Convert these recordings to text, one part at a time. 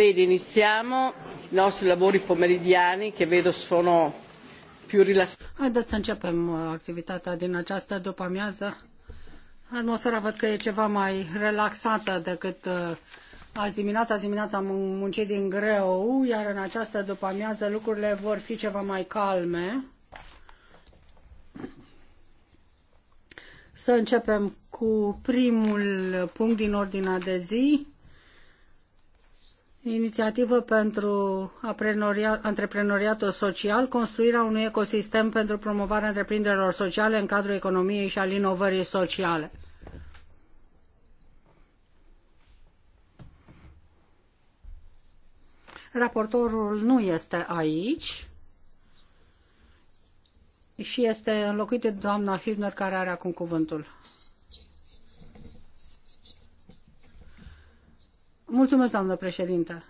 Bene, iniziamo i nostri lavori pomeridiani che vedo sono più rilassati. Haideți să începem uh, activitatea din această după-amiază. Atmosfera văd că e ceva mai relaxată decât uh, azi dimineața. Azi dimineața am muncit din greu, iar în această după-amiază lucrurile vor fi ceva mai calme. Să începem cu primul punct din ordinea de zi inițiativă pentru antreprenoriatul social, construirea unui ecosistem pentru promovarea întreprinderilor sociale în cadrul economiei și al inovării sociale. Raportorul nu este aici și este înlocuit de doamna Hübner, care are acum cuvântul. Mulțumesc, doamnă președinte.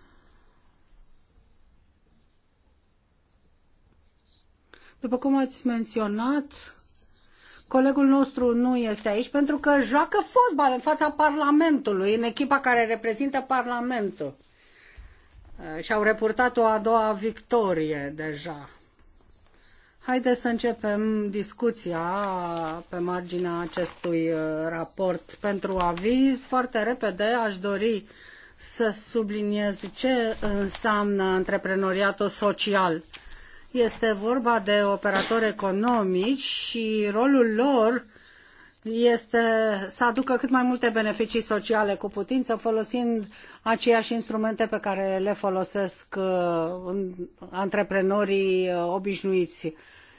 După cum ați menționat, colegul nostru nu este aici pentru că joacă fotbal în fața Parlamentului, în echipa care reprezintă Parlamentul. Uh, și-au reportat o a doua victorie deja. Haideți să începem discuția pe marginea acestui uh, raport pentru aviz. Foarte repede aș dori să subliniez ce înseamnă antreprenoriatul social. Este vorba de operatori economici și rolul lor este să aducă cât mai multe beneficii sociale cu putință, folosind aceiași instrumente pe care le folosesc uh, antreprenorii uh, obișnuiți.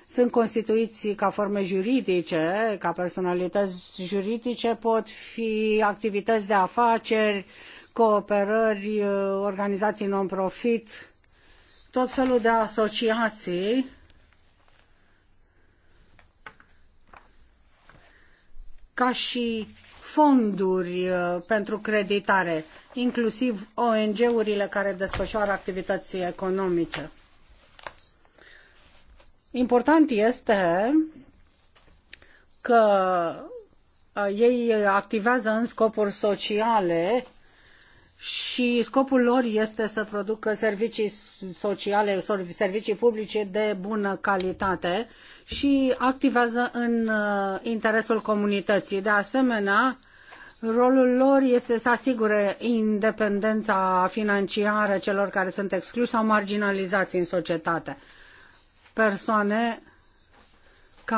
Sunt constituiți ca forme juridice, ca personalități juridice, pot fi activități de afaceri, cooperări, uh, organizații non-profit, tot felul de asociații ca și fonduri uh, pentru creditare, inclusiv ONG-urile care desfășoară activități economice. Important este că uh, ei activează în scopuri sociale și scopul lor este să producă servicii sociale, servicii publice de bună calitate și activează în uh, interesul comunității. De asemenea, rolul lor este să asigure independența financiară celor care sunt exclus sau marginalizați în societate. Persoane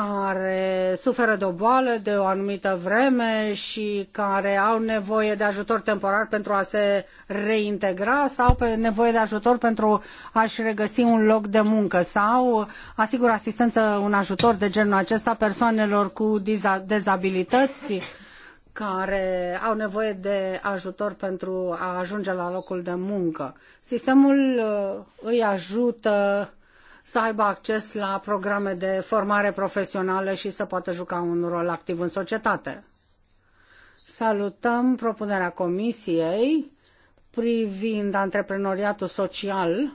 care suferă de o boală de o anumită vreme și care au nevoie de ajutor temporar pentru a se reintegra sau pe nevoie de ajutor pentru a-și regăsi un loc de muncă sau asigură asistență, un ajutor de genul acesta persoanelor cu dizabilități care au nevoie de ajutor pentru a ajunge la locul de muncă. Sistemul uh, îi ajută să aibă acces la programe de formare profesională și să poată juca un rol activ în societate. Salutăm propunerea Comisiei privind antreprenoriatul social.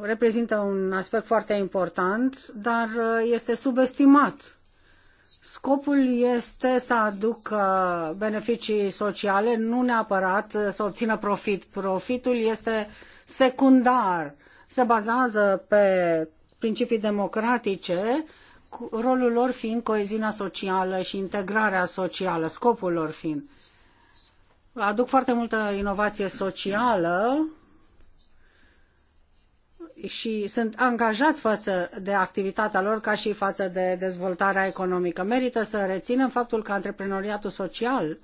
Reprezintă un aspect foarte important, dar uh, este subestimat Scopul este să aducă beneficii sociale, nu neapărat să obțină profit. Profitul este secundar, se bazează pe principii democratice, rolul lor fiind coeziunea socială și integrarea socială, scopul lor fiind. Aduc foarte multă inovație socială, și sunt angajați față de activitatea lor ca și față de dezvoltarea economică. Merită să reținem faptul că antreprenoriatul social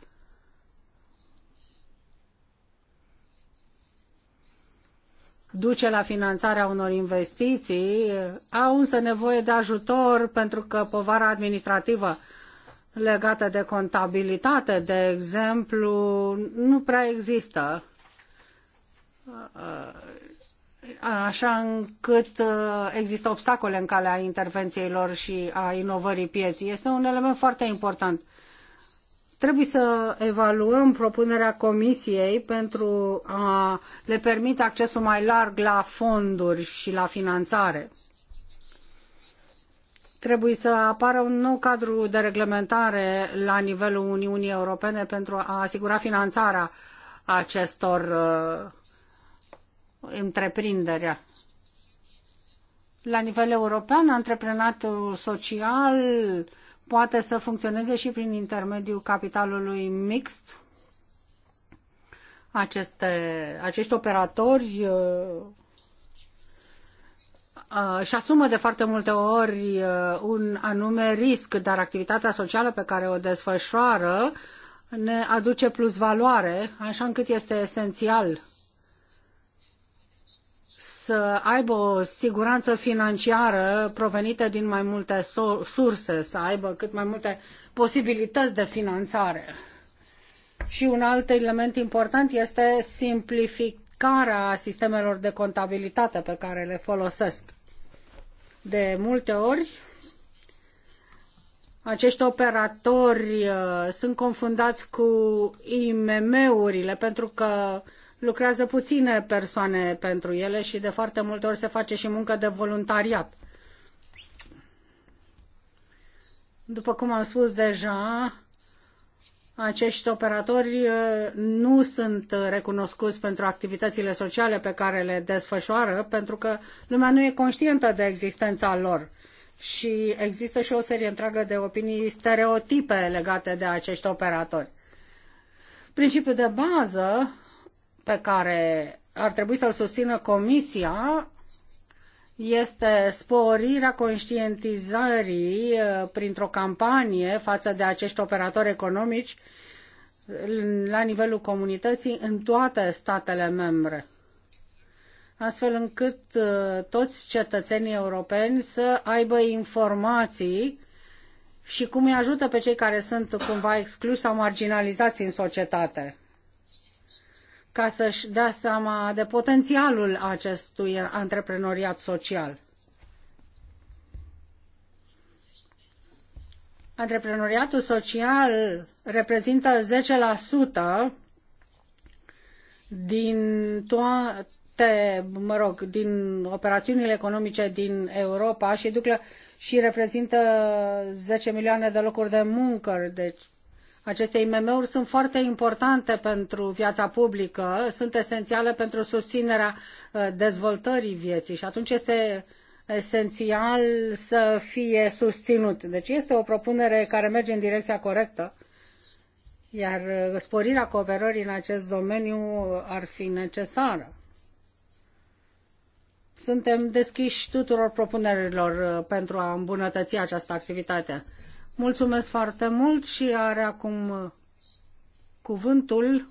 duce la finanțarea unor investiții, au însă nevoie de ajutor pentru că povara administrativă legată de contabilitate, de exemplu, nu prea există așa încât uh, există obstacole în calea intervențiilor și a inovării pieții. Este un element foarte important. Trebuie să evaluăm propunerea Comisiei pentru a le permite accesul mai larg la fonduri și la finanțare. Trebuie să apară un nou cadru de reglementare la nivelul Uniunii Europene pentru a asigura finanțarea acestor uh, întreprinderea. La nivel european, antreprenatul social poate să funcționeze și prin intermediul capitalului mixt. Aceste, acești operatori uh, uh, își asumă de foarte multe ori uh, un anume risc, dar activitatea socială pe care o desfășoară ne aduce plus valoare, așa încât este esențial să aibă o siguranță financiară provenită din mai multe surse, să aibă cât mai multe posibilități de finanțare. Și un alt element important este simplificarea sistemelor de contabilitate pe care le folosesc. De multe ori, acești operatori uh, sunt confundați cu IMM-urile pentru că uh, lucrează puține persoane pentru ele și de foarte multe ori se face și muncă de voluntariat. După cum am spus deja, acești operatori uh, nu sunt recunoscuți pentru activitățile sociale pe care le desfășoară, pentru că lumea nu e conștientă de existența lor. Și există și o serie întreagă de opinii stereotipe legate de acești operatori. Principiul de bază pe care ar trebui să-l susțină Comisia este sporirea conștientizării uh, printr-o campanie față de acești operatori economici la nivelul comunității în toate statele membre, astfel încât uh, toți cetățenii europeni să aibă informații și cum îi ajută pe cei care sunt cumva excluși sau marginalizați în societate ca să-și dea seama de potențialul acestui antreprenoriat social. Antreprenoriatul social reprezintă 10% din toate, mă rog, din operațiunile economice din Europa și, duc la, și reprezintă 10 milioane de locuri de muncă, deci aceste IMM-uri sunt foarte importante pentru viața publică, sunt esențiale pentru susținerea uh, dezvoltării vieții și atunci este esențial să fie susținut. Deci este o propunere care merge în direcția corectă, iar uh, sporirea cooperării în acest domeniu ar fi necesară. Suntem deschiși tuturor propunerilor uh, pentru a îmbunătăți această activitate. Mulțumesc foarte mult și are acum cuvântul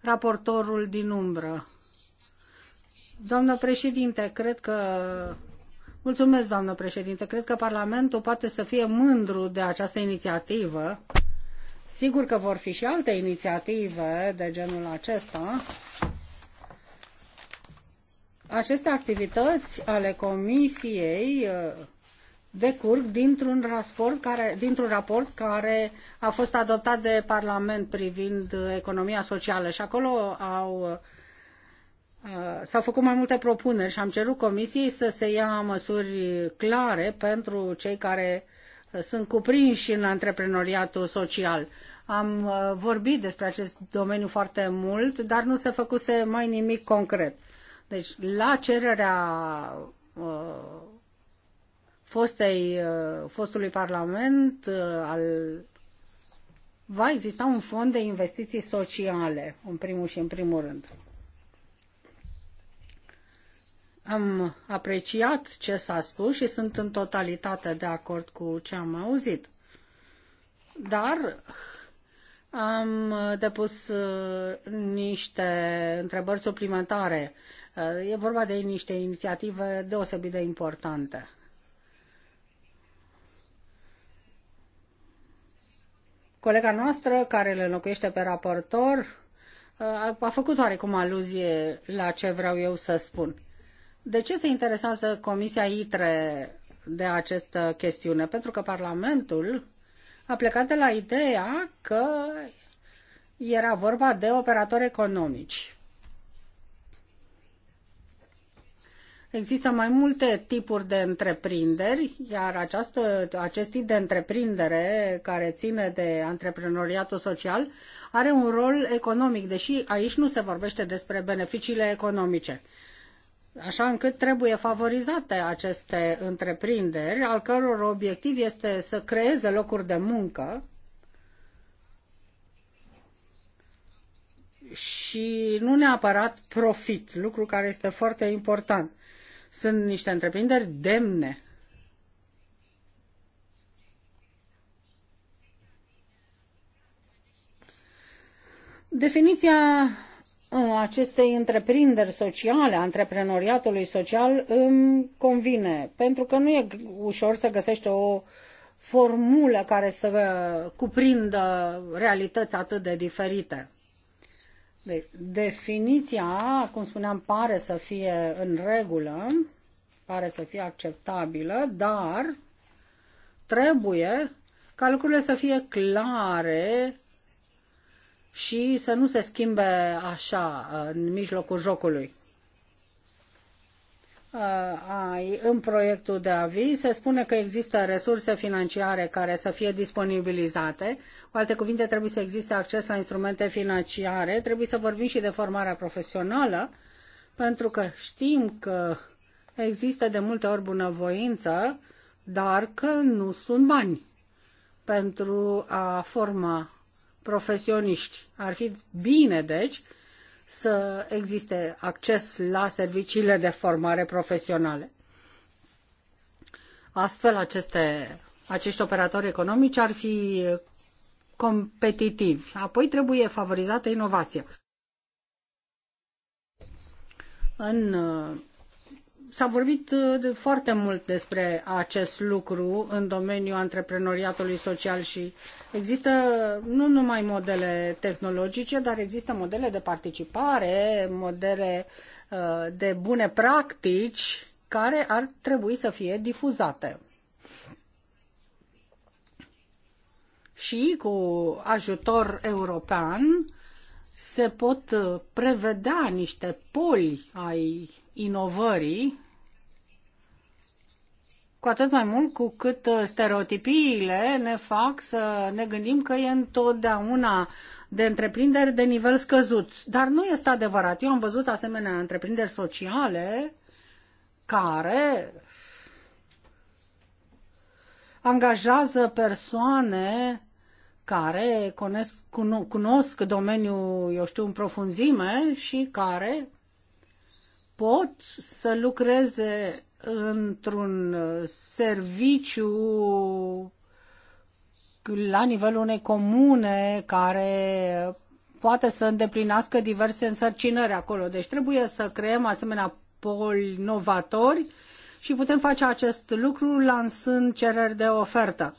raportorul din umbră. Doamnă președinte, cred că Mulțumesc, doamnă președinte. Cred că Parlamentul poate să fie mândru de această inițiativă. Sigur că vor fi și alte inițiative de genul acesta. Aceste activități ale Comisiei decurg dintr-un raport care, dintr-un raport care a fost adoptat de Parlament privind economia socială și acolo au uh, S-au făcut mai multe propuneri și am cerut comisiei să se ia măsuri clare pentru cei care uh, sunt cuprinși în antreprenoriatul social. Am uh, vorbit despre acest domeniu foarte mult, dar nu se făcuse mai nimic concret. Deci, la cererea uh, fostei, uh, fostului Parlament uh, al va exista un fond de investiții sociale, în primul și în primul rând. Am apreciat ce s-a spus și sunt în totalitate de acord cu ce am auzit. Dar am depus uh, niște întrebări suplimentare. E vorba de niște inițiative deosebit de importante. Colega noastră, care le înlocuiește pe raportor, uh, a făcut oarecum aluzie la ce vreau eu să spun. De ce se interesează Comisia ITRE de această chestiune? Pentru că Parlamentul a plecat de la ideea că era vorba de operatori economici. Există mai multe tipuri de întreprinderi, iar această, acest tip de întreprindere care ține de antreprenoriatul social are un rol economic, deși aici nu se vorbește despre beneficiile economice. Așa încât trebuie favorizate aceste întreprinderi, al căror obiectiv este să creeze locuri de muncă și nu neapărat profit, lucru care este foarte important. Sunt niște întreprinderi demne. Definiția uh, acestei întreprinderi sociale, antreprenoriatului social, îmi convine, pentru că nu e ușor să găsești o formulă care să cuprindă realități atât de diferite. Deci, definiția, cum spuneam, pare să fie în regulă, pare să fie acceptabilă, dar trebuie ca lucrurile să fie clare și să nu se schimbe așa în mijlocul jocului. Uh, în proiectul de aviz se spune că există resurse financiare care să fie disponibilizate. Cu alte cuvinte, trebuie să existe acces la instrumente financiare, trebuie să vorbim și de formarea profesională, pentru că știm că există de multe ori bunăvoință, dar că nu sunt bani pentru a forma profesioniști. Ar fi bine, deci, să existe acces la serviciile de formare profesionale. Astfel, aceste, acești operatori economici ar fi competitivi. Apoi trebuie favorizată inovația. În S-a vorbit uh, foarte mult despre acest lucru în domeniul antreprenoriatului social și există nu numai modele tehnologice, dar există modele de participare, modele uh, de bune practici care ar trebui să fie difuzate. Și cu ajutor european se pot uh, prevedea niște poli ai inovării cu atât mai mult cu cât uh, stereotipiile ne fac să ne gândim că e întotdeauna de întreprinderi de nivel scăzut. Dar nu este adevărat. Eu am văzut asemenea întreprinderi sociale care angajează persoane care cunosc, cunosc domeniul, eu știu, în profunzime și care pot să lucreze într-un uh, serviciu la nivelul unei comune care poate să îndeplinească diverse însărcinări acolo. Deci trebuie să creăm asemenea poli novatori și putem face acest lucru lansând cereri de ofertă.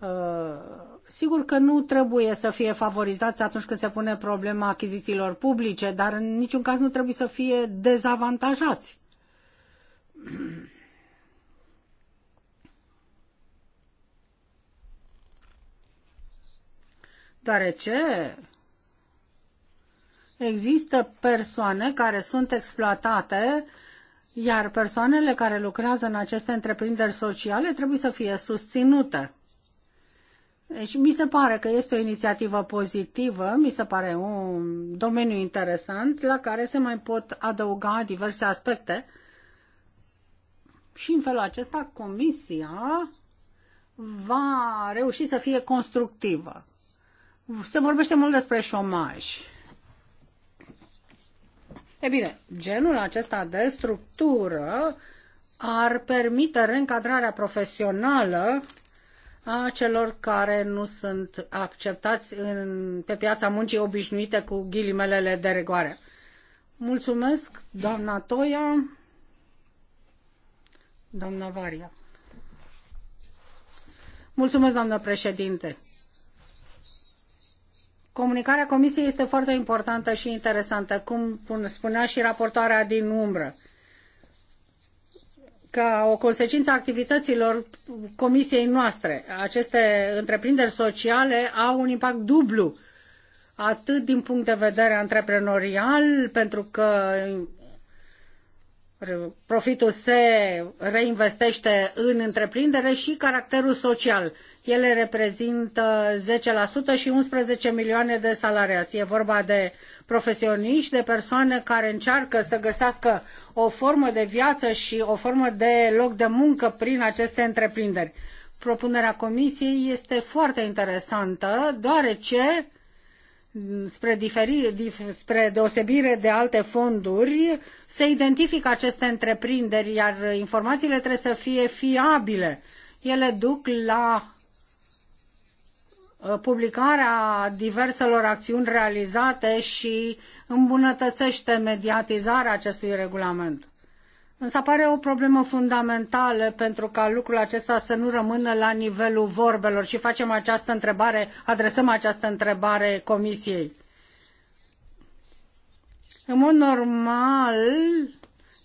Uh, sigur că nu trebuie să fie favorizați atunci când se pune problema achizițiilor publice, dar în niciun caz nu trebuie să fie dezavantajați. Deoarece există persoane care sunt exploatate, iar persoanele care lucrează în aceste întreprinderi sociale trebuie să fie susținute. Deci mi se pare că este o inițiativă pozitivă, mi se pare un domeniu interesant la care se mai pot adăuga diverse aspecte și în felul acesta comisia va reuși să fie constructivă. Se vorbește mult despre șomaj. E bine, genul acesta de structură ar permite reîncadrarea profesională a celor care nu sunt acceptați în, pe piața muncii obișnuite cu ghilimelele de regoare. Mulțumesc, doamna Toia. Doamna Varia. Mulțumesc, doamnă președinte. Comunicarea Comisiei este foarte importantă și interesantă, cum spunea și raportoarea din umbră. Ca o consecință a activităților Comisiei noastre, aceste întreprinderi sociale au un impact dublu, atât din punct de vedere antreprenorial, pentru că profitul se reinvestește în întreprindere și caracterul social. Ele reprezintă 10% și 11 milioane de salariați. E vorba de profesioniști, de persoane care încearcă să găsească o formă de viață și o formă de loc de muncă prin aceste întreprinderi. Propunerea comisiei este foarte interesantă, deoarece spre, diferi, spre deosebire de alte fonduri, se identifică aceste întreprinderi, iar informațiile trebuie să fie fiabile. Ele duc la uh, publicarea diverselor acțiuni realizate și îmbunătățește mediatizarea acestui regulament. Însă apare o problemă fundamentală pentru ca lucrul acesta să nu rămână la nivelul vorbelor și facem această întrebare, adresăm această întrebare Comisiei. În mod normal,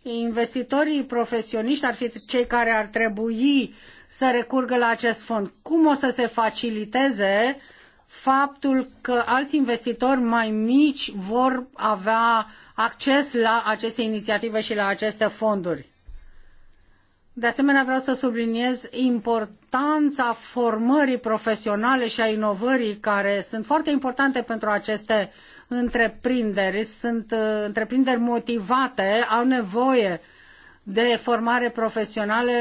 investitorii profesioniști ar fi cei care ar trebui să recurgă la acest fond. Cum o să se faciliteze faptul că alți investitori mai mici vor avea acces la aceste inițiative și la aceste fonduri. De asemenea, vreau să subliniez importanța formării profesionale și a inovării care sunt foarte importante pentru aceste întreprinderi. Sunt uh, întreprinderi motivate, au nevoie de formare profesională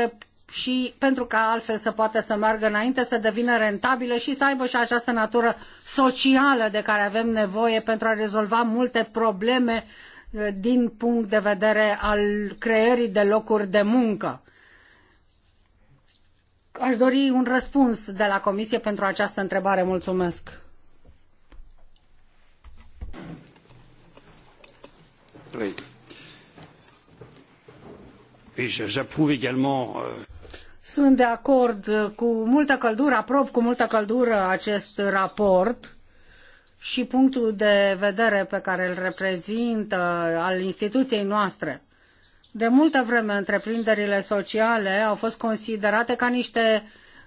și pentru ca altfel să poată să meargă înainte, să devină rentabilă și să aibă și această natură socială de care avem nevoie pentru a rezolva multe probleme eh, din punct de vedere al creării de locuri de muncă. Aș dori un răspuns de la Comisie pentru această întrebare. Mulțumesc. Oui. Oui, j'approuve également euh, sunt de acord cu multă căldură, aprob cu multă căldură acest raport și punctul de vedere pe care îl reprezintă al instituției noastre. De multă vreme, întreprinderile sociale au fost considerate ca niște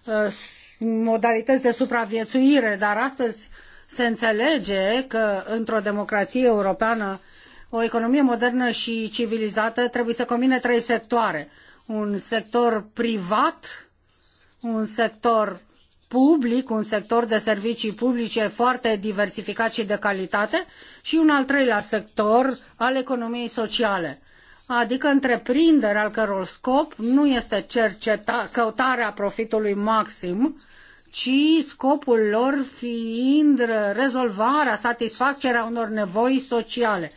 uh, modalități de supraviețuire, dar astăzi se înțelege că într-o democrație europeană o economie modernă și civilizată trebuie să combine trei sectoare – un sector privat, un sector public, un sector de servicii publice foarte diversificat și de calitate și un al treilea sector al economiei sociale, adică întreprinderi al căror scop nu este cerceta, căutarea profitului maxim, ci scopul lor fiind rezolvarea, satisfacerea unor nevoi sociale.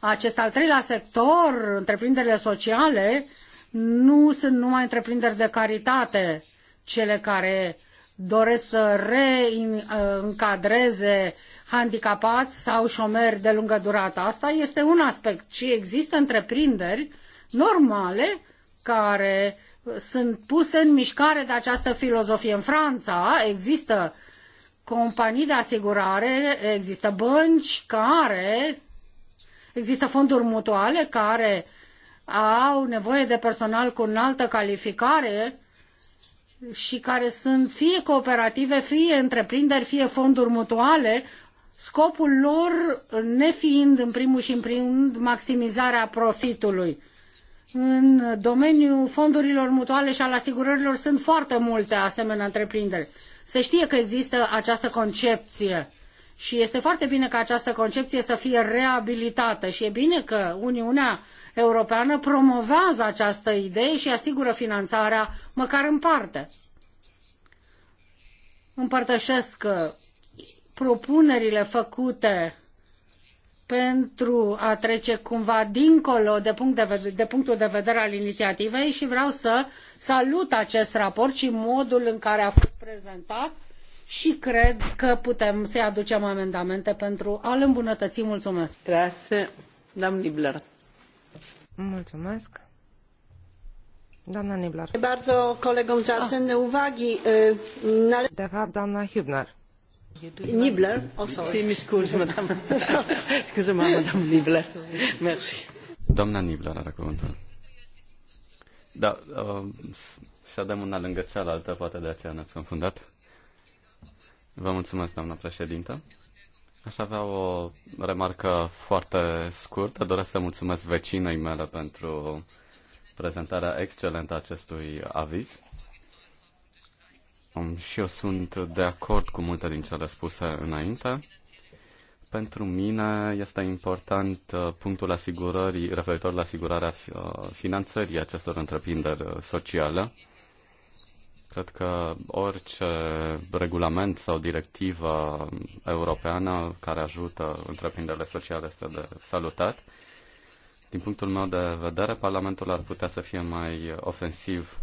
Acest al treilea sector, întreprinderile sociale, nu sunt numai întreprinderi de caritate cele care doresc să reîncadreze handicapați sau șomeri de lungă durată. Asta este un aspect, ci există întreprinderi normale care sunt puse în mișcare de această filozofie. În Franța există companii de asigurare, există bănci care, există fonduri mutuale care au nevoie de personal cu înaltă calificare și care sunt fie cooperative, fie întreprinderi, fie fonduri mutuale, scopul lor nefiind în primul și în primul maximizarea profitului. În domeniul fondurilor mutuale și al asigurărilor sunt foarte multe asemenea întreprinderi. Se știe că există această concepție și este foarte bine ca această concepție să fie reabilitată și e bine că Uniunea Europeană promovează această idee și asigură finanțarea măcar în parte. Împărtășesc uh, propunerile făcute pentru a trece cumva dincolo de, punct de, vedere, de punctul de vedere al inițiativei și vreau să salut acest raport și modul în care a fost prezentat și cred că putem să-i aducem amendamente pentru a-l îmbunătăți. Mulțumesc! Grazie, Mulțumesc. Doamna Niblar. Bardzo kolegom za cenne uwagi. De fapt, doamna Hübner. Nibler, oh, sorry. Mi scuzi, madame. Scuze-mă, madame Nibler. Merci. Doamna Nibler are cuvântul. Da, uh, Să și dăm una lângă cealaltă, poate de aceea ne-ați confundat. Vă mulțumesc, doamna președintă. Aș avea o remarcă foarte scurtă. Doresc să mulțumesc vecinei mele pentru prezentarea excelentă a acestui aviz. Și eu sunt de acord cu multe din cele spuse înainte. Pentru mine este important uh, punctul asigurării, referitor la asigurarea uh, finanțării acestor întreprinderi uh, sociale. Cred că orice regulament sau directivă europeană care ajută întreprinderile sociale este de salutat. Din punctul meu de vedere, Parlamentul ar putea să fie mai ofensiv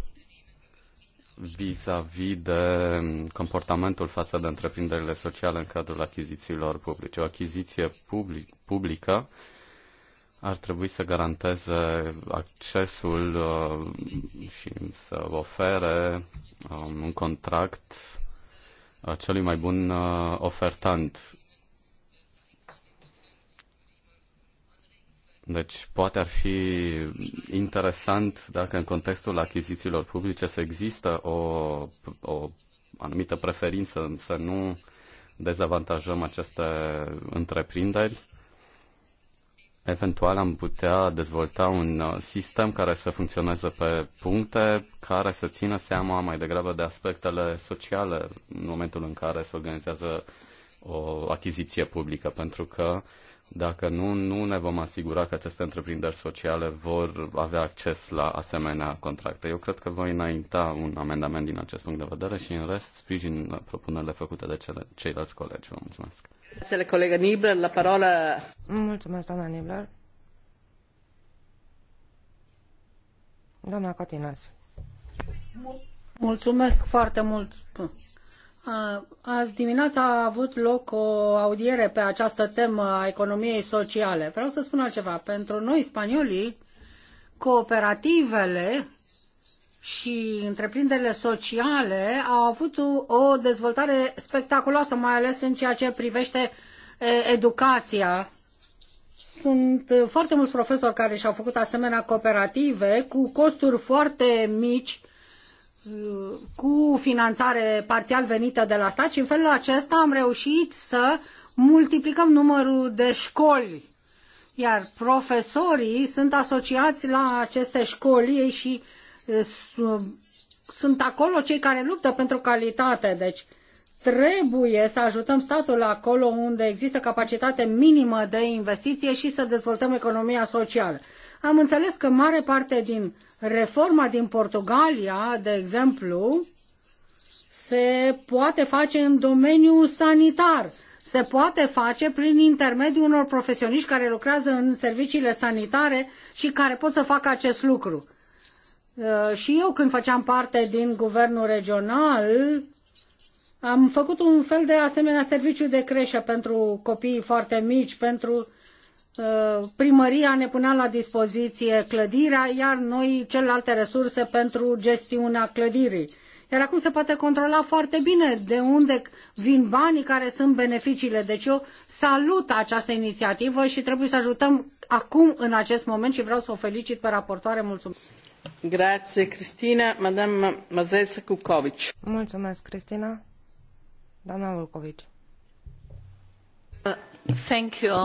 vis-a-vis -vis de comportamentul față de întreprinderile sociale în cadrul achizițiilor publice. O achiziție public- publică ar trebui să garanteze accesul uh, și să ofere um, un contract uh, celui mai bun uh, ofertant. Deci poate ar fi interesant dacă în contextul achizițiilor publice să există o, o anumită preferință, să nu dezavantajăm aceste întreprinderi Eventual am putea dezvolta un uh, sistem care să funcționeze pe puncte, care să țină seama mai degrabă de aspectele sociale în momentul în care se organizează o achiziție publică, pentru că dacă nu, nu ne vom asigura că aceste întreprinderi sociale vor avea acces la asemenea contracte. Eu cred că voi înainta un amendament din acest punct de vedere și în rest sprijin uh, propunerile făcute de cele, ceilalți colegi. Vă mulțumesc. Colega la parola... Mulțumesc, Mulțumesc foarte mult. Azi dimineața a avut loc o audiere pe această temă a economiei sociale. Vreau să spun altceva. Pentru noi, spaniolii, cooperativele și întreprinderile sociale au avut o dezvoltare spectaculoasă, mai ales în ceea ce privește educația. Sunt foarte mulți profesori care și-au făcut asemenea cooperative cu costuri foarte mici, cu finanțare parțial venită de la stat și în felul acesta am reușit să multiplicăm numărul de școli iar profesorii sunt asociați la aceste școli și sunt acolo cei care luptă pentru calitate, deci trebuie să ajutăm statul acolo unde există capacitate minimă de investiție și să dezvoltăm economia socială. Am înțeles că mare parte din reforma din Portugalia, de exemplu, se poate face în domeniul sanitar. Se poate face prin intermediul unor profesioniști care lucrează în serviciile sanitare și care pot să facă acest lucru. Uh, și eu când făceam parte din guvernul regional, am făcut un fel de asemenea serviciu de creșă pentru copiii foarte mici, pentru uh, primăria ne punea la dispoziție clădirea, iar noi celelalte resurse pentru gestiunea clădirii. Iar acum se poate controla foarte bine de unde vin banii care sunt beneficiile. Deci eu salut această inițiativă și trebuie să ajutăm acum, în acest moment, și vreau să o felicit pe raportoare. Mulțumesc! Mulțumesc, Cristina. Uh, thank you,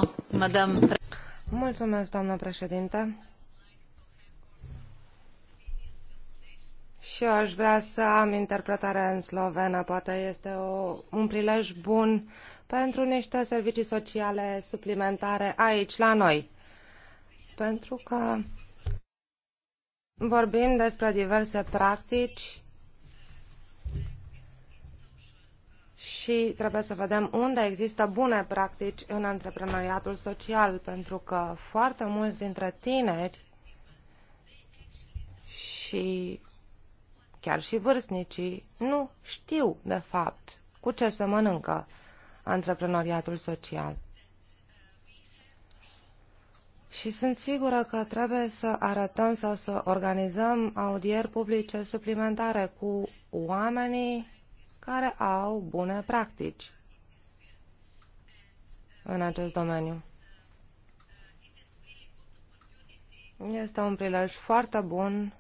președinte. Și eu aș vrea să am interpretarea în slovenă. Poate este o, un prilej bun pentru niște servicii sociale suplimentare aici, la noi. Pentru că Vorbim despre diverse practici și trebuie să vedem unde există bune practici în antreprenoriatul social, pentru că foarte mulți dintre tineri și chiar și vârstnicii nu știu, de fapt, cu ce se mănâncă antreprenoriatul social. Și sunt sigură că trebuie să arătăm sau să organizăm audieri publice suplimentare cu oamenii care au bune practici în acest domeniu. Este un prilej foarte bun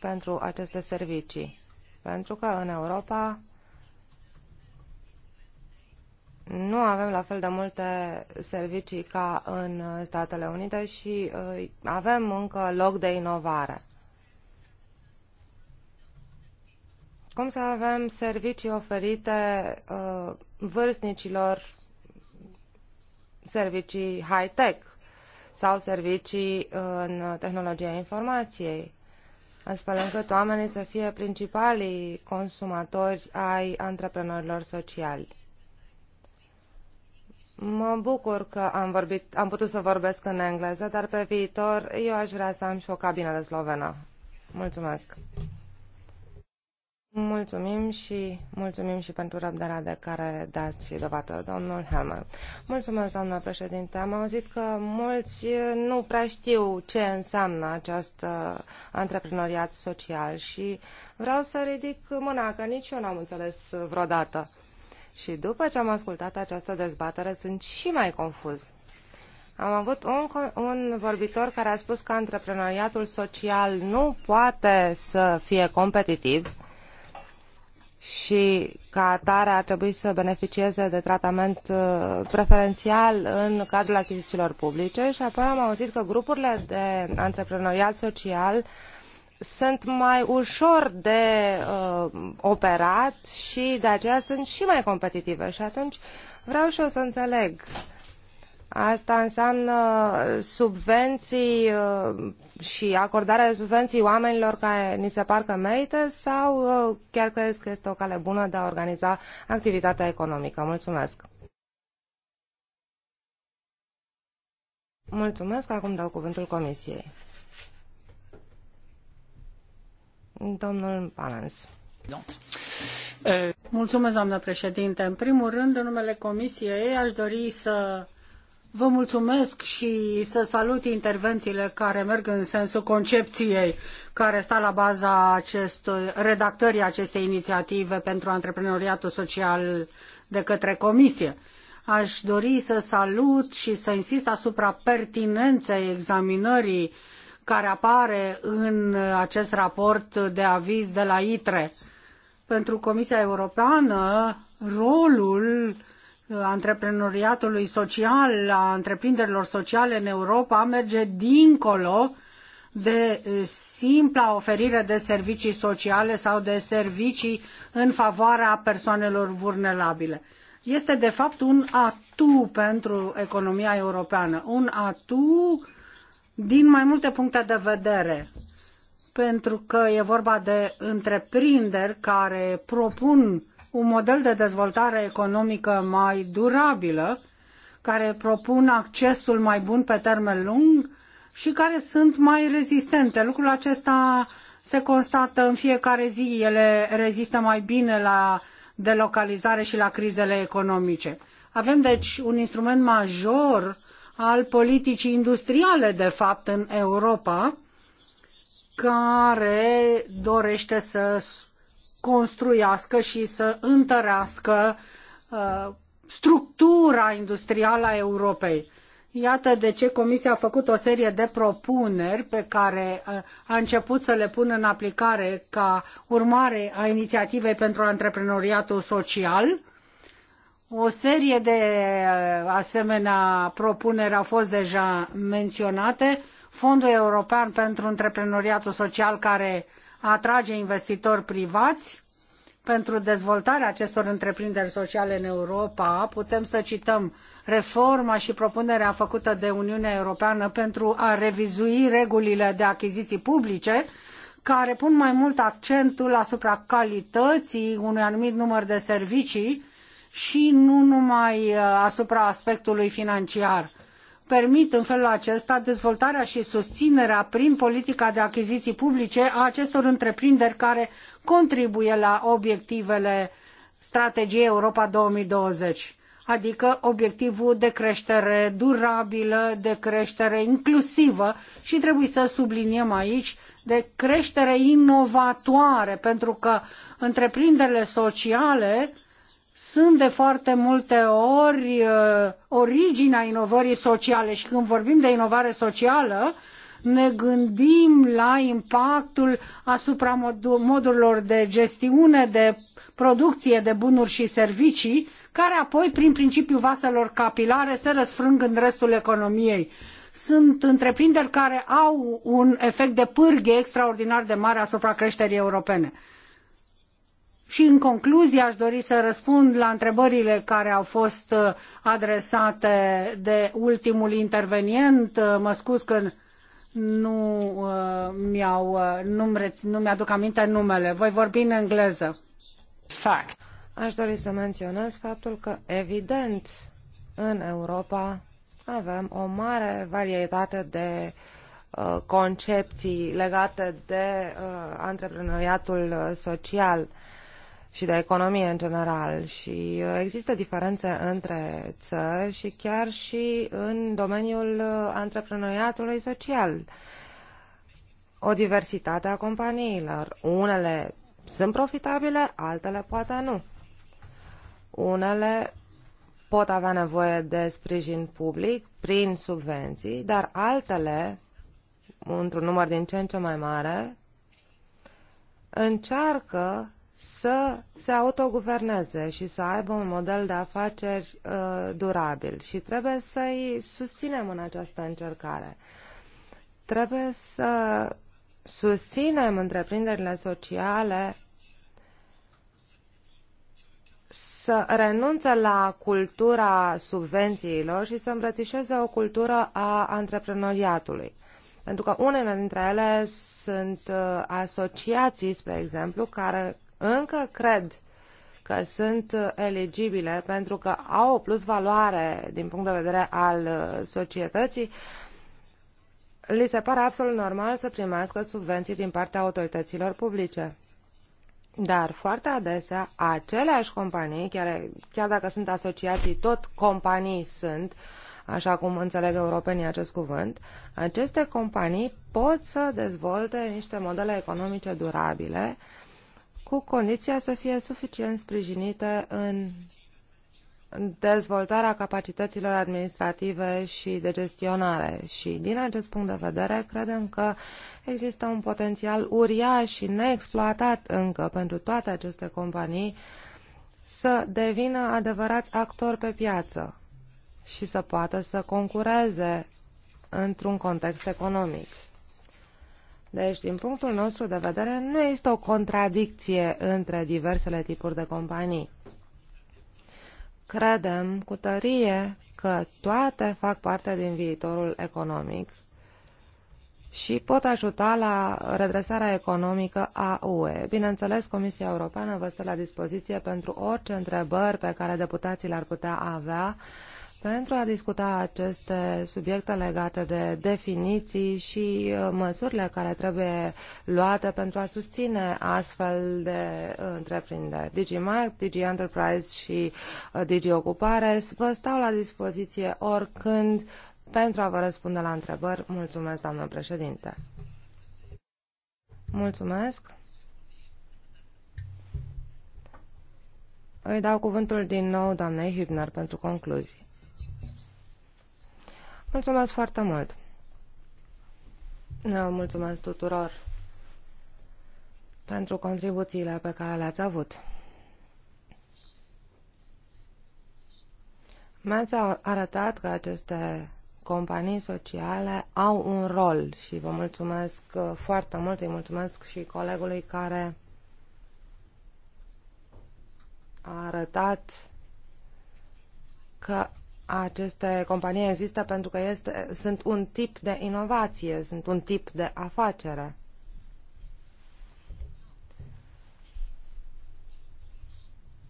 pentru aceste servicii, pentru că în Europa nu avem la fel de multe servicii ca în Statele Unite și uh, avem încă loc de inovare. Cum să avem servicii oferite uh, vârstnicilor, servicii high-tech sau servicii în tehnologia informației? astfel încât oamenii să fie principalii consumatori ai antreprenorilor sociali. Mă bucur că am, vorbit, am putut să vorbesc în engleză, dar pe viitor eu aș vrea să am și o cabină de slovenă. Mulțumesc! Mulțumim și mulțumim și pentru răbdarea de care dați dovadă, domnul Helmer. Mulțumesc, doamna președinte. Am auzit că mulți nu prea știu ce înseamnă acest uh, antreprenoriat social și vreau să ridic mâna, că nici eu n-am înțeles vreodată. Și după ce am ascultat această dezbatere, sunt și mai confuz. Am avut un, un vorbitor care a spus că antreprenoriatul social nu poate să fie competitiv și ca atare ar trebui să beneficieze de tratament uh, preferențial în cadrul achizițiilor publice și apoi am auzit că grupurile de antreprenoriat social uh, sunt mai ușor de uh, operat și de aceea sunt și mai competitive. Și atunci vreau și eu să înțeleg. Asta înseamnă subvenții uh, și acordarea de subvenții oamenilor care ni se par că merită sau uh, chiar crezi că este o cale bună de a organiza activitatea economică? Mulțumesc! Mulțumesc, acum dau cuvântul Comisiei. Domnul Balans. Eh, mulțumesc, doamnă președinte. În primul rând, în numele Comisiei, aș dori să Vă mulțumesc și să salut intervențiile care merg în sensul concepției care stă la baza acestui, redactării acestei inițiative pentru antreprenoriatul social de către Comisie. Aș dori să salut și să insist asupra pertinenței examinării uh, care apare în acest raport de aviz de la ITRE. Pentru Comisia Europeană, rolul antreprenoriatului social, a întreprinderilor sociale în Europa merge dincolo de simpla oferire de servicii sociale sau de servicii în favoarea persoanelor vulnerabile. Este de fapt un atu pentru economia europeană, un atu din mai multe puncte de vedere, pentru că e vorba de întreprinderi care propun un model de dezvoltare economică mai durabilă, care propun accesul mai bun pe termen lung și care sunt mai rezistente. Lucrul acesta se constată în fiecare zi. Ele rezistă mai bine la delocalizare și la crizele economice. Avem deci un instrument major al politicii industriale, de fapt, în Europa, care dorește să construiască și să întărească uh, structura industrială a Europei. Iată de ce Comisia a făcut o serie de propuneri pe care uh, a început să le pună în aplicare ca urmare a inițiativei pentru antreprenoriatul social o serie de uh, asemenea propuneri au fost deja menționate. Fondul European pentru Antreprenoriatul Social care atrage investitori privați pentru dezvoltarea acestor întreprinderi sociale în Europa, putem să cităm reforma și propunerea făcută de Uniunea Europeană pentru a revizui regulile de achiziții publice, care pun mai mult accentul asupra calității unui anumit număr de servicii și nu numai uh, asupra aspectului financiar. Permit în felul acesta dezvoltarea și susținerea prin politica de achiziții publice a acestor întreprinderi care contribuie la obiectivele strategiei Europa 2020 adică obiectivul de creștere durabilă, de creștere inclusivă și trebuie să subliniem aici de creștere inovatoare, pentru că întreprinderile sociale sunt de foarte multe ori uh, originea inovării sociale și când vorbim de inovare socială, ne gândim la impactul asupra modurilor de gestiune, de producție de bunuri și servicii, care apoi, prin principiul vaselor capilare, se răsfrâng în restul economiei. Sunt întreprinderi care au un efect de pârghie extraordinar de mare asupra creșterii europene. Și în concluzie aș dori să răspund la întrebările care au fost uh, adresate de ultimul intervenient. Uh, mă scuz că nu uh, mi-au, nu, nu mi-aduc aminte numele. Voi vorbi în engleză. Fact. Aș dori să menționez faptul că, evident, în Europa avem o mare varietate de uh, concepții legate de uh, antreprenoriatul social. Uh, și de economie în general și uh, există diferențe între țări și chiar și în domeniul uh, antreprenoriatului social. O diversitate a companiilor. Unele sunt profitabile, altele poate nu. Unele pot avea nevoie de sprijin public prin subvenții, dar altele, într-un număr din ce în ce mai mare, încearcă să se autoguverneze și să aibă un model de afaceri uh, durabil și trebuie să-i susținem în această încercare. Trebuie să susținem întreprinderile sociale să renunțe la cultura subvențiilor și să îmbrățișeze o cultură a antreprenoriatului. Pentru că unele dintre ele sunt uh, asociații, spre exemplu, care încă cred că sunt uh, eligibile pentru că au o plus valoare din punct de vedere al uh, societății, li se pare absolut normal să primească subvenții din partea autorităților publice. Dar foarte adesea aceleași companii, chiar, chiar dacă sunt asociații, tot companii sunt, așa cum înțeleg europenii acest cuvânt, aceste companii pot să dezvolte niște modele economice durabile uh, cu condiția să fie suficient sprijinite în dezvoltarea capacităților administrative și de gestionare. Și din acest punct de vedere, credem că există un potențial uriaș și neexploatat încă pentru toate aceste companii să devină adevărați actori pe piață și să poată să concureze într-un context economic. Deci, din punctul nostru de vedere, nu există o contradicție între diversele tipuri de companii. Credem cu tărie că toate fac parte din viitorul economic și pot ajuta la redresarea economică a UE. Bineînțeles, Comisia Europeană vă stă la dispoziție pentru orice întrebări pe care deputații le-ar putea avea pentru a discuta aceste subiecte legate de definiții și uh, măsurile care trebuie luate pentru a susține astfel de uh, întreprinderi. DigiMarkt, Digi Enterprise și uh, Digi Ocupare vă stau la dispoziție oricând pentru a vă răspunde la întrebări. Mulțumesc, doamnă președinte. Mulțumesc. Îi dau cuvântul din nou doamnei Hübner pentru concluzii. Mulțumesc foarte mult! Ne da, mulțumesc tuturor pentru contribuțiile pe care le-ați avut. Mi-ați arătat că aceste companii sociale au un rol și vă mulțumesc foarte mult, îi mulțumesc și colegului care a arătat că aceste companii există pentru că este, sunt un tip de inovație, sunt un tip de afacere.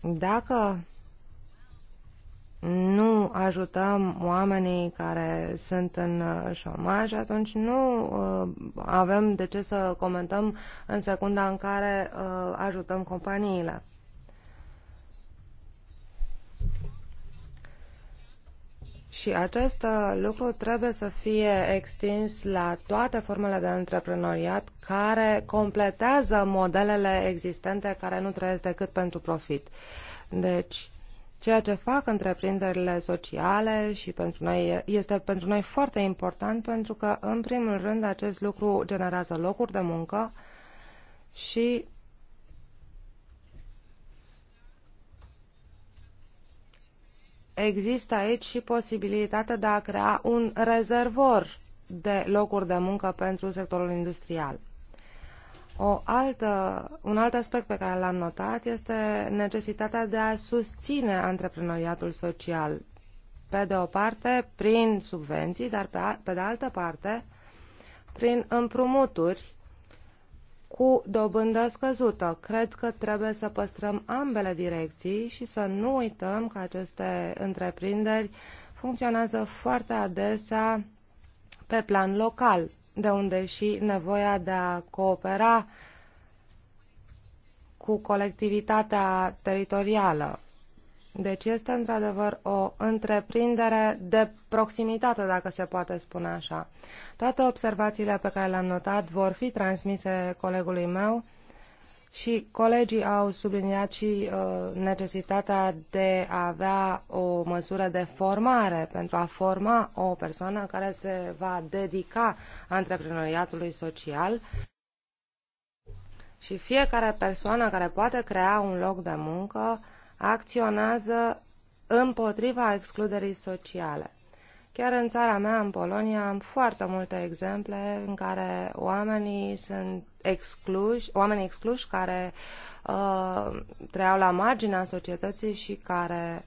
Dacă nu ajutăm oamenii care sunt în șomaj, atunci nu uh, avem de ce să comentăm în secunda în care uh, ajutăm companiile. Și acest uh, lucru trebuie să fie extins la toate formele de antreprenoriat care completează modelele existente care nu trăiesc decât pentru profit. Deci, ceea ce fac întreprinderile sociale și pentru noi este pentru noi foarte important pentru că, în primul rând, acest lucru generează locuri de muncă și există aici și posibilitatea de a crea un rezervor de locuri de muncă pentru sectorul industrial. O altă, un alt aspect pe care l-am notat este necesitatea de a susține antreprenoriatul social, pe de o parte prin subvenții, dar pe, pe de altă parte prin împrumuturi cu dobândă scăzută. Cred că trebuie să păstrăm ambele direcții și să nu uităm că aceste întreprinderi funcționează foarte adesea pe plan local, de unde și nevoia de a coopera cu colectivitatea teritorială deci este într-adevăr o întreprindere de proximitate, dacă se poate spune așa. Toate observațiile pe care le-am notat vor fi transmise colegului meu și colegii au subliniat și uh, necesitatea de a avea o măsură de formare pentru a forma o persoană care se va dedica antreprenoriatului social. Și fiecare persoană care poate crea un loc de muncă acționează împotriva excluderii sociale. Chiar în țara mea, în Polonia, am foarte multe exemple în care oamenii sunt excluși, oamenii excluși care uh, trăiau la marginea societății și care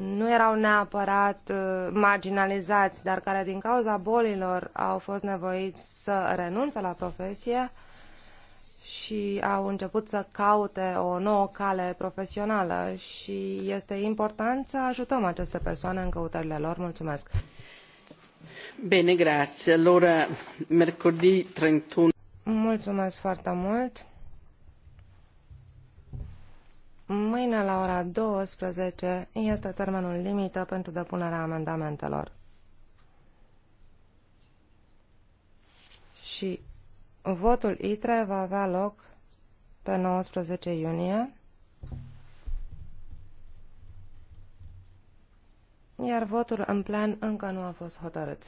nu erau neapărat uh, marginalizați, dar care din cauza bolilor au fost nevoiți să renunțe la profesie, uh, și au început să caute o nouă cale profesională și este important să ajutăm aceste persoane în căutările lor. Mulțumesc! Bine, grație. Allora, mercoledì 31... Mulțumesc foarte mult! Mâine la ora 12 este termenul limită pentru depunerea amendamentelor. Și Votul ITRE va avea loc pe 19 iunie, iar votul în plan încă nu a fost hotărât.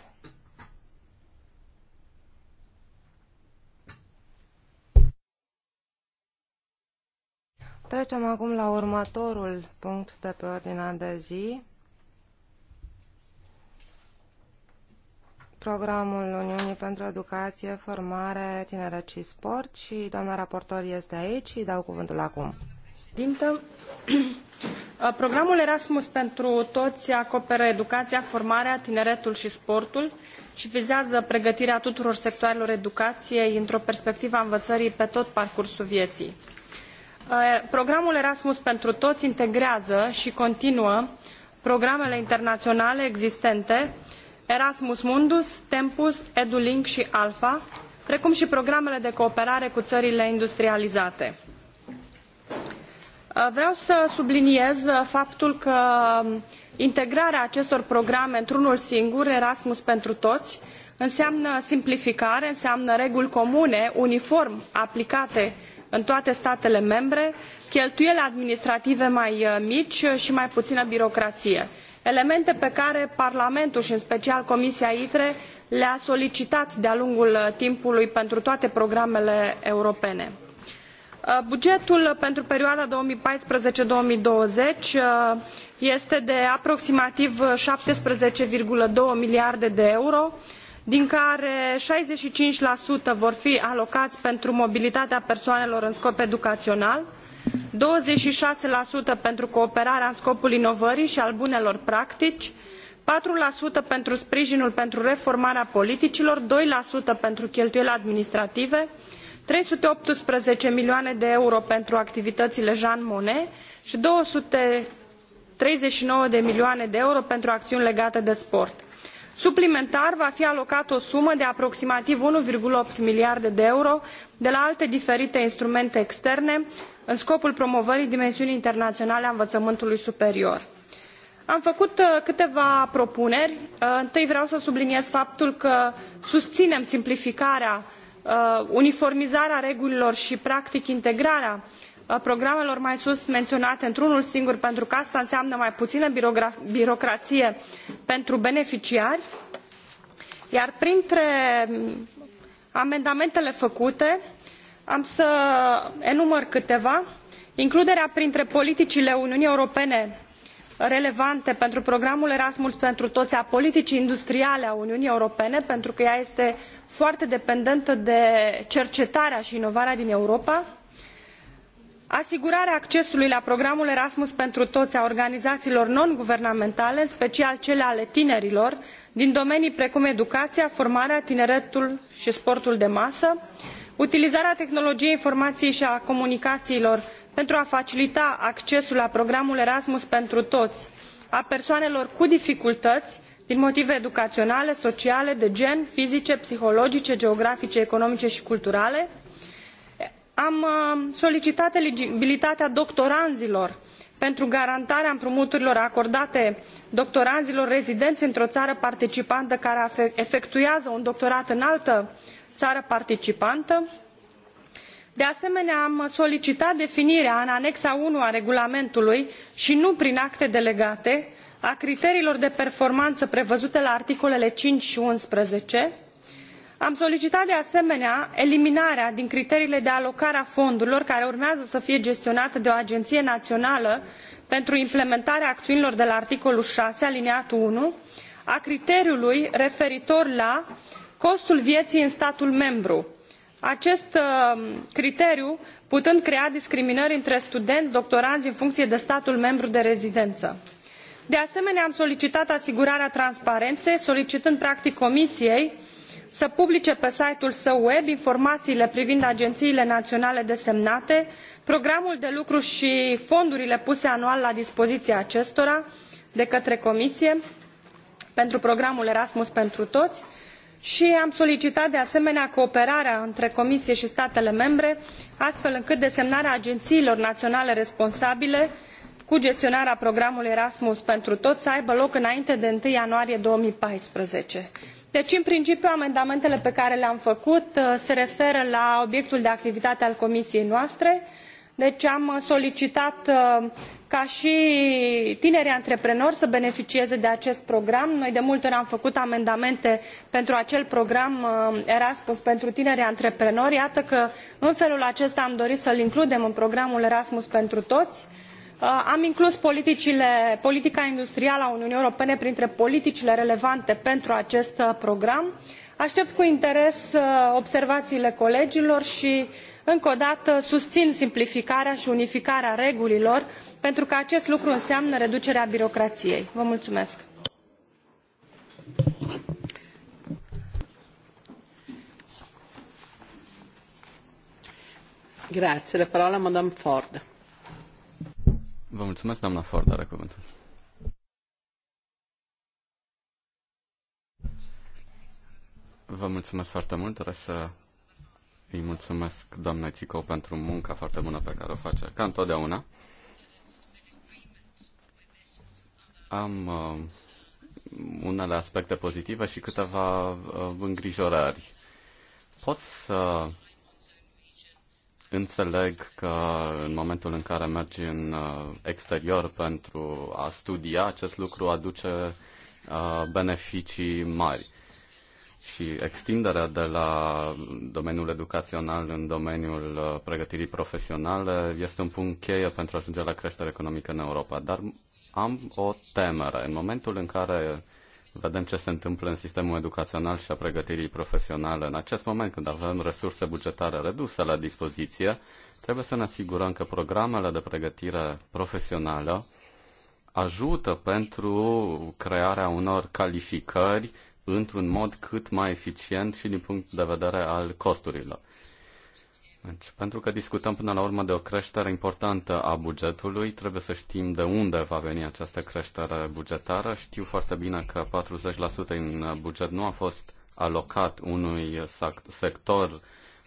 Trecem acum la următorul punct de pe ordinea de zi. programul Uniunii pentru Educație, Formare, Tineret și Sport și doamna raportor este aici și dau cuvântul acum. Dintă, programul Erasmus pentru toți acoperă educația, formarea, tineretul și sportul și vizează pregătirea tuturor sectoarelor educației într-o perspectivă a învățării pe tot parcursul vieții. Eh, programul Erasmus pentru toți integrează și continuă programele internaționale existente Erasmus Mundus, Tempus, EduLink și Alpha, precum și programele de cooperare cu țările industrializate. Uh, vreau să subliniez uh, faptul că um, integrarea acestor programe într-unul singur, Erasmus pentru toți, înseamnă simplificare, înseamnă reguli comune, uniform aplicate în toate statele membre, cheltuieli administrative mai uh, mici și mai puțină birocraie elemente pe care parlamentul i în special comisia itre le a solicitat de a lungul uh, timpului pentru toate programele europene. Uh, bugetul pentru perioada două mii paisprezece două mii douăzeci uh, este de aproximativ șaptesprezece doi miliarde de euro din care șaizeci și cinci vor fi alocai pentru mobilitatea persoanelor în scop educaional douăzeci și șase pentru cooperarea în scopul inovării i al bunelor practici patru pentru sprijinul pentru reformarea politicilor doi pentru cheltuieli administrative trei sute optsprezece milioane de euro pentru activităile jean monnet i două sute treizeci și nouă de milioane de euro pentru aciuni legate de sport. suplimentar va fi alocată o sumă de aproximativ unu opt miliarde de euro de la alte diferite instrumente externe în scopul promovării dimensiunii internaionale a învăământului superior. am făcut uh, câteva propuneri uh, întâi vreau să subliniez faptul că susinem simplificarea uh, uniformizarea regulilor i practic integrarea programelor mai sus menionate într unul singur pentru că asta înseamnă mai puină birocraie pentru beneficiari iar printre mm, amendamentele făcute am să enumăr câteva includerea printre politicile uniunii europene relevante pentru programul erasmus pentru toi a politicii industriale a uniunii europene pentru că ea este foarte dependentă de cercetarea i inovarea din europa asigurarea accesului la programul erasmus pentru toi a organizaiilor non guvernamentale în special cele ale tinerilor din domenii precum educaia formarea tineretul i sportul de masă i utilizarea tehnologiei informaiei i a comunicaiilor pentru a facilita accesul la programul erasmus pentru toi a persoanelor cu dificultăi din motive educaionale sociale de gen fizice psihologice geografice economice i culturale am uh, solicitat eligibilitatea doctoranzilor pentru garantarea împrumuturilor acordate doctoranzilor rezideni într o ară participantă care efectuează un doctorat în altă ară participantă. De asemenea, am solicitat definirea în anexa 1 a regulamentului și nu prin acte delegate a criteriilor de performanță prevăzute la articolele 5 și unsprezece Am solicitat de asemenea eliminarea din criteriile de alocare a fondurilor care urmează să fie gestionate de o agenție națională pentru implementarea acțiunilor de la articolul 6, alineatul 1, a criteriului referitor la costul vieii în statul membru acest uh, criteriu putând crea discriminări între studeni doctoranzi în funcie de statul membru de rezidenă. de asemenea am solicitat asigurarea transparenei solicitând practic comisiei să publice pe site ul său web informaiile privind ageniile naionale desemnate programul de lucru i fondurile puse anual la dispoziia acestora de către comisie pentru programul erasmus pentru toi i am solicitat de asemenea cooperarea între comisie i statele membre astfel încât desemnarea ageniilor naionale responsabile cu gestionarea programului erasmus pentru toi să aibă loc înainte de unu ianuarie. două mii paisprezece deci în principiu amendamentele pe care le am făcut uh, se referă la obiectul de activitate al comisiei noastre deci am solicitat uh, ca i tinerii antreprenori să beneficieze de acest program noi de multe ori am făcut amendamente pentru acel program uh, erasmus pentru tinerii antreprenori iată că în felul acesta am dorit să l includem în programul erasmus pentru toi uh, am inclus politica industrială a uniunii europene printre politicile relevante pentru acest uh, program atept cu interes observaiile colegilor i încă o dată susin simplificarea i unificarea regulilor pentru că acest lucru înseamnă reducerea birocraiei. Vă mulțumesc! Grazie, la parola Madame Ford. Vă mulțumesc, doamna Ford, are cuvântul. Vă mulțumesc foarte mult, trebuie să îi mulțumesc doamnei Țicou pentru munca foarte bună pe care o face, ca întotdeauna. am uh, unele aspecte pozitive și câteva uh, îngrijorări. Pot să înțeleg că în momentul în care mergi în uh, exterior pentru a studia, acest lucru aduce beneficii mari. Și extinderea de la domeniul educațional în domeniul pregătirii profesionale este un punct cheie pentru a ajunge la creștere economică în Europa. Dar am o temere. În momentul în care vedem ce se întâmplă în sistemul educațional și a pregătirii profesionale, în acest moment când avem resurse bugetare reduse la dispoziție, trebuie să ne asigurăm că programele de pregătire profesională ajută pentru crearea unor calificări într-un mod cât mai eficient și din punct de vedere al costurilor. Deci, pentru că discutăm până la urmă de o creștere importantă a bugetului, trebuie să știm de unde va veni această creștere bugetară. Știu foarte bine că 40% din buget nu a fost alocat unui sector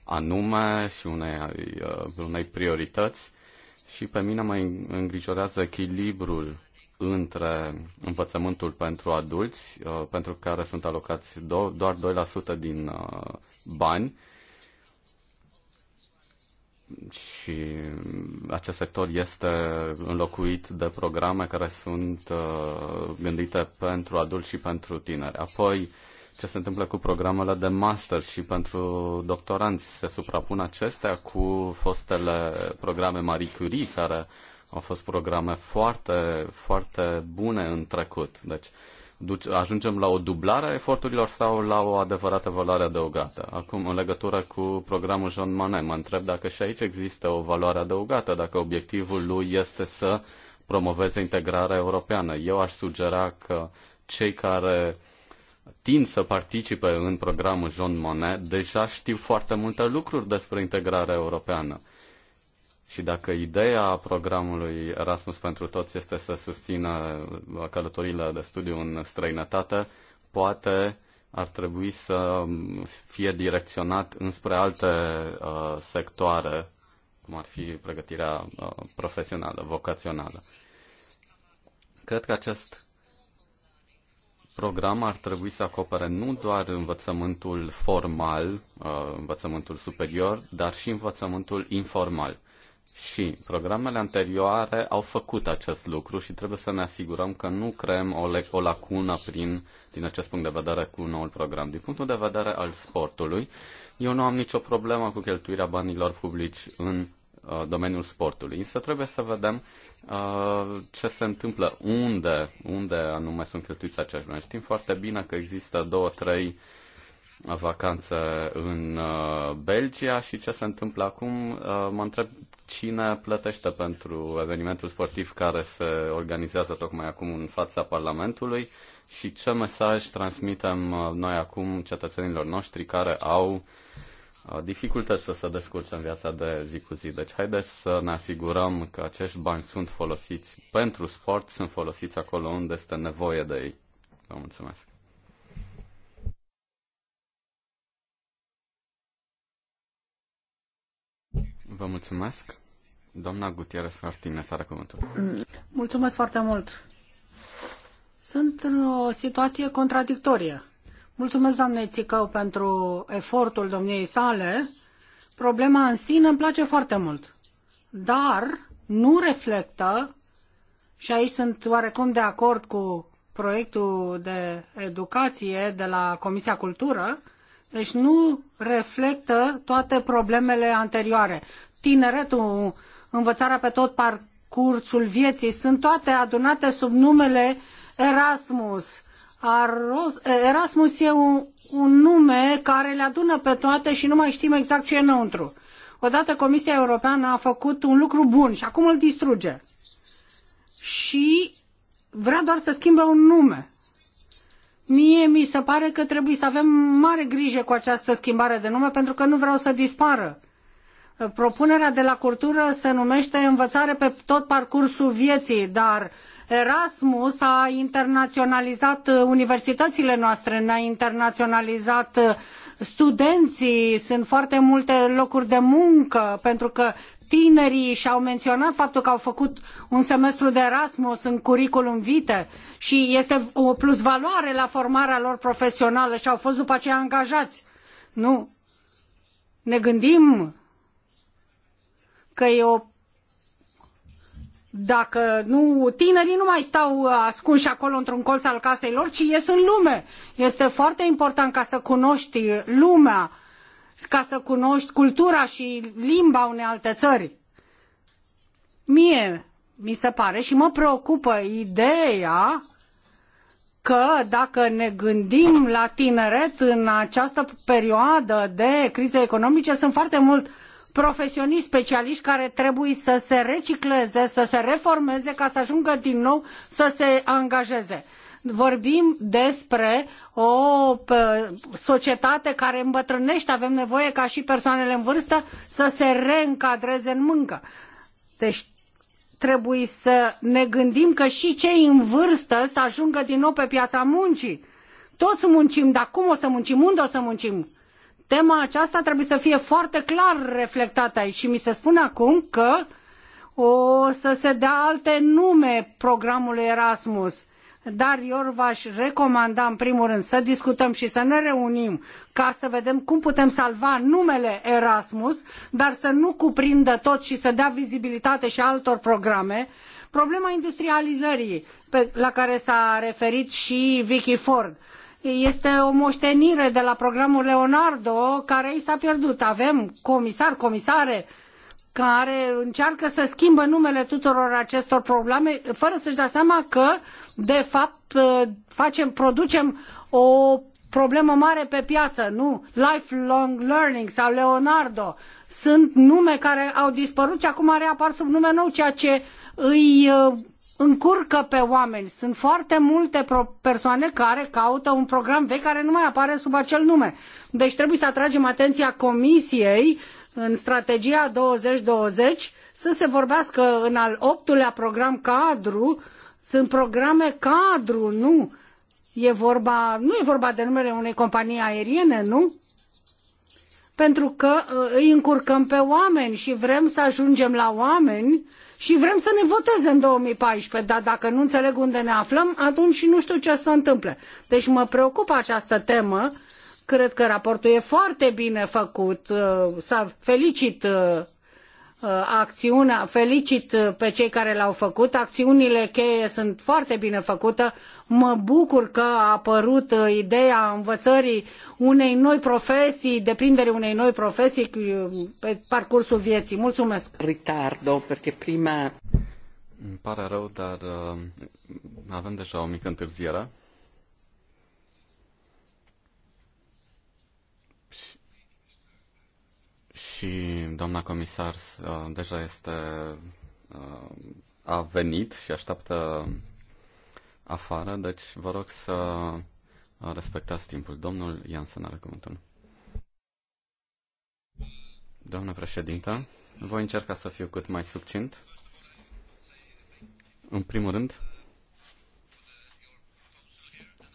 anume și unei, uh, unei priorități și pe mine mă îngrijorează echilibrul între învățământul pentru adulți, uh, pentru care sunt alocați do- doar 2% din uh, bani, și acest sector este înlocuit de programe care sunt uh, gândite pentru adulți și pentru tineri. Apoi, ce se întâmplă cu programele de master și pentru doctoranți? Se suprapun acestea cu fostele programe Marie Curie, care au fost programe foarte, foarte bune în trecut. Deci, uh, ajungem la o dublare a eforturilor sau la o adevărată valoare adăugată. Acum, în legătură cu programul Jean Manet, mă întreb dacă și aici există o valoare adăugată, dacă obiectivul lui este să promoveze integrarea europeană. Eu aș sugera că cei care tind să participe în programul Jean Monnet deja știu foarte multe lucruri despre integrarea europeană. Și dacă ideea programului Erasmus pentru toți este să susțină călătorile de studiu în străinătate, poate ar trebui să fie direcționat înspre alte uh, sectoare, cum ar fi pregătirea uh, profesională, vocațională. Cred că acest program ar trebui să acopere nu doar învățământul formal, uh, învățământul superior, dar și învățământul informal. Și programele anterioare au făcut acest lucru și trebuie să ne asigurăm că nu creăm o, le- o lacună prin, din acest punct de vedere cu noul program. Din punctul de vedere al sportului, eu nu am nicio problemă cu cheltuirea banilor publici în uh, domeniul sportului, însă trebuie să vedem uh, ce se întâmplă, unde, unde anume sunt cheltuiți acești bani. Știm foarte bine că există două, trei uh, vacanță în uh, Belgia și ce se întâmplă acum, uh, mă întreb cine plătește pentru evenimentul sportiv care se organizează tocmai acum în fața Parlamentului și ce mesaj transmitem uh, noi acum cetățenilor noștri care au dificultăți să se descurce în viața de zi cu zi. Deci haideți să ne asigurăm că acești bani sunt folosiți pentru sport, sunt folosiți acolo unde este nevoie de ei. Vă mulțumesc. Vă mulțumesc. Doamna Gutierrez Martinez are cuvântul. Mulțumesc foarte mult. Sunt în o situație contradictorie. Mulțumesc, doamnei Țicău, pentru efortul domniei sale. Problema în sine îmi place foarte mult, dar nu reflectă, și aici sunt oarecum de acord cu proiectul de educație de la Comisia Cultură, deci nu reflectă toate problemele anterioare. Tineretul, învățarea pe tot parcursul vieții, sunt toate adunate sub numele Erasmus. Erasmus e un, un nume care le adună pe toate și nu mai știm exact ce e înăuntru. Odată Comisia Europeană a făcut un lucru bun și acum îl distruge. Și vrea doar să schimbe un nume. Mie mi se pare că trebuie să avem mare grijă cu această schimbare de nume pentru că nu vreau să dispară. Propunerea de la cultură se numește învățare pe tot parcursul vieții, dar Erasmus a internaționalizat universitățile noastre, ne-a internaționalizat studenții, sunt foarte multe locuri de muncă, pentru că tinerii și-au menționat faptul că au făcut un semestru de Erasmus în curriculum vitae și este o plusvaloare la formarea lor profesională și au fost după aceea angajați. Nu. Ne gândim că e o dacă nu, tinerii nu mai stau ascunși acolo într-un colț al casei lor, ci ies în lume. Este foarte important ca să cunoști lumea, ca să cunoști cultura și limba unei alte țări. Mie mi se pare și mă preocupă ideea că dacă ne gândim la tineret în această perioadă de crize economice, sunt foarte mult profesioniști, specialiști care trebuie să se recicleze, să se reformeze ca să ajungă din nou să se angajeze vorbim despre o societate care îmbătrânește, avem nevoie ca și persoanele în vârstă să se reîncadreze în muncă. Deci trebuie să ne gândim că și cei în vârstă să ajungă din nou pe piața muncii. Toți muncim, dar cum o să muncim? Unde o să muncim? Tema aceasta trebuie să fie foarte clar reflectată aici și mi se spune acum că o să se dea alte nume programului Erasmus dar eu v-aș recomanda în primul rând să discutăm și să ne reunim ca să vedem cum putem salva numele Erasmus, dar să nu cuprindă tot și să dea vizibilitate și altor programe. Problema industrializării pe, la care s-a referit și Vicky Ford este o moștenire de la programul Leonardo care i s-a pierdut. Avem comisar, comisare, care încearcă să schimbă numele tuturor acestor probleme, fără să-și dea seama că, de fapt, ă, facem, producem o problemă mare pe piață, nu? Lifelong Learning sau Leonardo sunt nume care au dispărut și acum reapar sub nume nou, ceea ce îi ă, încurcă pe oameni. Sunt foarte multe persoane care caută un program vechi care nu mai apare sub acel nume. Deci trebuie să atragem atenția comisiei uh, în strategia 2020 să se vorbească în al optulea program cadru, sunt programe cadru, nu e vorba, nu e vorba de numele unei companii aeriene, nu? Pentru că uh, îi încurcăm pe oameni și vrem să ajungem la oameni și vrem să ne voteze în 2014, dar dacă nu înțeleg unde ne aflăm, atunci nu știu ce se întâmplă. Deci mă preocupă această temă Cred că raportul e foarte bine făcut. Uh, S-a felicit uh, uh, acțiunea, felicit pe cei care l-au făcut. Acțiunile cheie sunt foarte bine făcute. Mă bucur că a apărut ideea învățării unei noi profesii, deprinderii unei noi profesii pe parcursul vieții. Mulțumesc! Ritardo, perché prima... Îmi pare rău, dar avem deja o mică întârziere. și doamna comisar uh, deja este uh, a venit și așteaptă afară, deci vă rog să uh, respectați timpul. Domnul Iansen are cuvântul. Doamnă președintă, voi încerca să fiu cât mai succint. În primul rând,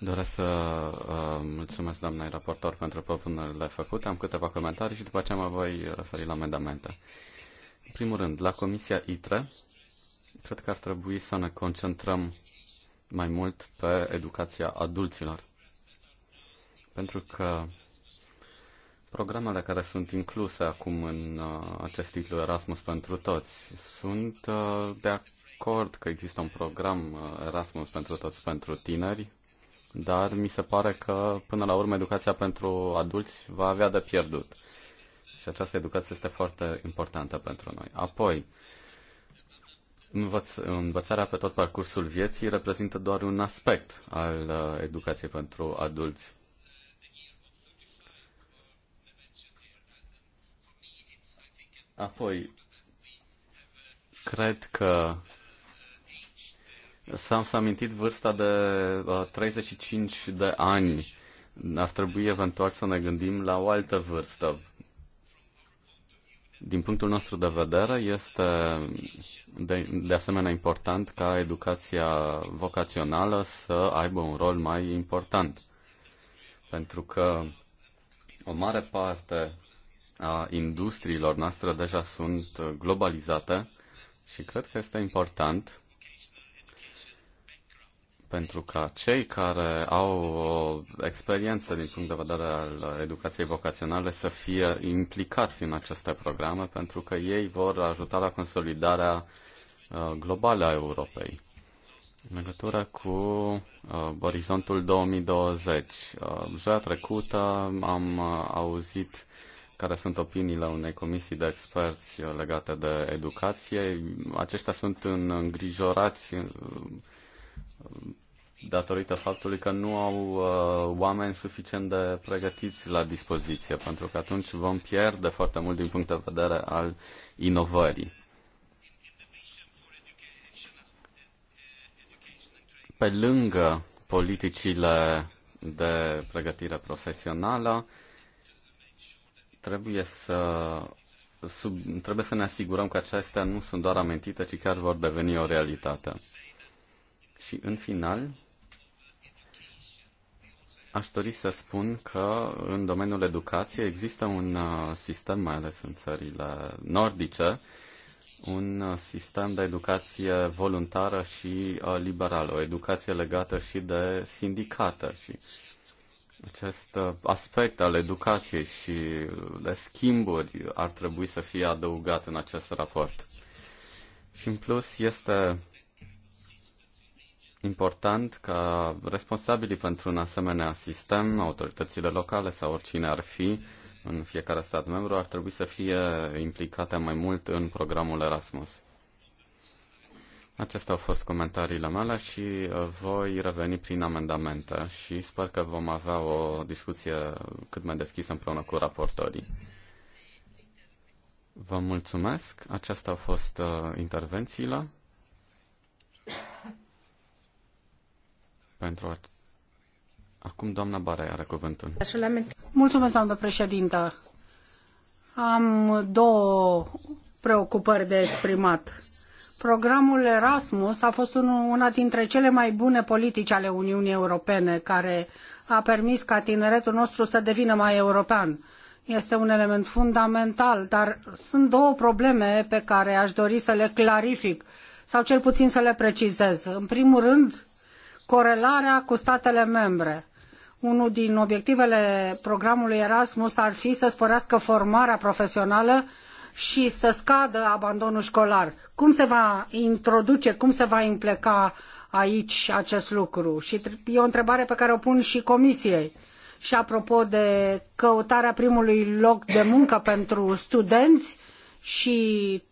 Doresc să uh, mulțumesc doamnei raportor pentru propunerile făcute. Am câteva comentarii și după aceea mă voi referi la amendamente. În primul rând, la Comisia ITRE, cred că ar trebui să ne concentrăm mai mult pe educația adulților. Pentru că programele care sunt incluse acum în uh, acest titlu Erasmus pentru toți sunt uh, de acord că există un program uh, Erasmus pentru toți pentru tineri, dar mi se pare că până la urmă educația pentru adulți va avea de pierdut. Și această educație este foarte importantă pentru noi. Apoi, învăț- învățarea pe tot parcursul vieții reprezintă doar un aspect al uh, educației pentru adulți. Apoi, cred că S-a amintit vârsta de 35 uh, de ani. Ar trebui eventual să ne gândim la o altă vârstă. Din punctul nostru de vedere, este de, de asemenea important ca educația vocațională să aibă un rol mai important. Pentru că o mare parte a industriilor noastre deja sunt globalizate și cred că este important pentru ca cei care au o experiență din punct de vedere al educației vocaționale să fie implicați în aceste programe, pentru că ei vor ajuta la consolidarea uh, globală a Europei. În legătură cu uh, orizontul 2020, uh, joia trecută am uh, auzit care sunt opiniile unei comisii de experți uh, legate de educație. Aceștia sunt în, îngrijorați uh, datorită faptului că nu au uh, oameni suficient de pregătiți la dispoziție, pentru că atunci vom pierde foarte mult din punct de vedere al inovării. Pe lângă politicile de pregătire profesională, trebuie să sub, trebuie să ne asigurăm că acestea nu sunt doar amintite, ci chiar vor deveni o realitate. Și în final, Aș dori să spun că în domeniul educației există un uh, sistem, mai ales în țările nordice, un uh, sistem de educație voluntară și uh, liberală, o educație legată și de sindicate și acest aspect al educației și de schimburi ar trebui să fie adăugat în acest raport. Și în plus este important ca responsabilii pentru un asemenea sistem, autoritățile locale sau oricine ar fi în fiecare stat membru, ar trebui să fie implicate mai mult în programul Erasmus. Acestea au fost comentariile mele și uh, voi reveni prin amendamente și sper că vom avea o discuție cât mai deschisă împreună cu raportorii. Vă mulțumesc. Acestea au fost uh, intervențiile pentru Acum doamna Barai are cuvântul. Mulțumesc, doamnă președintă. Am două preocupări de exprimat. Programul Erasmus a fost una dintre cele mai bune politici ale Uniunii Europene, care a permis ca tineretul nostru să devină mai european. Este un element fundamental, dar sunt două probleme pe care aș dori să le clarific sau cel puțin să le precizez. În primul rând, corelarea cu statele membre. Unul din obiectivele programului Erasmus ar fi să sporească formarea profesională și să scadă abandonul școlar. Cum se va introduce, cum se va implica aici acest lucru? Și e o întrebare pe care o pun și comisiei. Și apropo de căutarea primului loc de muncă pentru studenți și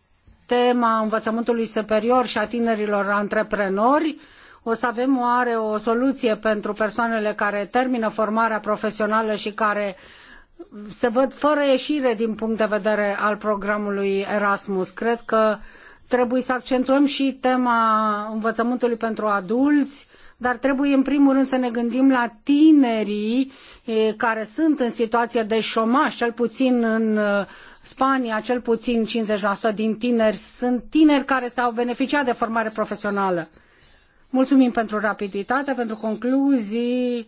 tema învățământului superior și a tinerilor antreprenori, uh, o să avem oare o soluție pentru persoanele care termină formarea profesională și care se văd fără ieșire din punct de vedere al programului Erasmus. Cred că trebuie să accentuăm și tema învățământului pentru adulți, dar trebuie în primul rând să ne gândim la tinerii care sunt în situație de șomaj, cel puțin în Spania, cel puțin 50% din tineri sunt tineri care s-au beneficiat de formare profesională. Mulțumim pentru rapiditate, pentru concluzii.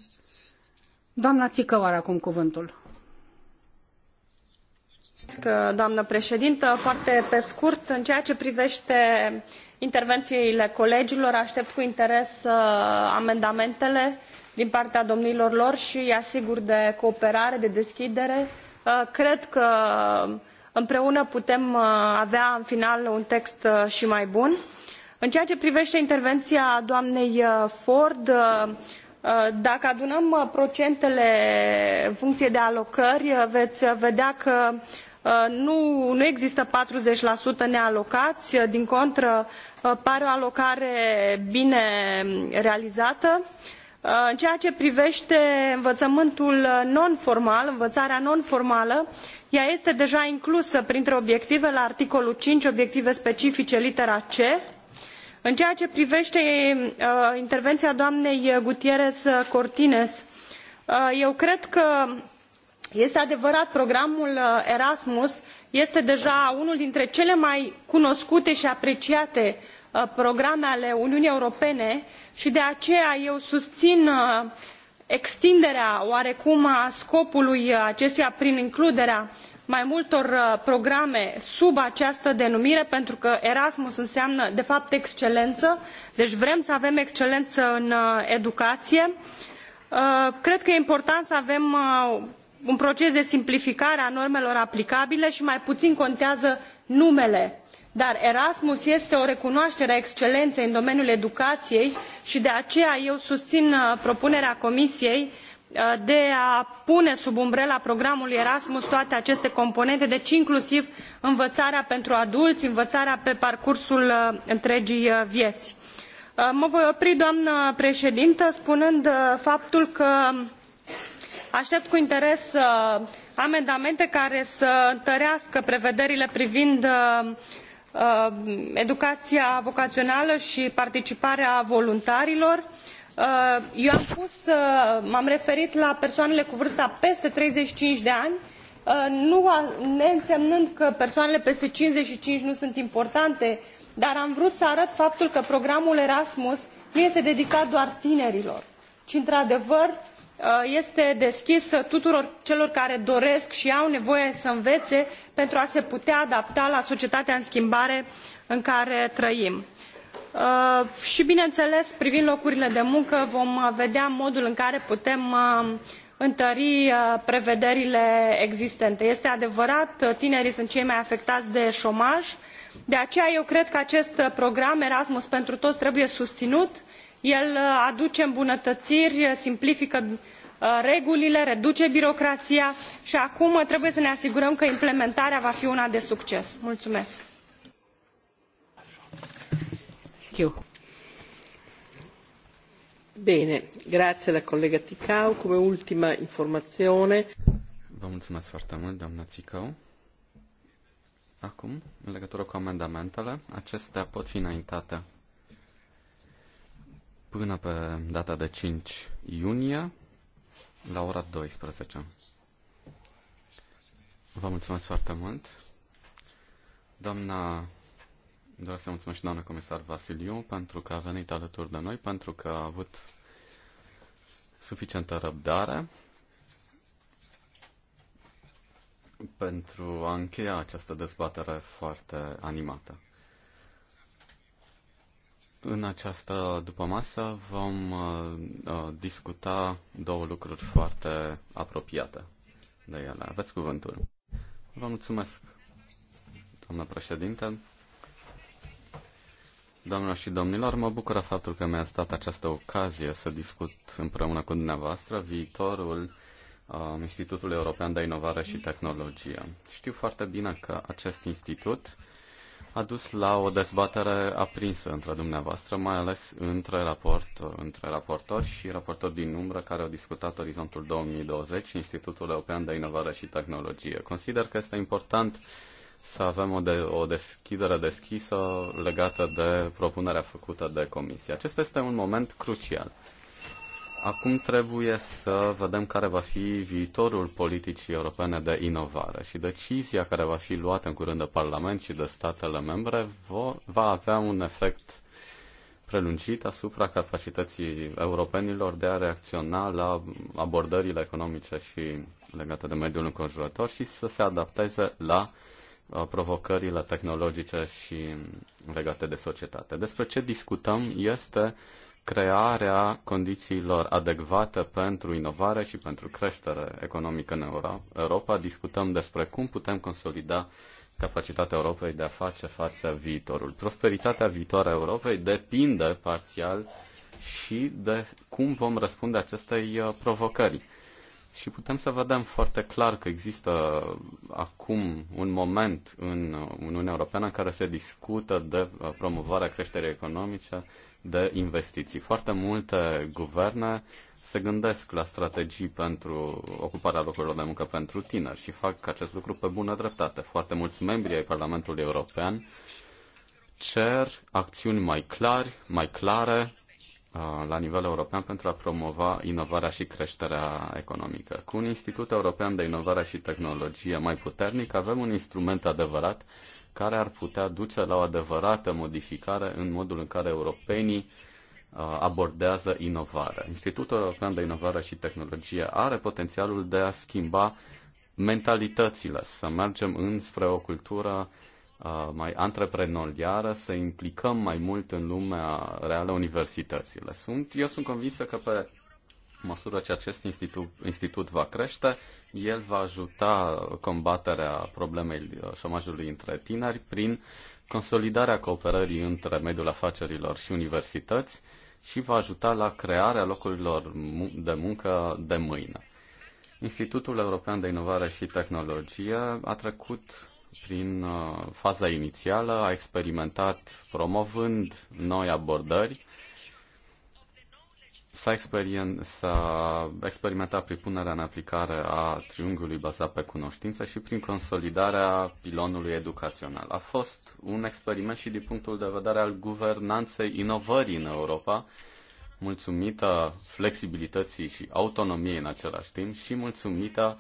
Doamna Țică, are acum cuvântul. Doamnă președintă, foarte pe scurt, în ceea ce privește intervențiile colegilor, aștept cu interes uh, amendamentele din partea domnilor lor și îi asigur de cooperare, de deschidere. Uh, cred că împreună putem uh, avea în final un text și mai bun în ceea ce privete intervenia doamnei uh, ford uh, uh, dacă adunăm procentele în funcie de alocări vei vedea că nu, nu există patruzeci nealocai din contră pare o alocare bine um, realizată în ceea ce privete învăământul non formal învăarea non formală ea este deja inclusă printre obiective la articolul cinci obiective specifice litera c în ceea ce privete uh, intervenia doamnei gutirrez cortines uh, eu cred că este adevărat programul uh, erasmus este deja unul dintre cele mai cunoscute i apreciate programe ale uniunii europene i de aceea eu susin extinderea oarecum a scopului acestuia prin includerea mai multor uh, programe sub această denumire pentru că erasmus înseamnă de fapt excelenă deci vrem să avem excelenă în uh, educaie. Uh, cred că e important să avem un proces de simplificare a normelor aplicabile i mai puin contează numele dar erasmus este o recunoatere a excelenei în domeniul educaiei i de aceea eu susin propunerea comisiei de a pune sub umbrela programului erasmus toate aceste componente deci inclusiv învăarea pentru aduli învăarea pe parcursul uh, întregii uh, viei. Uh, mă voi opri doamnă preedintă spunând faptul că atept cu interes amendamente care să întărească prevederile privind educaia vocaională i participarea voluntarilor i Uh, eu am pus, uh, m am referit la persoanele cu vârsta peste treizeci și cinci de ani uh, nu neînsemnând că persoanele peste cincizeci și cinci nu sunt importante dar am vrut să arăt faptul că programul erasmus nu este dedicat doar tinerilor ci într adevăr este deschis tuturor celor care doresc i au nevoie să învee pentru a se putea adapta la societatea în schimbare în care trăim Uh, i bineîneles privind locurile de muncă vom vedea modul în care putem uh, întări uh, prevederile existente. este adevărat tinerii sunt cei mai afectai de omaj de aceea eu cred că acest program erasmus pentru toi trebuie susinut el aduce îmbunătăiri simplifică regulile reduce birocraia i acum trebuie să ne asigurăm că implementarea va fi una de succes. mulumesc. Bine, Vă mulțumesc foarte mult, doamna Țicău. Acum, în legătură cu amendamentele, acestea pot fi înaintate până pe data de 5 iunie la ora 12. Vă mulțumesc foarte mult. Doamna doar să mulțumesc și doamna comisar Vasiliu pentru că a venit alături de noi, pentru că a avut suficientă răbdare pentru a încheia această dezbatere foarte animată. În această dupămasă vom uh, uh discuta două lucruri foarte apropiate de ele. Aveți cuvântul. Vă mulțumesc, doamnă președinte. Doamnelor și domnilor, mă bucură faptul că mi-a stat această ocazie să discut împreună cu dumneavoastră viitorul uh, Institutului European de Inovare și Tehnologie. Știu foarte bine că acest institut a dus la o dezbatere aprinsă între dumneavoastră, mai ales între, raport, între raportori și raportori din umbră care au discutat Orizontul 2020 și Institutul European de Inovare și Tehnologie. Consider că este important uh, să avem o, de, o deschidere deschisă legată de propunerea făcută de comisie. Acesta este un moment crucial. Acum trebuie să vedem care va fi viitorul politicii europene de inovare și decizia care va fi luată în curând de Parlament și de statele membre va avea un efect prelungit asupra capacității europenilor de a reacționa la abordările economice și legate de mediul înconjurător și să se adapteze la uh, Uh, provocările tehnologice și legate de societate. Despre ce discutăm este crearea condițiilor adecvate pentru inovare și pentru creștere economică în Europa. Discutăm despre cum putem consolida capacitatea Europei de a face față viitorul. Prosperitatea viitoare a Europei depinde parțial și de cum vom răspunde acestei uh, provocări. Și putem să vedem foarte clar că există acum un moment în Uniunea Europeană în care se discută de uh, promovarea creșterii economice, de investiții. Foarte multe guverne se gândesc la strategii pentru ocuparea locurilor de muncă pentru tineri și fac acest lucru pe bună dreptate. Foarte mulți membri ai Parlamentului European cer acțiuni mai clari, mai clare Uh, la nivel european pentru a promova inovarea și creșterea economică. Cu un Institut European de Inovare și Tehnologie mai puternic avem un instrument adevărat care ar putea duce la o adevărată modificare în modul în care europenii uh, abordează inovarea. Institutul European de Inovare și Tehnologie are potențialul de a schimba mentalitățile, să mergem înspre o cultură uh, Uh, mai antreprenorială, să implicăm mai mult în lumea reală universitățile. Sunt, eu sunt convinsă că pe măsură ce acest institut, institut va crește, el va ajuta combaterea problemei uh, șomajului între tineri prin consolidarea cooperării între mediul afacerilor și universități și va ajuta la crearea locurilor de muncă de mâine. Institutul European de Inovare și Tehnologie a trecut prin uh, faza inițială, a experimentat promovând noi abordări, s-a, experien- s-a experimentat prin punerea în aplicare a triunghiului bazat pe cunoștință și prin consolidarea pilonului educațional. A fost un experiment și din punctul de vedere al guvernanței inovării în Europa, mulțumită flexibilității și autonomiei în același timp și mulțumită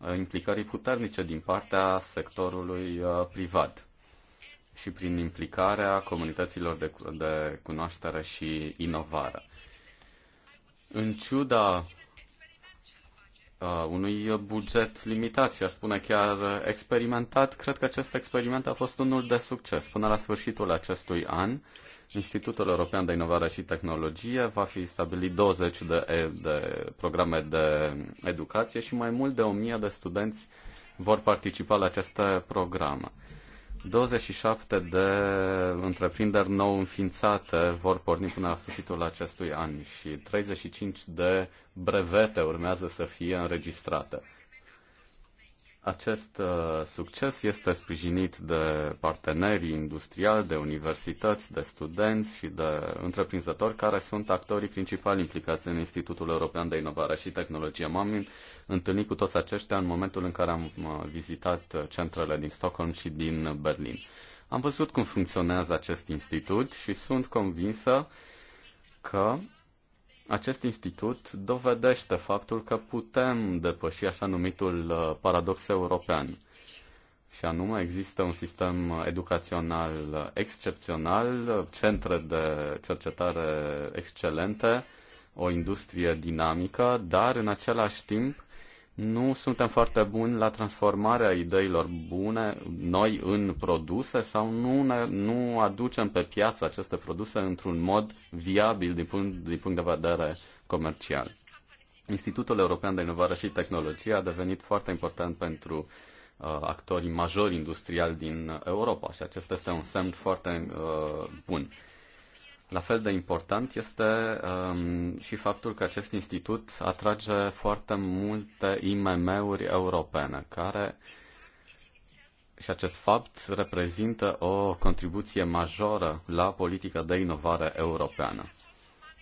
Uh, implicării puternice din partea sectorului uh, privat și prin implicarea comunităților de, de cunoaștere și inovare. În ciuda uh, unui buget limitat și aș spune chiar experimentat, cred că acest experiment a fost unul de succes. Până la sfârșitul acestui an, Institutul European de Inovare și Tehnologie va fi stabilit 20 de, de programe de educație și mai mult de 1000 de studenți vor participa la aceste programe. 27 de întreprinderi nou înființate vor porni până la sfârșitul acestui an și 35 de brevete urmează să fie înregistrate. Acest uh, succes este sprijinit de partenerii industriali, de universități, de studenți și de întreprinzători care sunt actorii principali implicați în Institutul European de Inovare și Tehnologie. M-am întâlnit cu toți aceștia în momentul în care am uh, vizitat centrele din Stockholm și din Berlin. Am văzut cum funcționează acest institut și sunt convinsă că acest institut dovedește faptul că putem depăși așa numitul uh, paradox european. Și anume, există un sistem educațional excepțional, centre de cercetare excelente, o industrie dinamică, dar în același timp nu suntem foarte buni la transformarea ideilor bune noi în produse sau nu, ne, nu aducem pe piață aceste produse într-un mod viabil din punct, din punct de vedere comercial. Institutul European de Inovare și Tehnologie a devenit foarte important pentru uh, actorii majori industriali din Europa și acesta este un semn foarte uh, bun. La fel de important este um, și faptul că acest institut atrage foarte multe IMM-uri europene, care și acest fapt reprezintă o contribuție majoră la politica de inovare europeană.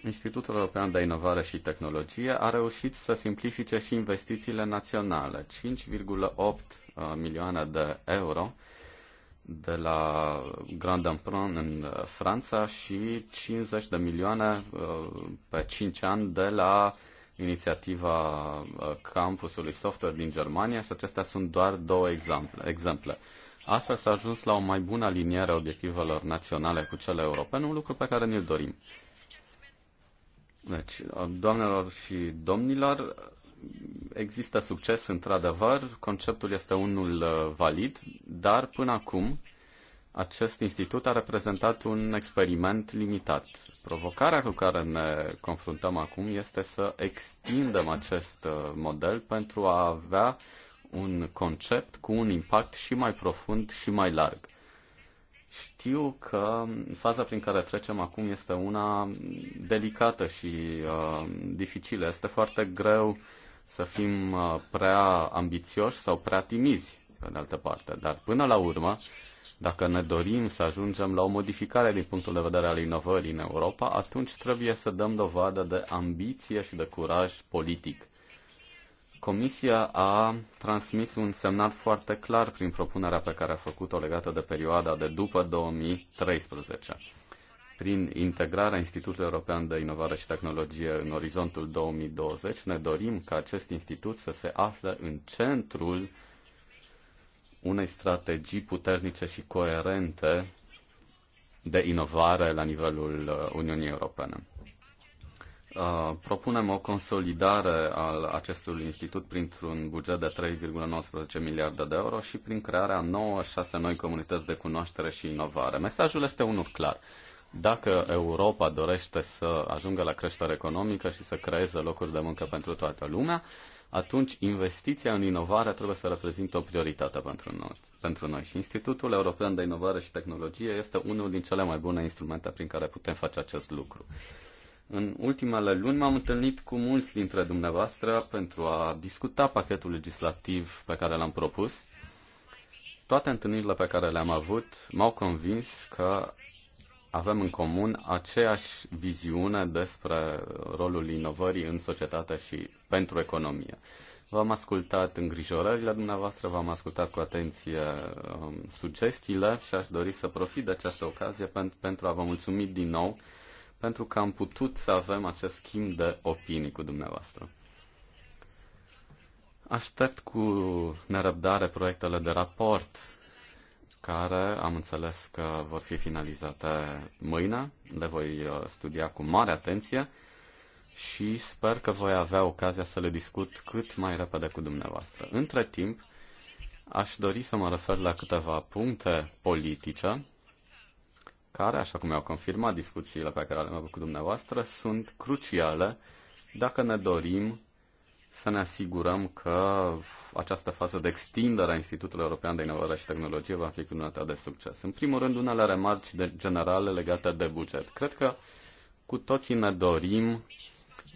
Institutul European de Inovare și Tehnologie a reușit să simplifice și investițiile naționale, 5,8 uh, milioane de euro, de la Grand Emprunt în uh, Franța și 50 de milioane uh, pe 5 ani de la inițiativa uh, campusului software din Germania și acestea sunt doar două exemple. exemple. Astfel s-a ajuns la o mai bună aliniere a obiectivelor naționale cu cele europene, un lucru pe care ne-l dorim. Deci, doamnelor și domnilor, există succes, într-adevăr, conceptul este unul uh, valid, dar până acum acest institut a reprezentat un experiment limitat. Provocarea cu care ne confruntăm acum este să extindem acest uh, model pentru a avea un concept cu un impact și mai profund și mai larg. Știu că faza prin care trecem acum este una delicată și uh, dificilă. Este foarte greu uh, să fim uh, prea ambițioși sau prea timizi, pe de altă parte. Dar până la urmă, dacă ne dorim să ajungem la o modificare din punctul de vedere al inovării în Europa, atunci trebuie să dăm dovadă de ambiție și de curaj politic. Comisia a transmis un semnal foarte clar prin propunerea pe care a făcut-o legată de perioada de după 2013 prin integrarea Institutului European de Inovare și Tehnologie în orizontul 2020, ne dorim ca acest institut să se afle în centrul unei strategii puternice și coerente de inovare la nivelul uh, Uniunii Europene. Uh, propunem o consolidare al acestui institut printr-un buget de 3,19 miliarde de euro și prin crearea 9-6 noi comunități de cunoaștere și inovare. Mesajul este unul clar. Dacă Europa dorește să ajungă la creștere economică și să creeze locuri de muncă pentru toată lumea, atunci investiția în inovare trebuie să reprezintă o prioritate pentru noi. Pentru noi. Și Institutul European de Inovare și Tehnologie este unul din cele mai bune instrumente prin care putem face acest lucru. În ultimele luni m-am întâlnit cu mulți dintre dumneavoastră pentru a discuta pachetul legislativ pe care l-am propus. Toate întâlnirile pe care le-am avut m-au convins că avem în comun aceeași viziune despre rolul inovării în societate și pentru economie. V-am ascultat îngrijorările dumneavoastră, v-am ascultat cu atenție um, sugestiile și aș dori să profit de această ocazie pentru, pentru a vă mulțumi din nou pentru că am putut să avem acest schimb de opinii cu dumneavoastră. Aștept cu nerăbdare proiectele de raport care am înțeles că vor fi finalizate mâine. Le voi uh, studia cu mare atenție și sper că voi avea ocazia să le discut cât mai repede cu dumneavoastră. Între timp, aș dori să mă refer la câteva puncte politice care, așa cum mi-au confirmat discuțiile pe care le-am avut cu dumneavoastră, sunt cruciale dacă ne dorim să ne asigurăm că această fază de extindere a Institutului European de Inovare și Tehnologie va fi cununată de succes. În primul rând, unele remarci de generale legate de buget. Cred că cu toții ne dorim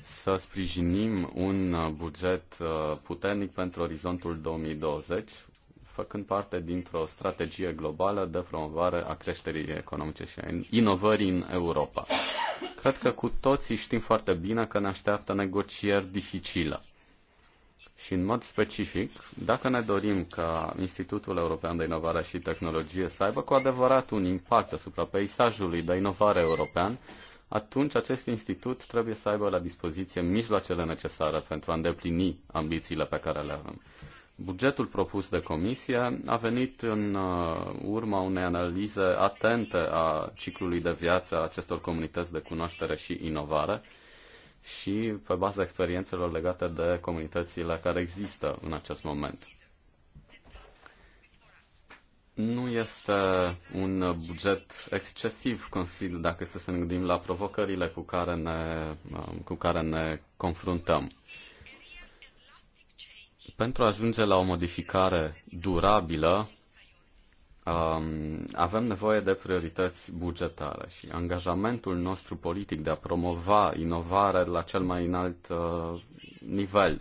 să sprijinim un buget uh, puternic pentru orizontul 2020, făcând parte dintr-o strategie globală de promovare a creșterii economice și a inovării în Europa. Cred că cu toții știm foarte bine că ne așteaptă negocieri dificile și în mod specific, dacă ne dorim ca Institutul European de Inovare și Tehnologie să aibă cu adevărat un impact asupra peisajului de inovare european, atunci acest institut trebuie să aibă la dispoziție mijloacele necesare pentru a îndeplini ambițiile pe care le avem. Bugetul propus de comisie a venit în uh, urma unei analize atente a ciclului de viață a acestor comunități de cunoaștere și inovare, și pe baza experiențelor legate de comunitățile care există în acest moment. Nu este un buget excesiv, consil dacă este să ne gândim la provocările cu care ne, um, cu care ne confruntăm. Pentru a ajunge la o modificare durabilă, um, avem nevoie de priorități bugetare și angajamentul nostru politic de a promova inovare la cel mai înalt uh, nivel.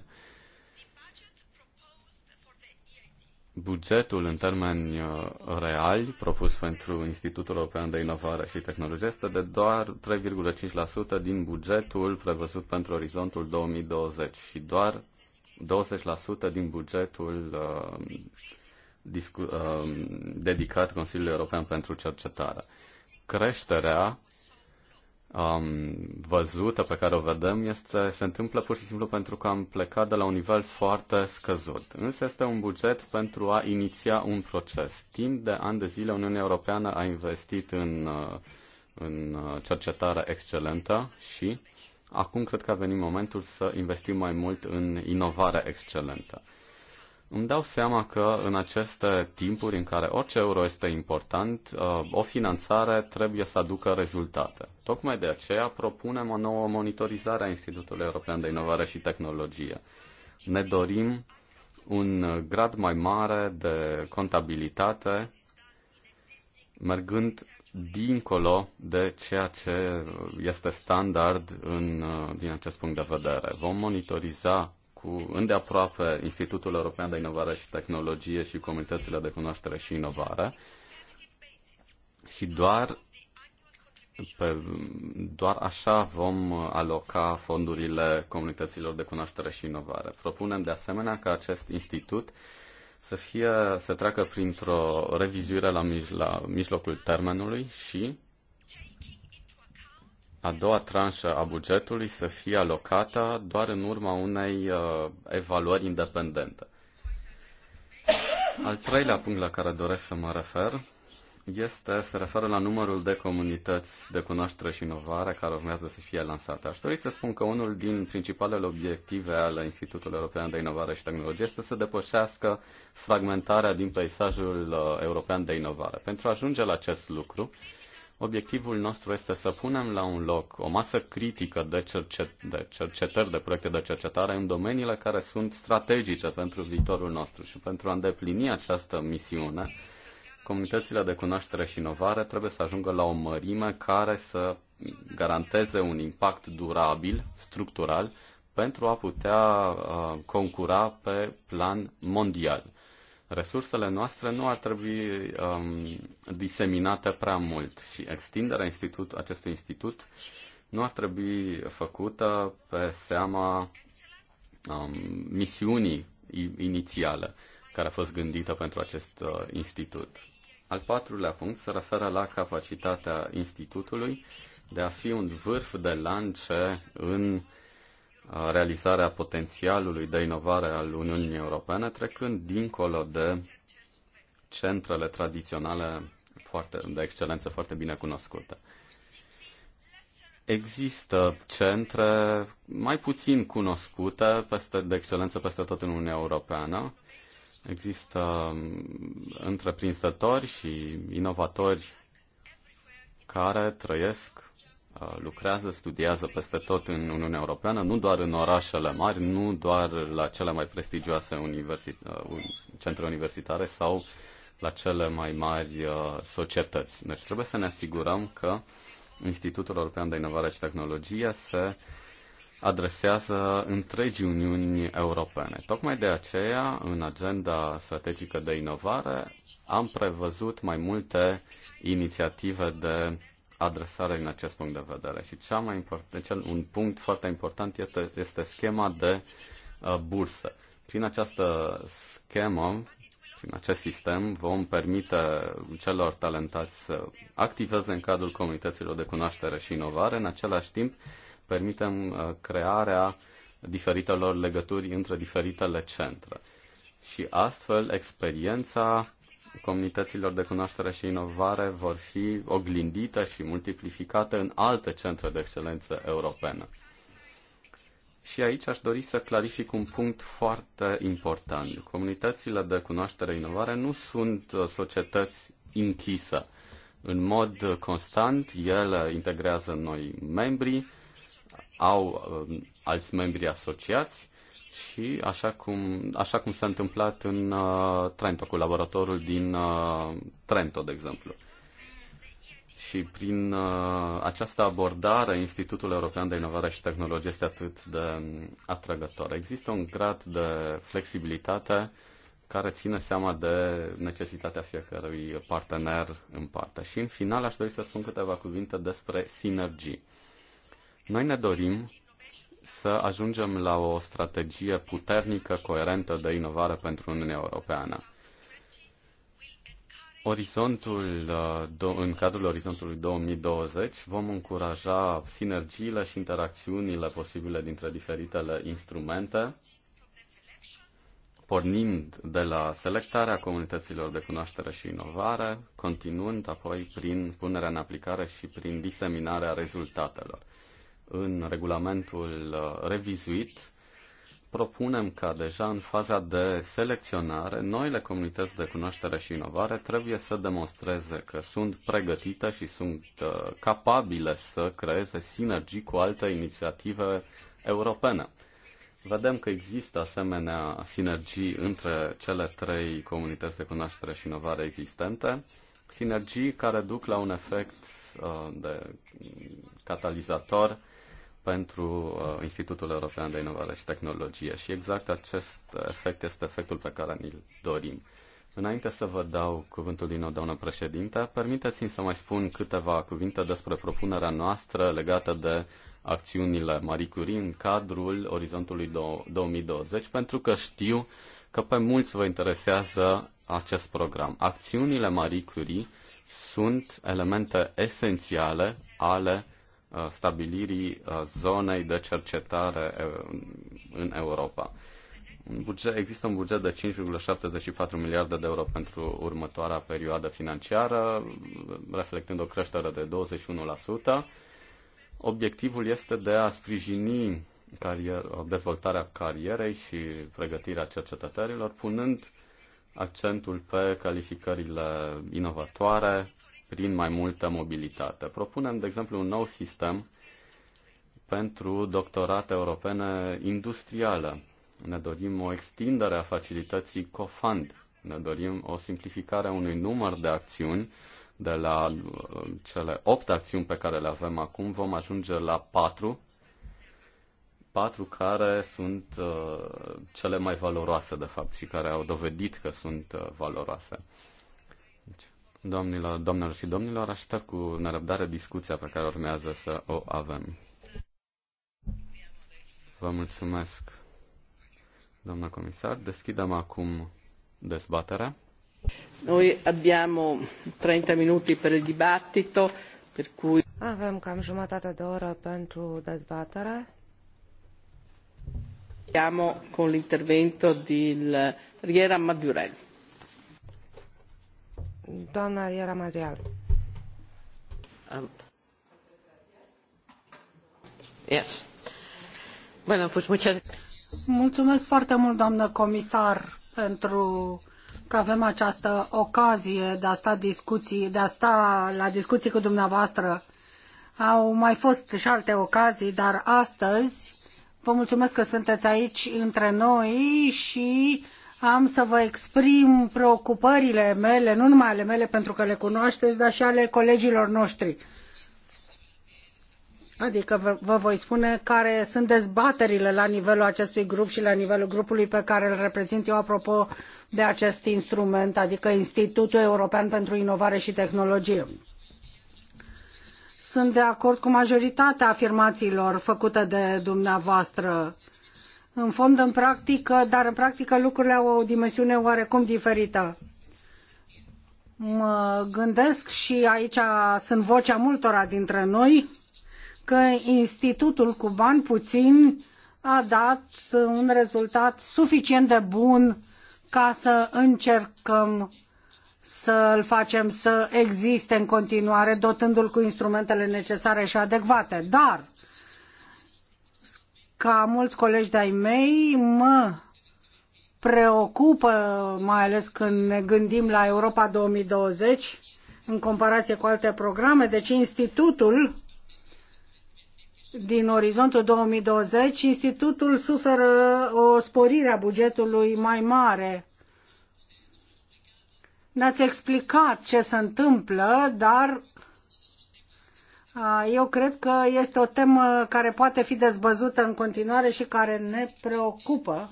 Bugetul în termeni uh, reali propus pentru Institutul European de Inovare și Tehnologie este de doar 3,5% din bugetul prevăzut pentru orizontul 2020 și doar 20% din bugetul uh, Um, dedicat Consiliului European pentru Cercetare. Creșterea um, văzută pe care o vedem este, se întâmplă pur și simplu pentru că am plecat de la un nivel foarte scăzut. Însă este un buget pentru a iniția un proces. Timp de ani de zile Uniunea Europeană a investit în, uh, în uh, cercetare excelentă și acum cred că a venit momentul să investim mai mult în inovare excelentă. Îmi dau seama că în aceste timpuri în care orice euro este important, uh, o finanțare trebuie să aducă rezultate. Tocmai de aceea propunem o nouă monitorizare a Institutului European de Inovare și Tehnologie. Ne dorim un grad mai mare de contabilitate, mergând dincolo de ceea ce este standard în, uh, din acest punct de vedere. Vom monitoriza cu îndeaproape Institutul European de Inovare și Tehnologie și Comunitățile de Cunoaștere și Inovare și doar pe, doar așa vom aloca fondurile comunităților de cunoaștere și inovare. Propunem de asemenea ca acest institut să, fie, să treacă printr-o revizuire la, mijlo- la mijlocul termenului și a doua tranșă a bugetului să fie alocată doar în urma unei uh, evaluări independente. Al treilea punct la care doresc să mă refer este, se referă la numărul de comunități de cunoaștere și inovare care urmează să fie lansate. Aș dori să spun că unul din principalele obiective ale Institutului European de Inovare și Tehnologie este să depășească fragmentarea din peisajul uh, european de inovare. Pentru a ajunge la acest lucru, Obiectivul nostru este să punem la un loc o masă critică de, cercet- de cercetări, de proiecte de cercetare în domeniile care sunt strategice pentru viitorul nostru și pentru a îndeplini această misiune, comunitățile de cunoaștere și inovare trebuie să ajungă la o mărime care să garanteze un impact durabil, structural, pentru a putea uh, concura pe plan mondial resursele noastre nu ar trebui um, diseminate prea mult și extinderea institut, acestui institut nu ar trebui făcută pe seama um, misiunii inițiale care a fost gândită pentru acest uh, institut. Al patrulea punct se referă la capacitatea institutului de a fi un vârf de lance în Uh, realizarea potențialului de inovare al Uniunii Europene, trecând dincolo de centrele tradiționale foarte, de excelență foarte bine cunoscute. Există centre mai puțin cunoscute peste, de excelență peste tot în Uniunea Europeană. Există um, întreprinzători și inovatori care trăiesc Uh, lucrează, studiază peste tot în Uniunea Europeană, nu doar în orașele mari, nu doar la cele mai prestigioase universit- uh, centre universitare sau la cele mai mari uh, societăți. Deci trebuie să ne asigurăm că Institutul European de Inovare și Tehnologie se adresează întregii Uniuni Europene. Tocmai de aceea, în agenda strategică de inovare, am prevăzut mai multe inițiative de adresare în acest punct de vedere. Și cea mai important, deci cel, un punct foarte important este, este schema de uh, bursă. Prin această schemă, prin acest sistem, vom permite celor talentați să activeze în cadrul comunităților de cunoaștere și inovare. În același timp, permitem uh, crearea diferitelor legături între diferitele centre. Și astfel, experiența comunităților de cunoaștere și inovare vor fi oglindite și multiplicate în alte centre de excelență europene. Și aici aș dori să clarific un punct foarte important. Comunitățile de cunoaștere inovare nu sunt uh, societăți închise. În mod constant, ele integrează noi membri, au uh, alți membri asociați și așa cum, așa cum s-a întâmplat în uh, Trento cu laboratorul din uh, Trento, de exemplu. Și prin uh, această abordare, Institutul European de Inovare și Tehnologie este atât de um, atrăgător. Există un grad de flexibilitate care ține seama de necesitatea fiecărui partener în parte. Și în final aș dori să spun câteva cuvinte despre sinergii. Noi ne dorim să ajungem la o strategie puternică, coerentă de inovare pentru Uniunea Europeană. Orizontul, uh, în cadrul orizontului 2020 vom încuraja sinergiile și interacțiunile posibile dintre diferitele instrumente, pornind de la selectarea comunităților de cunoaștere și inovare, continuând apoi prin punerea în aplicare și prin diseminarea rezultatelor în regulamentul uh, revizuit, propunem ca deja în faza de selecționare, noile comunități de cunoaștere și inovare trebuie să demonstreze că sunt pregătite și sunt uh, capabile să creeze sinergii cu alte inițiative europene. Vedem că există asemenea sinergii între cele trei comunități de cunoaștere și inovare existente, sinergii care duc la un efect uh, de catalizator pentru uh, Institutul European de Inovare și Tehnologie și exact acest efect este efectul pe care ni-l dorim. Înainte să vă dau cuvântul din nou, doamnă președinte, permiteți-mi să mai spun câteva cuvinte despre propunerea noastră legată de acțiunile Marie Curie în cadrul Orizontului 2020, pentru că știu că pe mulți vă interesează acest program. Acțiunile Marie Curie sunt elemente esențiale ale Uh, stabilirii uh, zonei de cercetare uh, în Europa. Un buget, există un buget de 5,74 miliarde de euro pentru următoarea perioadă financiară, reflectând o creștere de 21%. Obiectivul este de a sprijini carier, dezvoltarea carierei și pregătirea cercetătorilor, punând accentul pe calificările inovatoare, prin mai multă mobilitate. Propunem, de exemplu, un nou sistem pentru doctorate europene industriale. Ne dorim o extindere a facilității COFAND. Ne dorim o simplificare a unui număr de acțiuni. De la uh, cele opt acțiuni pe care le avem acum vom ajunge la patru, patru care sunt uh, cele mai valoroase, de fapt, și care au dovedit că sunt uh, valoroase. Domnilor, domnilor și domnilor, aștept cu nerăbdare discuția pe care urmează să o avem. Vă mulțumesc, doamna comisar. Deschidem acum dezbaterea. Noi abbiamo 30 minuti per il dibattito, per cui... Avem cam jumătate de oră pentru dezbatere. Siamo con l'intervento del Riera Madurelli. Doamna Ariera Madrial. Um. Yes. Bueno, pues muchas... Mulțumesc foarte mult, doamnă comisar, pentru că avem această ocazie de a sta, discuții, de a sta la discuții cu dumneavoastră. Au mai fost și alte ocazii, dar astăzi vă mulțumesc că sunteți aici între noi și am să vă exprim preocupările mele, nu numai ale mele pentru că le cunoașteți, dar și ale colegilor noștri. Adică vă, vă voi spune care sunt dezbaterile la nivelul acestui grup și la nivelul grupului pe care îl reprezint eu apropo de acest instrument, adică Institutul European pentru Inovare și Tehnologie. Sunt de acord cu majoritatea afirmațiilor făcute de dumneavoastră uh, în fond, în practică, dar în practică lucrurile au o dimensiune oarecum diferită. Mă gândesc și aici sunt vocea multora dintre noi că institutul cu bani puțini a dat un rezultat suficient de bun ca să încercăm să îl facem să existe în continuare, dotându-l cu instrumentele necesare și adecvate. Dar ca mulți colegi de-ai mei, mă preocupă, mai ales când ne gândim la Europa 2020, în comparație cu alte programe, deci institutul din orizontul 2020, institutul suferă o sporire a bugetului mai mare. Ne-ați explicat ce se întâmplă, dar eu cred că este o temă care poate fi dezbăzută în continuare și care ne preocupă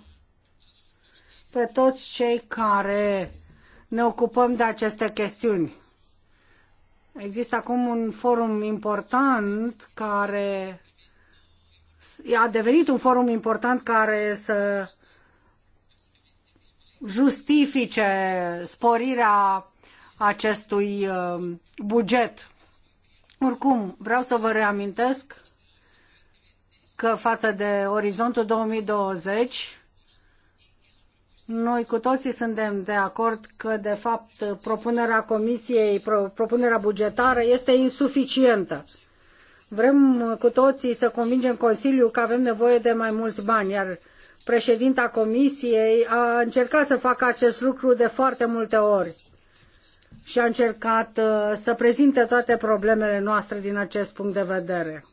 pe toți cei care ne ocupăm de aceste chestiuni. Există acum un forum important care a devenit un forum important care să justifice sporirea acestui uh, buget oricum, vreau să vă reamintesc că față de orizontul 2020, noi cu toții suntem de acord că, de fapt, propunerea Comisiei, propunerea bugetară este insuficientă. Vrem cu toții să convingem Consiliul că avem nevoie de mai mulți bani, iar președinta Comisiei a încercat să facă acest lucru de foarte multe ori și a încercat uh, să prezinte toate problemele noastre din acest punct de vedere.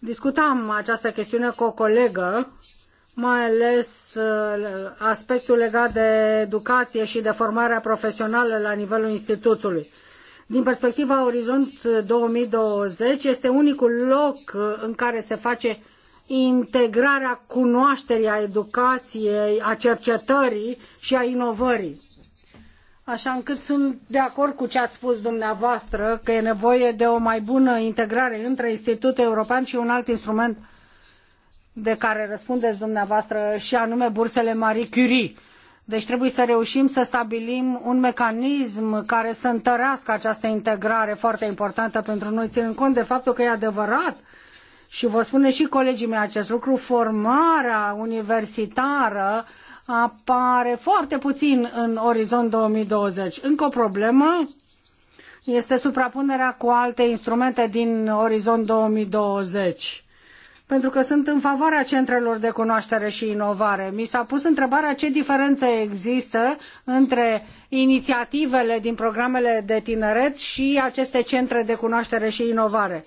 Discutam această chestiune cu o colegă, mai ales uh, aspectul legat de educație și de formarea profesională la nivelul institutului. Din perspectiva Orizont 2020, este unicul loc uh, în care se face integrarea cunoașterii, a educației, a cercetării și a inovării așa încât sunt de acord cu ce ați spus dumneavoastră, că e nevoie de o mai bună integrare între Institutul European și un alt instrument de care răspundeți dumneavoastră și anume bursele Marie Curie. Deci trebuie să reușim să stabilim un mecanism care să întărească această integrare foarte importantă pentru noi, ținând cont de faptul că e adevărat și vă spune și colegii mei acest lucru, formarea universitară apare foarte puțin în orizont 2020. Încă o problemă este suprapunerea cu alte instrumente din orizont 2020 pentru că sunt în favoarea centrelor de cunoaștere și inovare. Mi s-a pus întrebarea ce diferență există între inițiativele din programele de tineret și aceste centre de cunoaștere și inovare.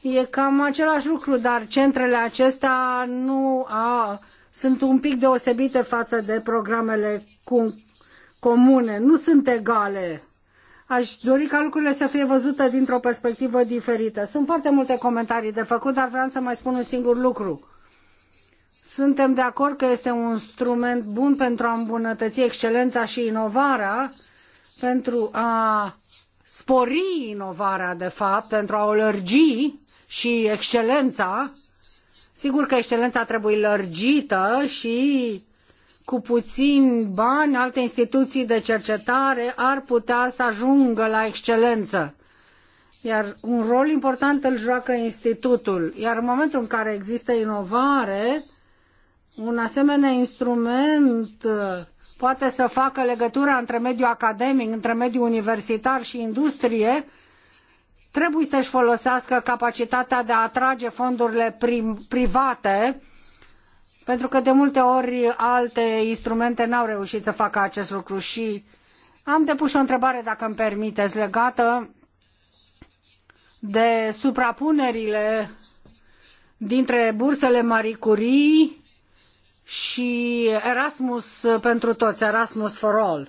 E cam același lucru, dar centrele acestea nu au sunt un pic deosebite față de programele cu, comune, nu sunt egale. Aș dori ca lucrurile să fie văzute dintr-o perspectivă diferită. Sunt foarte multe comentarii de făcut, dar vreau să mai spun un singur lucru. Suntem de acord că este un instrument bun pentru a îmbunătăți excelența și inovarea, pentru a spori inovarea, de fapt, pentru a o lărgi și excelența, Sigur că excelența trebuie lărgită și cu puțin bani alte instituții de cercetare ar putea să ajungă la excelență. Iar un rol important îl joacă institutul. Iar în momentul în care există inovare, un asemenea instrument uh, poate să facă legătura între mediul academic, între mediul universitar și industrie trebuie să-și folosească capacitatea de a atrage fondurile private, pentru că de multe ori alte instrumente n-au reușit să facă acest lucru și am depus o întrebare, dacă îmi permiteți, legată de suprapunerile dintre bursele Marie Curie și Erasmus pentru toți, Erasmus for All.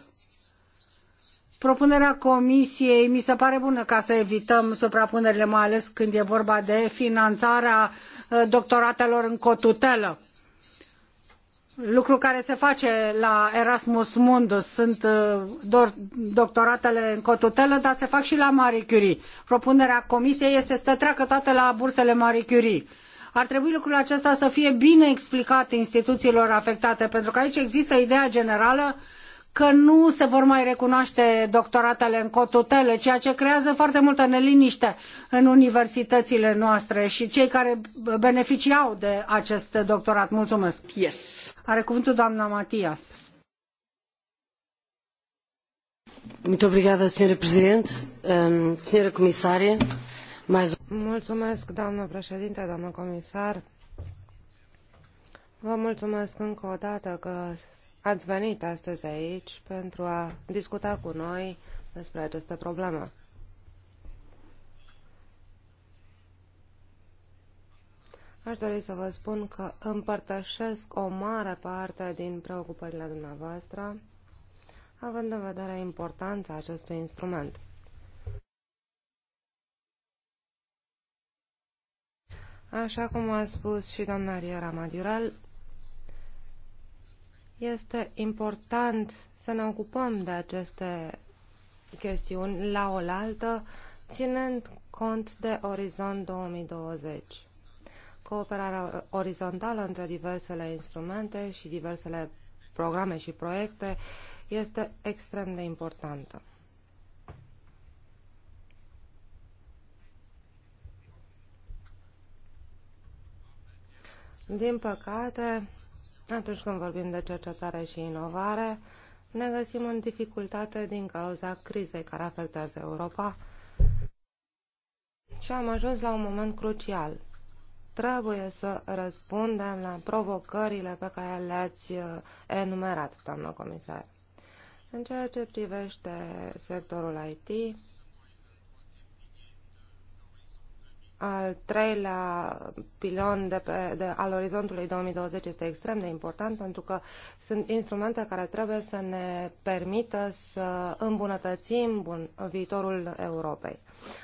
Propunerea comisiei mi se pare bună ca să evităm suprapunerile, mai ales când e vorba de finanțarea uh, doctoratelor în cotutelă. Lucru care se face la Erasmus Mundus. Sunt uh, doctoratele în cotutelă, dar se fac și la Marie Curie. Propunerea comisiei este să treacă toate la bursele Marie Curie ar trebui lucrul acesta să fie bine explicat instituțiilor afectate, pentru că aici există ideea generală că nu se vor mai recunoaște doctoratele în cotutele, ceea ce creează foarte multă neliniște în universitățile noastre și cei care beneficiau de acest doctorat. Mulțumesc! Yes. Are cuvântul doamna Matias. Muito obrigada, senhora Presidente. Um, senhora Comissária, mais... Um- mulțumesc, doamnă președinte, doamnă comisar. Vă mulțumesc încă o dată că ați venit astăzi aici pentru a discuta cu noi despre această problemă. Aș dori să vă spun că împărtășesc o mare parte din preocupările dumneavoastră, având în vedere importanța acestui instrument. Așa cum a spus și doamna Riera Madural, este important să ne ocupăm de aceste chestiuni la oaltă, ținând cont de Orizont 2020. Cooperarea orizontală între diversele instrumente și diversele programe și proiecte este extrem de importantă. Din păcate, atunci când vorbim de cercetare și inovare, ne găsim în dificultate din cauza crizei care afectează Europa și am ajuns la un moment crucial. Trebuie să răspundem la provocările pe care le-ați uh, enumerat, doamnă comisar. În ceea ce privește sectorul IT, al treilea pilon de pe, de, al orizontului 2020 este extrem de important pentru că sunt instrumente care trebuie să ne permită să îmbunătățim bun, viitorul Europei.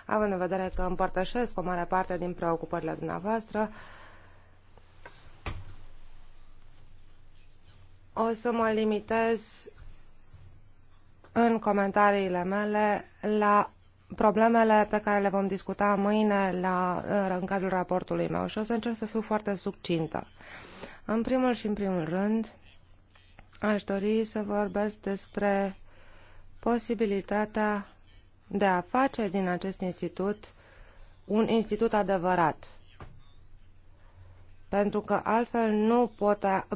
Având în vedere că împărtășesc o mare parte din preocupările dumneavoastră, o să mă limitez în comentariile mele la problemele pe care le vom discuta mâine la, în cadrul raportului meu și o să încerc să fiu foarte succintă. În primul și în primul rând, aș dori să vorbesc despre posibilitatea de a face din acest institut un institut adevărat. Pentru că altfel nu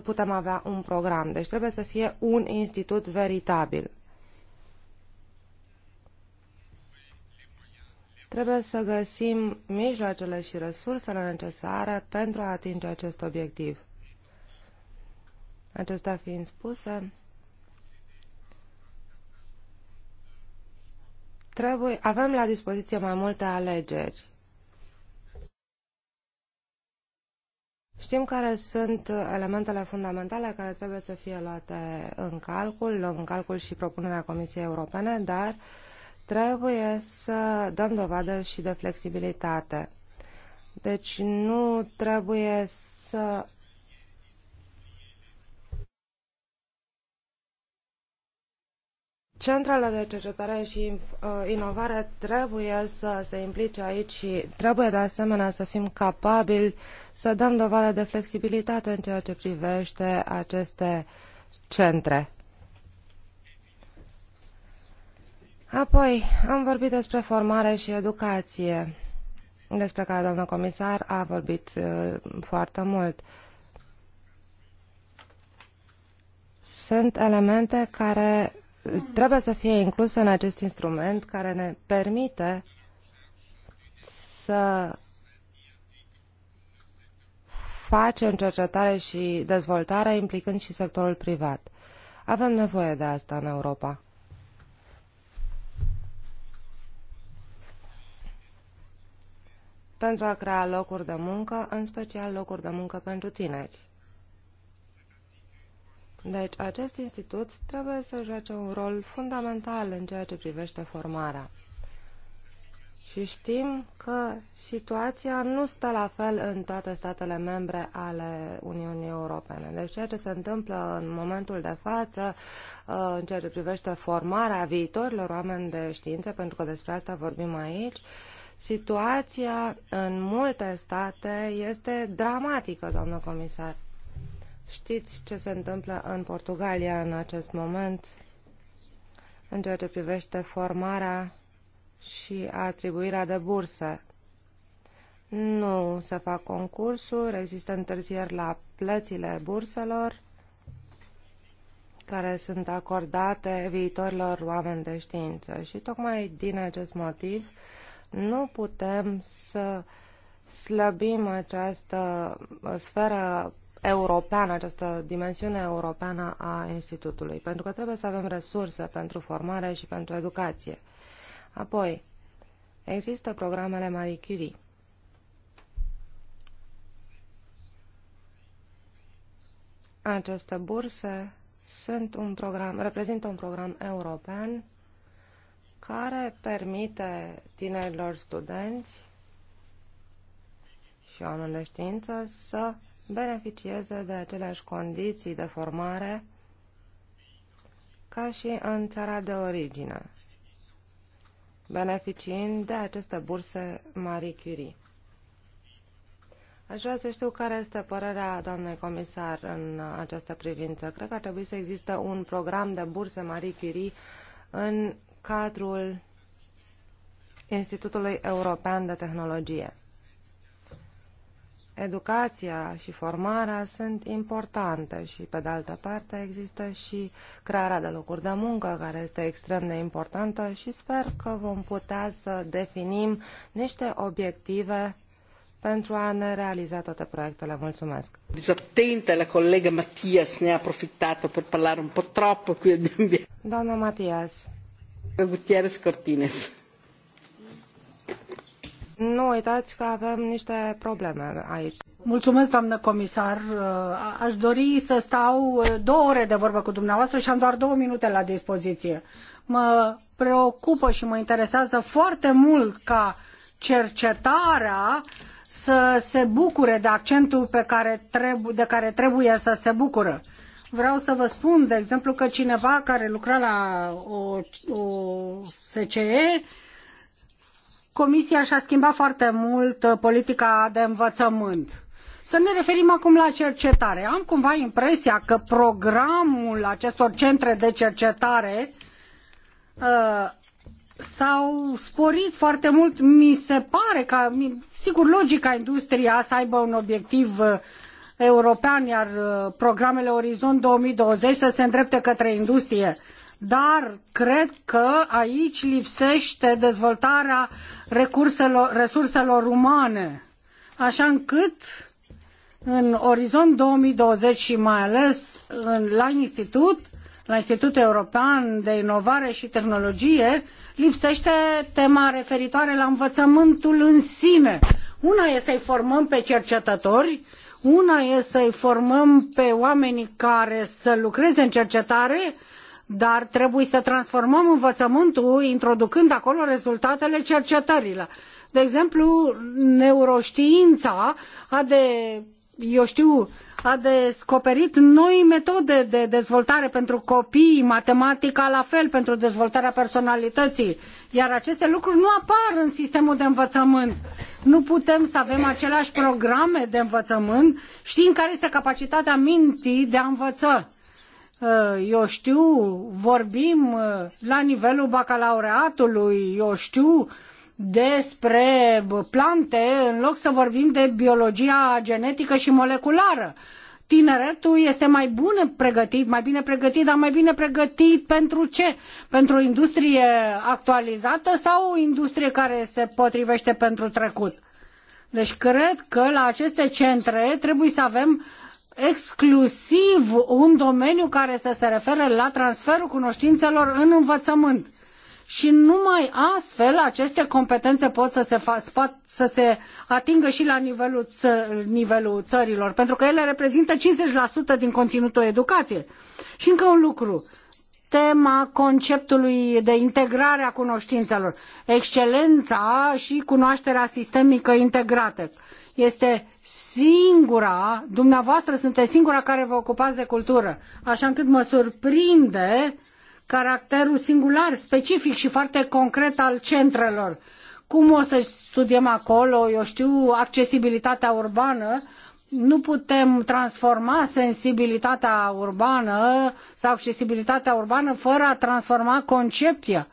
putem avea un program. Deci trebuie să fie un institut veritabil. Trebuie să găsim mijloacele și resursele necesare pentru a atinge acest obiectiv. Acestea fiind spuse, trebuie, avem la dispoziție mai multe alegeri. Știm care sunt elementele fundamentale care trebuie să fie luate în calcul, în calcul și propunerea Comisiei Europene, dar uh, Trebuie să dăm dovadă și de flexibilitate. Deci nu trebuie să Centrele de cercetare și uh, inovare trebuie să se implice aici și trebuie de asemenea să fim capabili să dăm dovadă de flexibilitate în ceea ce privește aceste centre. Apoi, am vorbit despre formare și educație, despre care doamna comisar a vorbit uh, foarte mult. Sunt elemente care trebuie să fie incluse în acest instrument care ne permite să facem cercetare și dezvoltare implicând și sectorul privat. Avem nevoie de asta în Europa. pentru a crea locuri de muncă, în special locuri de muncă pentru tineri. Deci, acest institut trebuie să joace un rol fundamental în ceea ce privește formarea. Și știm că situația nu stă la fel în toate statele membre ale Uniunii Europene. Deci ceea ce se întâmplă în momentul de față uh, în ceea ce privește formarea viitorilor oameni de știință, pentru că despre asta vorbim aici, Situația în multe state este dramatică, doamnă comisar. Știți ce se întâmplă în Portugalia în acest moment în ceea ce privește formarea și atribuirea de burse. Nu se fac concursuri, există întârzieri la plățile burselor care sunt acordate viitorilor oameni de știință. Și tocmai din acest motiv, nu putem să slăbim această uh, sferă europeană, această dimensiune europeană a Institutului, pentru că trebuie să avem resurse pentru formare și pentru educație. Apoi, există programele Marie Curie. Aceste burse sunt un program, reprezintă un program european care permite tinerilor studenți și oameni de știință să beneficieze de aceleași condiții de formare ca și în țara de origine, beneficiind de aceste burse Marie Curie. Aș vrea să știu care este părerea doamnei comisar în această privință. Cred că ar trebui să existe un program de burse Marie Curie în cadrul Institutului European de Tehnologie. Educația și formarea sunt importante și, pe de altă parte, există și crearea de locuri de muncă, care este extrem de importantă și sper că vom putea să definim niște obiective pentru a ne realiza toate proiectele. Mulțumesc! Disattenta la colega Mattias ne-a approfittato per parlare un po' troppo qui Doamna Matias, Gutierrez Cortines. Nu uitați că avem niște probleme aici. Mulțumesc, doamnă comisar. Aș dori să stau două ore de vorbă cu dumneavoastră și am doar două minute la dispoziție. Mă preocupă și mă interesează foarte mult ca cercetarea să se bucure de accentul pe care trebu- de care trebuie să se bucură Vreau să vă spun, de exemplu, că cineva care lucra la o, o SCE, Comisia și-a schimbat foarte mult uh, politica de învățământ. Să ne referim acum la cercetare. Am cumva impresia că programul acestor centre de cercetare uh, s-au sporit foarte mult. Mi se pare că, sigur, logica industria să aibă un obiectiv uh, european, iar uh, programele Orizont 2020 să se îndrepte către industrie. Dar cred că aici lipsește dezvoltarea recurselor, resurselor umane, așa încât în Orizont 2020 și mai ales în, la institut, la Institutul European de Inovare și Tehnologie, lipsește tema referitoare la învățământul în sine. Una este să-i formăm pe cercetători una e să-i formăm pe oamenii care să lucreze în cercetare, dar trebuie să transformăm învățământul introducând acolo rezultatele cercetărilor. De exemplu, neuroștiința a de, eu știu, a descoperit noi metode de dezvoltare pentru copii, matematica la fel, pentru dezvoltarea personalității. Iar aceste lucruri nu apar în sistemul de învățământ. Nu putem să avem aceleași programe de învățământ știind care este capacitatea minții de a învăța uh, eu știu, vorbim uh, la nivelul bacalaureatului, eu știu, despre plante în loc să vorbim de biologia genetică și moleculară. Tineretul este mai bun pregătit, mai bine pregătit, dar mai bine pregătit pentru ce? Pentru o industrie actualizată sau o industrie care se potrivește pentru trecut? Deci cred că la aceste centre trebuie să avem exclusiv un domeniu care să se referă la transferul cunoștințelor în învățământ și numai astfel aceste competențe pot să se, fa- să se atingă și la nivelul, nivelul țărilor, pentru că ele reprezintă 50% din conținutul educației. Și încă un lucru, tema conceptului de integrare a cunoștințelor, excelența și cunoașterea sistemică integrată. Este singura, dumneavoastră sunteți singura care vă ocupați de cultură, așa încât mă surprinde uh, caracterul singular, specific și foarte concret al centrelor. Cum o să studiem acolo, eu știu, accesibilitatea urbană, nu putem transforma sensibilitatea urbană sau accesibilitatea urbană fără a transforma concepția.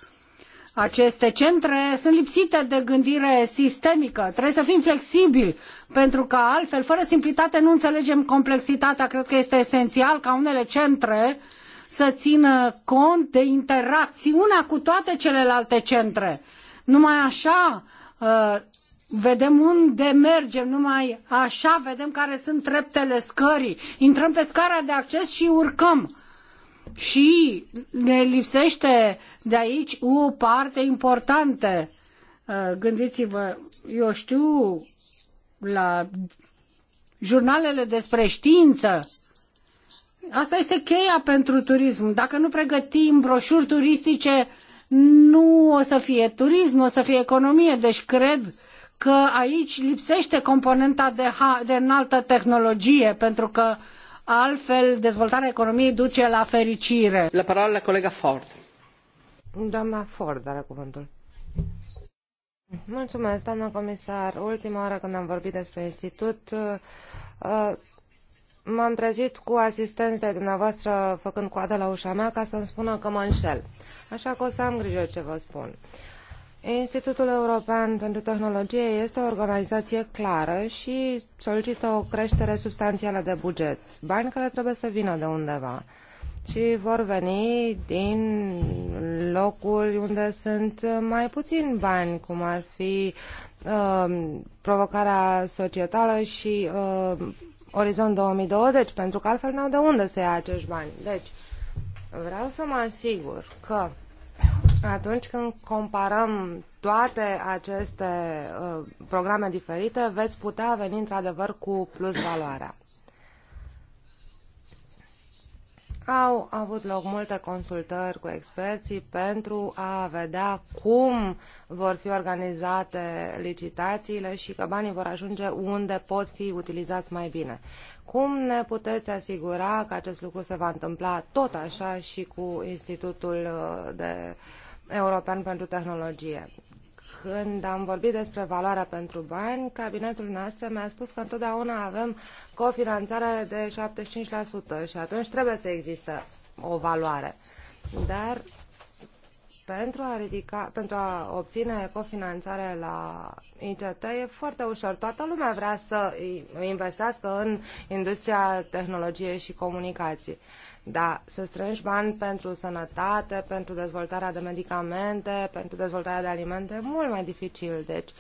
Aceste centre sunt lipsite de gândire sistemică. Trebuie să fim flexibili, pentru că altfel, fără simplitate, nu înțelegem complexitatea. Cred că este esențial ca unele centre uh, să țină cont de interacțiunea cu toate celelalte centre. Numai așa uh, vedem unde mergem, numai așa vedem care sunt treptele scării. Intrăm pe scara de acces și urcăm. Și ne lipsește de aici o parte importantă. Uh, Gândiți-vă, eu știu la jurnalele despre știință, Asta este cheia pentru turism. Dacă nu pregătim broșuri turistice, nu o să fie turism, o să fie economie. Deci cred că aici lipsește componenta de, de înaltă tehnologie, pentru că altfel dezvoltarea economiei duce la fericire. La parola colega Ford. Doamna Ford are cuvântul. Mulțumesc, doamnă comisar. Ultima oară când am vorbit despre institut, uh, m-am trezit cu asistența dumneavoastră făcând coadă la ușa mea ca să-mi spună că mă înșel. Așa că o să am grijă ce vă spun. Institutul European pentru Tehnologie este o organizație clară și solicită o creștere substanțială de buget. Bani care trebuie să vină de undeva și vor veni din locuri unde sunt mai puțin bani, cum ar fi uh, provocarea societală și uh, Orizont 2020, pentru că altfel n-au de unde să ia acești bani. Deci, vreau să mă asigur că atunci când comparăm toate aceste uh, programe diferite, veți putea veni într-adevăr cu plus valoarea. Au avut loc multe consultări cu experții pentru a vedea cum vor fi organizate licitațiile și că banii vor ajunge unde pot fi utilizați mai bine. Cum ne puteți asigura că acest lucru se va întâmpla tot așa și cu Institutul uh, de European pentru Tehnologie? când am vorbit despre valoarea pentru bani, cabinetul noastră mi-a spus că întotdeauna avem cofinanțare de 75% și atunci trebuie să existe o valoare. Dar pentru a, ridica, pentru a obține cofinanțare la ICT e foarte ușor. Toată lumea vrea să investească în industria tehnologiei și comunicații. Da, să strângi bani pentru sănătate, pentru dezvoltarea de medicamente, pentru dezvoltarea de alimente, e mult mai dificil. Deci 75%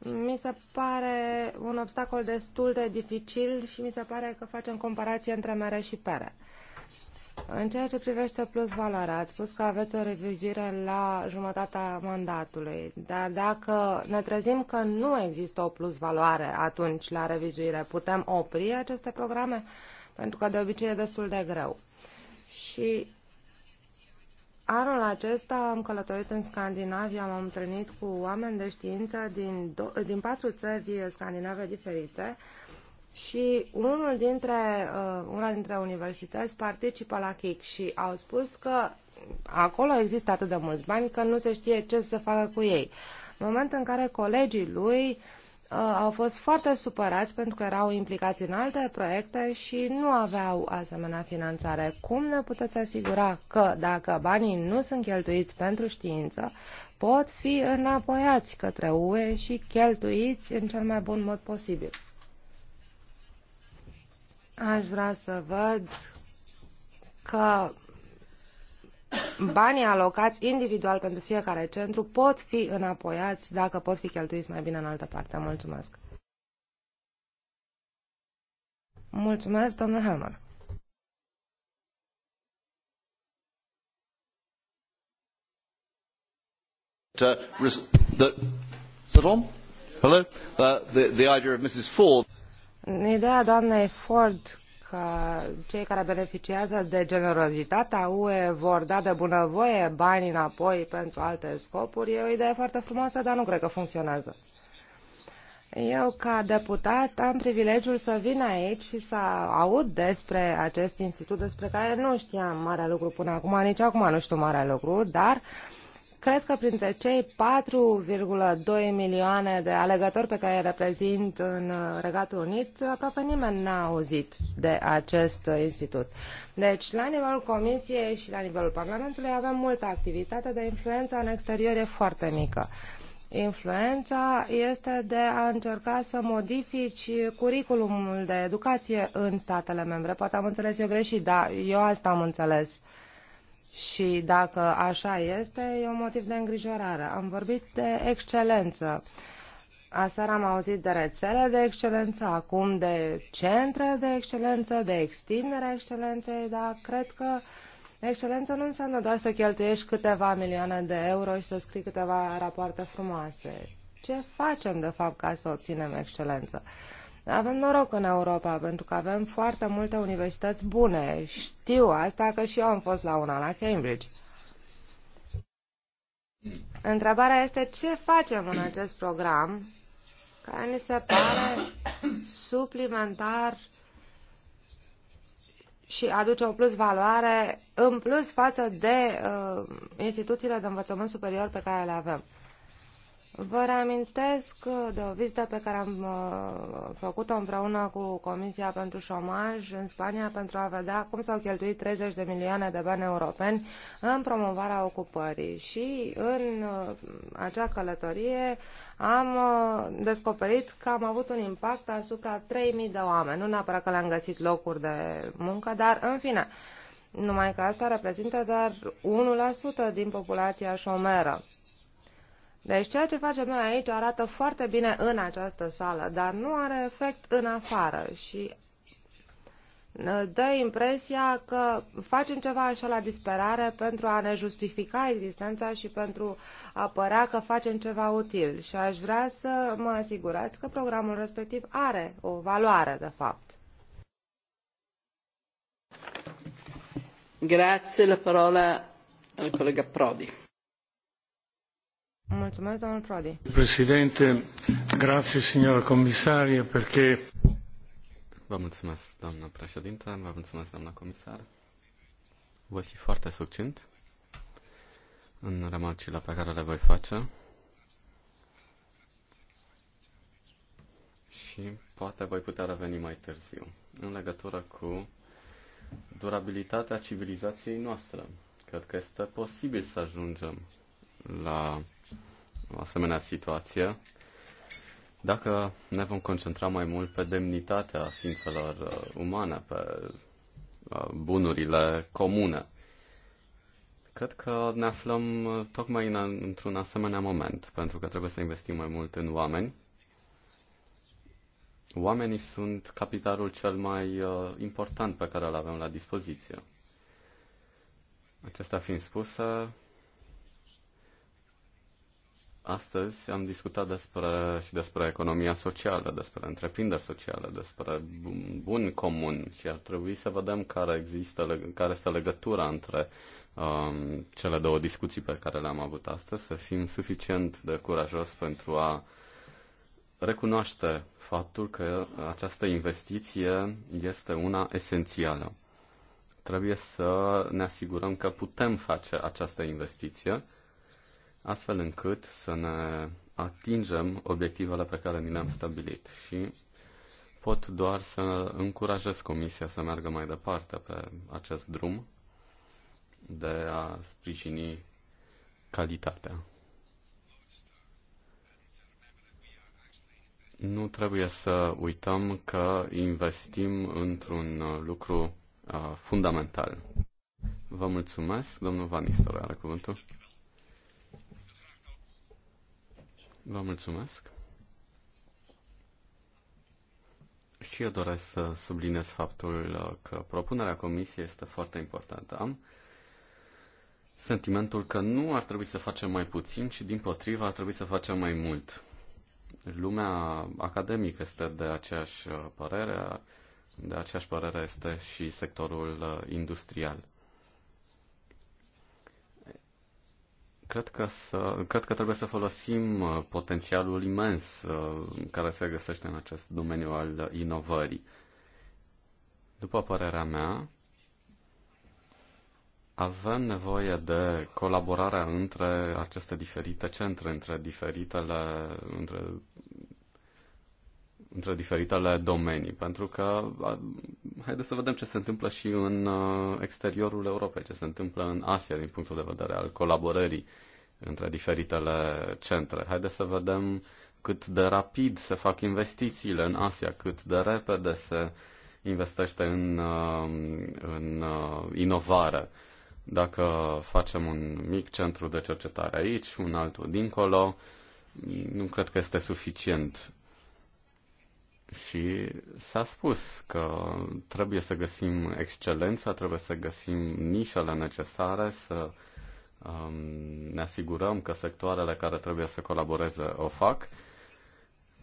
mi se pare un obstacol destul de dificil și mi se pare că facem comparație între mere și pere. În ceea ce privește plus valoarea, ați spus că aveți o revizuire la jumătatea mandatului, dar dacă ne trezim că nu există o plus valoare atunci la revizuire, putem opri aceste programe? Pentru că de obicei e destul de greu. Și Anul acesta am călătorit în Scandinavia, m-am întâlnit cu oameni de știință din, do- din patru țări scandinave diferite și unul dintre, uh, una dintre universități participă la KIC și au spus că acolo există atât de mulți bani că nu se știe ce să facă cu ei. În momentul în care colegii lui uh, au fost foarte supărați pentru că erau implicați în alte proiecte și nu aveau asemenea finanțare. Cum ne puteți asigura că dacă banii nu sunt cheltuiți pentru știință, pot fi înapoiați către UE și cheltuiți în cel mai bun mod posibil? Aș vrea să văd că banii alocați individual pentru fiecare centru pot fi înapoiați dacă pot fi cheltuiți mai bine în altă parte. Mulțumesc. Mulțumesc, domnul Helmer. Uh, the, Hello? Uh, the, the idea of Mrs. Ford. Ideea doamnei Ford că cei care beneficiază de generozitatea UE vor da de bunăvoie banii înapoi pentru alte scopuri e o idee foarte frumoasă, dar nu cred că funcționează. Eu, ca deputat, am privilegiul să vin aici și să aud despre acest institut despre care nu știam mare lucru până acum, nici acum nu știu mare lucru, dar uh, Cred că printre cei 4,2 milioane de alegători pe care îi reprezint în uh, Regatul Unit, aproape nimeni n-a auzit de acest institut. Deci, la nivelul Comisiei și la nivelul Parlamentului avem multă activitate, dar influența în exterior e foarte mică. Influența este de a încerca să modifici curiculumul de educație în statele membre. Poate am înțeles eu greșit, dar eu asta am înțeles. Uh, și dacă așa este, e un motiv de îngrijorare. Am vorbit de excelență. Aseară am auzit de rețele de excelență, acum de centre de excelență, de extindere excelenței, dar cred că excelență nu înseamnă doar să cheltuiești câteva milioane de euro și să scrii câteva rapoarte frumoase. Ce facem, de fapt, ca să obținem excelență? Avem noroc în Europa, pentru că avem foarte multe universități bune. Știu asta că și eu am fost la una, la Cambridge. Întrebarea este ce facem în acest program care ni se pare suplimentar și aduce o plus valoare în plus față de uh, instituțiile de învățământ superior pe care le avem. Vă reamintesc de o vizită pe care am uh, făcut-o împreună cu Comisia pentru Șomaj în Spania pentru a vedea cum s-au cheltuit 30 de milioane de bani europeni în promovarea ocupării. Și în uh, acea călătorie am uh, descoperit că am avut un impact asupra 3.000 de oameni. Nu neapărat că le-am găsit locuri de muncă, dar în fine, numai că asta reprezintă doar 1% din populația șomeră deci ceea ce facem noi aici arată foarte bine în această sală, dar nu are efect în afară și dă impresia că facem ceva așa la disperare pentru a ne justifica existența și pentru a părea că facem ceva util. Și aș vrea să mă asigurați că programul respectiv are o valoare, de fapt. Grazie, la parola al colega Prodi. Mulțumesc, domnul Prodi. Președinte, grație, signora comisarie, perché... Vă mulțumesc, doamnă președinte, vă mulțumesc, doamnă comisar. Voi fi foarte succint în remarcile pe care le voi face. și poate voi putea reveni mai târziu în legătură cu durabilitatea civilizației noastre. Cred că este posibil să ajungem la o asemenea situație dacă ne vom concentra mai mult pe demnitatea ființelor uh, umane, pe uh, bunurile comune. Cred că ne aflăm uh, tocmai în, într-un asemenea moment, pentru că trebuie să investim mai mult în oameni. Oamenii sunt capitalul cel mai uh, important pe care îl avem la dispoziție. Acestea fiind spuse, Astăzi am discutat despre, și despre economia socială, despre întreprinderi sociale, despre bun comun și ar trebui să vedem care, există, care este legătura între um, cele două discuții pe care le-am avut astăzi, să fim suficient de curajos pentru a recunoaște faptul că această investiție este una esențială. Trebuie să ne asigurăm că putem face această investiție astfel încât să ne atingem obiectivele pe care ni le-am stabilit și pot doar să încurajez Comisia să meargă mai departe pe acest drum de a sprijini calitatea. Nu trebuie să uităm că investim într-un lucru uh, fundamental. Vă mulțumesc, domnul Van Nistelrooy, are cuvântul. Vă mulțumesc. Și eu doresc să subliniez faptul uh, că propunerea comisiei este foarte importantă. Am sentimentul că nu ar trebui să facem mai puțin, ci din potrivă ar trebui să facem mai mult. Lumea academică este de aceeași uh, părere, de aceeași părere este și sectorul uh, industrial. Cred că, să, cred că trebuie să folosim uh, potențialul imens uh, care se găsește în acest domeniu al inovării. După părerea mea, avem nevoie de colaborarea între aceste diferite centre, între diferitele, între între diferitele domenii, pentru că haideți să vedem ce se întâmplă și în exteriorul Europei, ce se întâmplă în Asia din punctul de vedere al colaborării între diferitele centre. Haideți să vedem cât de rapid se fac investițiile în Asia, cât de repede se investește în, în inovare. Dacă facem un mic centru de cercetare aici, un altul dincolo, nu cred că este suficient. Și s-a spus că trebuie să găsim excelența, trebuie să găsim nișele necesare, să um, ne asigurăm că sectoarele care trebuie să colaboreze o fac.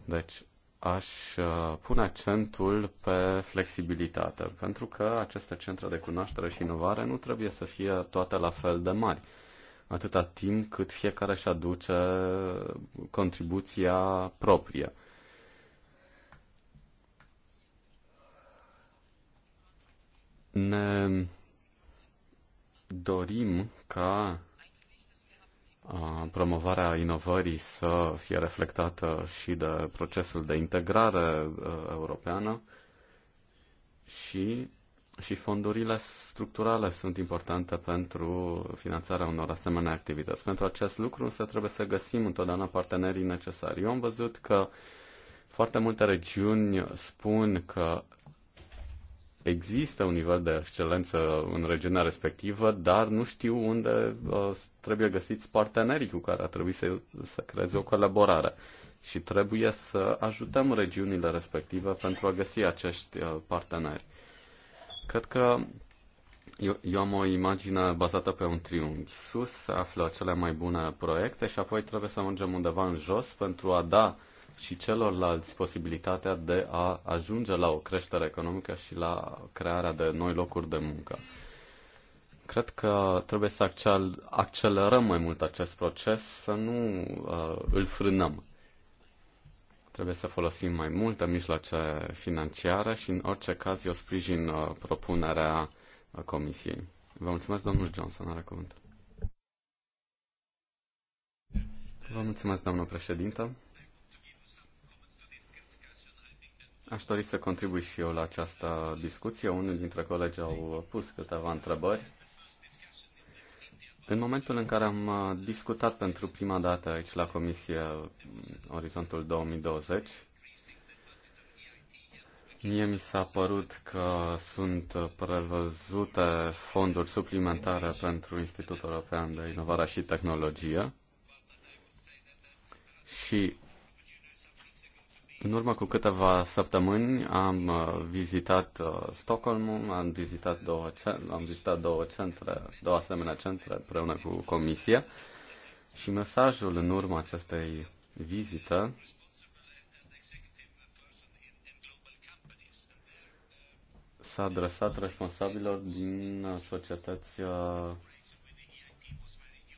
Deci aș uh, pune accentul pe flexibilitate, pentru că aceste centre de cunoaștere și inovare nu trebuie să fie toate la fel de mari atâta timp cât fiecare își aduce contribuția proprie. Ne dorim ca promovarea inovării să fie reflectată și de procesul de integrare uh, europeană și, și fondurile structurale sunt importante pentru finanțarea unor asemenea activități. Pentru acest lucru însă trebuie să găsim întotdeauna partenerii necesari. Eu am văzut că foarte multe regiuni spun că există un nivel de excelență în regiunea respectivă, dar nu știu unde uh, trebuie găsiți partenerii cu care ar trebui să, să creeze o colaborare. Și trebuie să ajutăm regiunile respective pentru a găsi acești uh, parteneri. Cred că eu, eu am o imagine bazată pe un triunghi. Sus se află cele mai bune proiecte și apoi trebuie să mergem undeva în jos pentru a da uh, și celorlalți posibilitatea de a ajunge la o creștere economică și la crearea de noi locuri de muncă. Cred că trebuie să accelerăm mai mult acest proces, să nu uh, îl frânăm. Trebuie să folosim mai multe mijloace financiare și, în orice caz, eu sprijin uh, propunerea uh, Comisiei. Vă mulțumesc, domnul Johnson, are cuvântul. Vă mulțumesc, doamnă președintă. Aș dori să contribui și eu la această discuție. Unul dintre colegi au pus câteva întrebări. În momentul în care am uh, discutat pentru prima dată aici la Comisie mm, Orizontul 2020, Mie mi s-a părut că sunt prevăzute fonduri suplimentare pentru Institutul European de Inovare și Tehnologie și în urmă cu câteva săptămâni am uh, vizitat uh, Stockholm, am vizitat două, am vizitat două centre, două asemenea centre împreună cu Comisia și mesajul în urma acestei vizită s-a adresat responsabilor din societăți uh,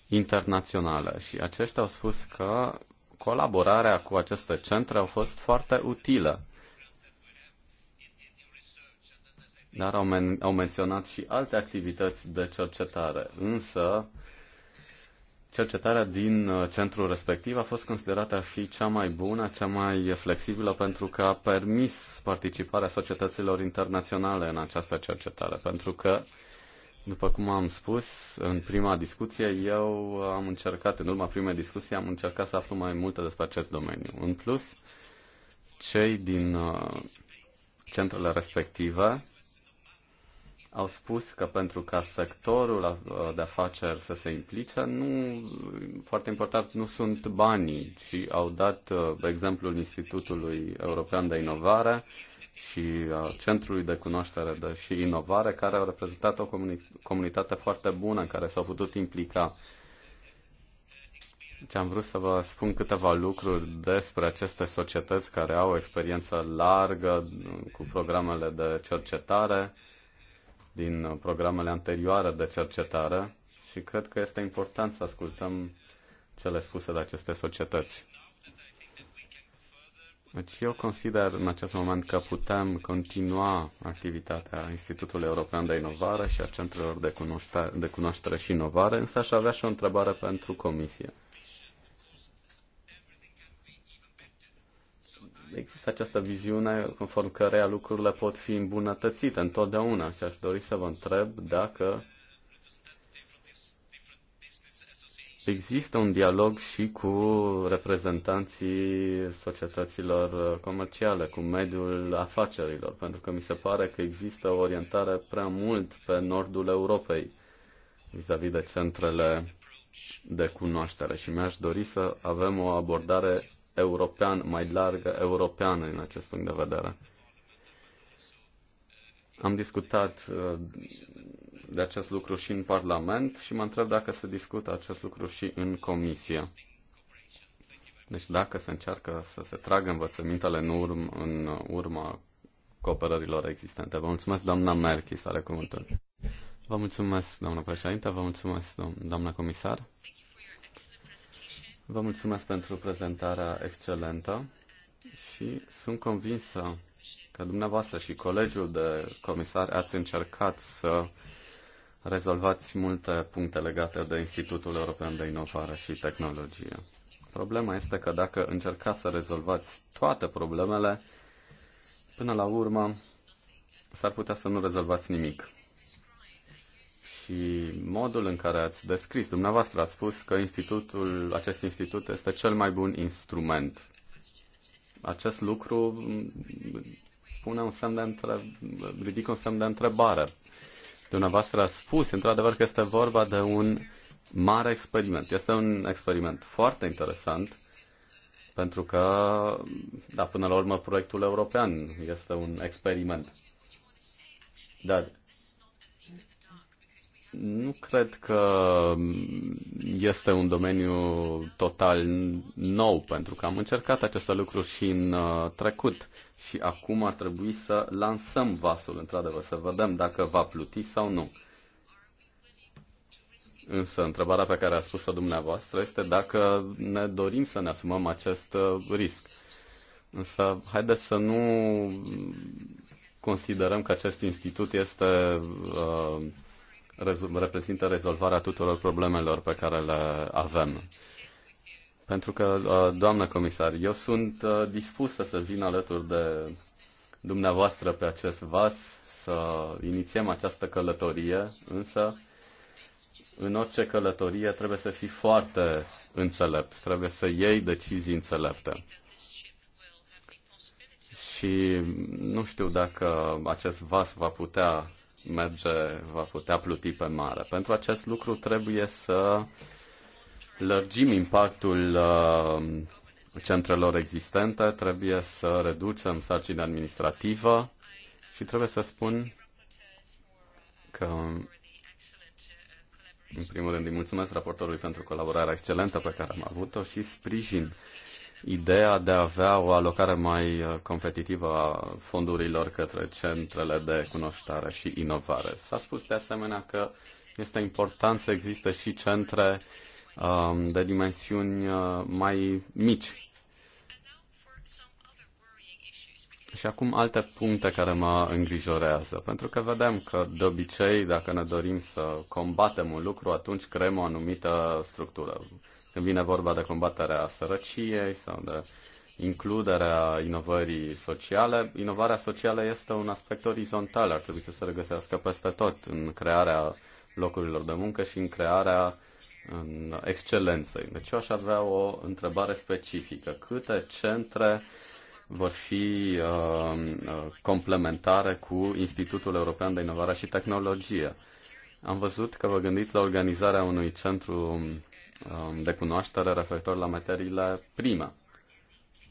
internaționale și aceștia au spus că colaborarea cu aceste centre au fost foarte utilă. Dar au, men- au menționat și alte activități de cercetare, însă cercetarea din uh, centrul respectiv a fost considerată a fi cea mai bună, cea mai flexibilă pentru că a permis participarea societăților internaționale în această cercetare, pentru că după cum am spus în prima discuție, eu am încercat, în urma primei discuții, am încercat să aflu mai multe despre acest domeniu. În plus, cei din uh, centrele respective au spus că pentru ca sectorul uh, de afaceri să se implice, nu, foarte important nu sunt banii, ci au dat uh, exemplul Institutului European de Inovare, și al Centrului de Cunoaștere de și Inovare, care au reprezentat o comuni- comunitate foarte bună, în care s-au putut implica. Ce am vrut să vă spun câteva lucruri despre aceste societăți care au o experiență largă cu programele de cercetare, din programele anterioare de cercetare și cred că este important să ascultăm cele spuse de aceste societăți. Deci eu consider în acest moment că putem continua activitatea Institutului European de Inovare și a Centrelor de Cunoaștere, de cunoaștere și Inovare, însă aș avea și o întrebare pentru Comisie. Există această viziune conform căreia lucrurile pot fi îmbunătățite întotdeauna și aș dori să vă întreb dacă Există un dialog și cu reprezentanții societăților comerciale, cu mediul afacerilor, pentru că mi se pare că există o orientare prea mult pe nordul Europei vis-a-vis -vis de centrele de cunoaștere și mi-aș dori să avem o abordare european, mai largă, europeană în acest punct de vedere. Am discutat uh, de acest lucru și în Parlament și mă întreb dacă se discută acest lucru și în Comisie. Deci dacă se încearcă să se tragă învățămintele în, urm, în urma cooperărilor existente. Vă mulțumesc, doamna Merchis, are cuvântul. Vă mulțumesc, doamna președinte, vă mulțumesc, doamna comisar. Vă mulțumesc pentru prezentarea excelentă și sunt convinsă că dumneavoastră și colegiul de comisar ați încercat să rezolvați multe puncte legate de Institutul European de Inovare și Tehnologie. Problema este că dacă încercați să rezolvați toate problemele, până la urmă s-ar putea să nu rezolvați nimic. Și modul în care ați descris, dumneavoastră ați spus că institutul, acest institut este cel mai bun instrument. Acest lucru mm, pune un semn de întreb, ridică un semn de întrebare Dumneavoastră a spus, într-adevăr, că este vorba de un mare experiment. Este un experiment foarte interesant, pentru că, da, până la urmă, proiectul european este un experiment. Dar nu cred că este un domeniu total nou, pentru că am încercat aceste lucruri și în uh, trecut și acum ar trebui să lansăm vasul, într-adevăr, să vedem dacă va pluti sau nu. Însă, întrebarea pe care a spus-o dumneavoastră este dacă ne dorim să ne asumăm acest uh, risc. Însă, haideți să nu considerăm că acest institut este, uh, reprezintă rezolvarea tuturor problemelor pe care le avem. Pentru că, uh, doamnă comisar, eu sunt uh, dispusă să vin alături de dumneavoastră pe acest vas, să inițiem această călătorie, însă în orice călătorie trebuie să fii foarte înțelept, trebuie să iei decizii înțelepte. Și nu știu dacă acest vas va putea merge, va putea pluti pe mare. Pentru acest lucru trebuie să lărgim impactul uh, centrelor existente, trebuie să reducem sarcina administrativă și trebuie să spun că, în primul rând, îi mulțumesc raportorului pentru colaborarea excelentă pe care am avut-o și sprijin ideea de a avea o alocare mai uh, competitivă a fondurilor către centrele de cunoaștere și inovare. S-a spus de asemenea că este important să existe și centre uh, Um, de dimensiuni uh, mai mici. Și acum alte puncte care mă îngrijorează, pentru că vedem că de obicei, dacă ne dorim să combatem un lucru, atunci creăm o anumită structură. Când vine vorba de combaterea sărăciei sau de includerea inovării sociale, inovarea socială este un aspect orizontal, ar trebui să se regăsească peste tot în crearea locurilor de muncă și în crearea în excelență. Deci eu aș avea o întrebare specifică. Câte centre vor fi uh, complementare cu Institutul European de Inovare și Tehnologie? Am văzut că vă gândiți la organizarea unui centru um, de cunoaștere referitor la materiile prime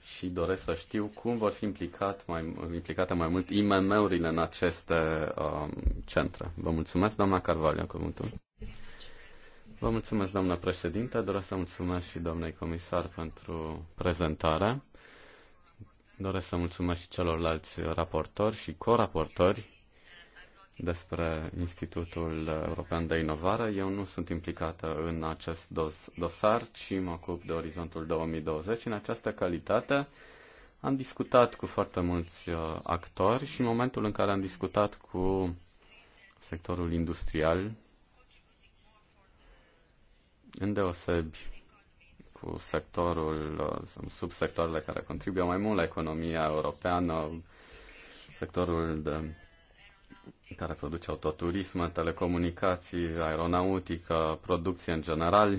și doresc să știu cum vor fi implicat mai, implicate mai mult IMM-urile în aceste um, centre. Vă mulțumesc, doamna Carvalho, cuvântul. Vă mulțumesc, doamnă președinte. Doresc să mulțumesc și doamnei comisar pentru prezentare. Doresc să mulțumesc și celorlalți raportori și coraportori despre Institutul European de Inovare. Eu nu sunt implicată în acest dos- dosar, ci mă ocup de Orizontul 2020. În această calitate am discutat cu foarte mulți uh, actori și în momentul în care am discutat cu sectorul industrial, îndeosebi cu sectorul, subsectoarele care contribuie mai mult la economia europeană, sectorul de, care produce autoturism, telecomunicații, aeronautică, producție în general.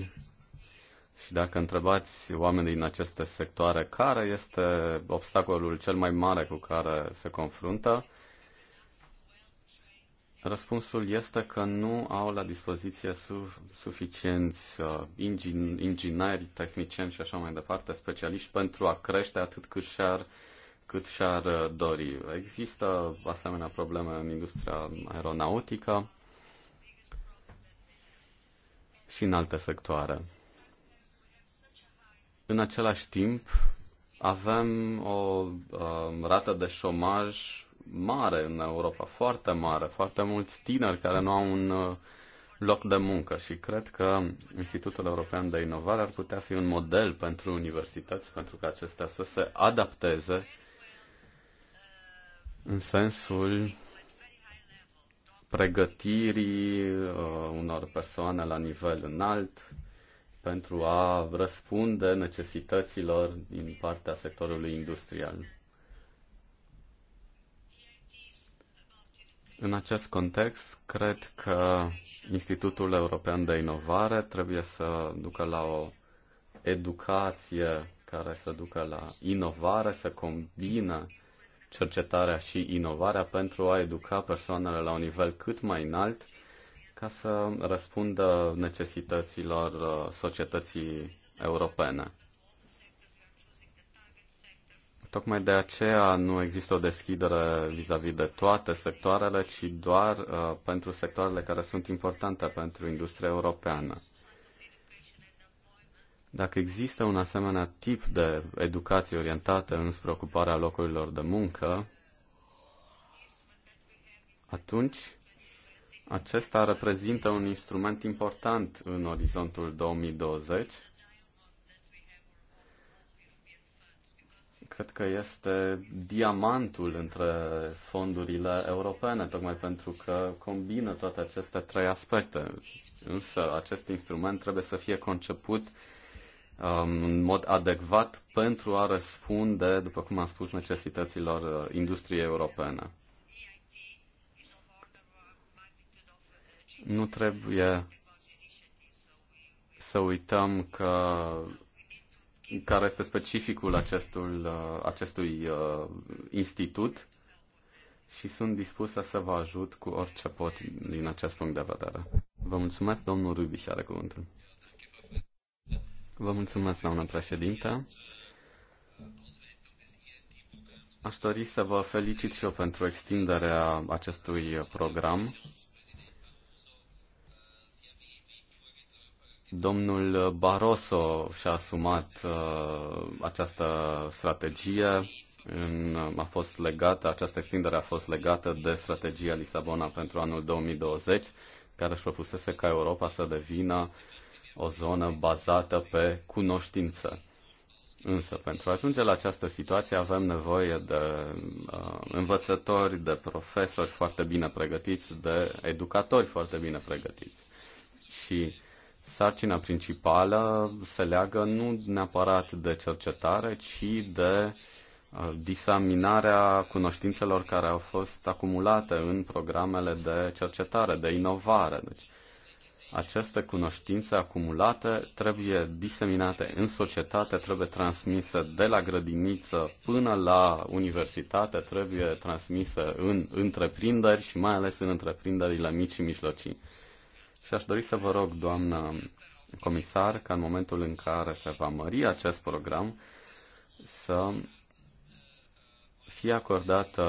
Și dacă întrebați oamenii din aceste sectoare care este obstacolul cel mai mare cu care se confruntă, Răspunsul este că nu au la dispoziție su- suficienți uh, ingin- ingineri, tehnicieni și așa mai departe, specialiști pentru a crește atât cât și-ar, cât și-ar uh, dori. Există asemenea probleme în industria aeronautică și în alte sectoare. În același timp, avem o uh, rată de șomaj mare în Europa, foarte mare, foarte mulți tineri care nu au un uh, loc de muncă și cred că Institutul European de Inovare ar putea fi un model pentru universități, pentru că acestea să se adapteze în sensul pregătirii uh, unor persoane la nivel înalt pentru a răspunde necesităților din partea sectorului industrial. În acest context, cred că Institutul European de Inovare trebuie să ducă la o educație care să ducă la inovare, să combină cercetarea și inovarea pentru a educa persoanele la un nivel cât mai înalt ca să răspundă necesităților uh, societății europene. Tocmai de aceea nu există o deschidere vis-a-vis -vis de toate sectoarele, ci doar uh, pentru sectoarele care sunt importante pentru industria europeană. Dacă există un asemenea tip de educație orientată înspre ocuparea locurilor de muncă, atunci acesta reprezintă un instrument important în orizontul 2020 cred că este diamantul între fondurile europene, tocmai pentru că combină toate aceste trei aspecte. Însă acest instrument trebuie să fie conceput um, în mod adecvat pentru a răspunde, după cum am spus, necesităților uh, industriei europene. Nu trebuie să uităm că care este specificul acestul, uh, acestui uh, institut și sunt dispusă să vă ajut cu orice pot din acest punct de vedere. Vă mulțumesc, domnul Rubiș are cuvântul. Vă mulțumesc, doamnă președinte. Aș dori să vă felicit și eu pentru extinderea acestui program Domnul Barroso și-a asumat uh, această strategie. În, a fost legată, această extindere a fost legată de strategia Lisabona pentru anul 2020, care își propusese ca Europa să devină o zonă bazată pe cunoștință. Însă, pentru a ajunge la această situație, avem nevoie de uh, învățători, de profesori foarte bine pregătiți, de educatori foarte bine pregătiți. Și sarcina principală se leagă nu neapărat de cercetare, ci de uh, disaminarea cunoștințelor care au fost acumulate în programele de cercetare, de inovare. Deci, aceste cunoștințe acumulate trebuie diseminate în societate, trebuie transmise de la grădiniță până la universitate, trebuie transmise în întreprinderi și mai ales în întreprinderile mici și mijlocii. Și aș dori să vă rog, doamnă comisar, ca în momentul în care se va mări acest program, să fie acordată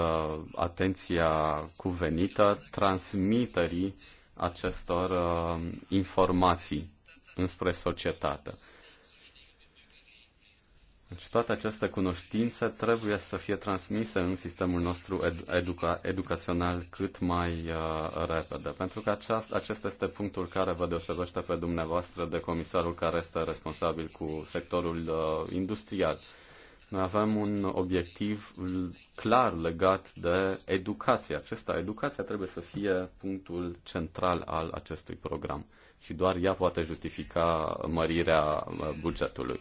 atenția cuvenită transmiterii acestor uh, informații înspre societate. Deci toată această cunoștință trebuie să fie transmisă în sistemul nostru educa- educațional cât mai uh, repede, pentru că aceast- acesta este punctul care vă deosebește pe dumneavoastră de comisarul care este responsabil cu sectorul uh, industrial. Noi avem un obiectiv clar legat de educație. Acesta, educația trebuie să fie punctul central al acestui program și doar ea poate justifica mărirea uh, bugetului.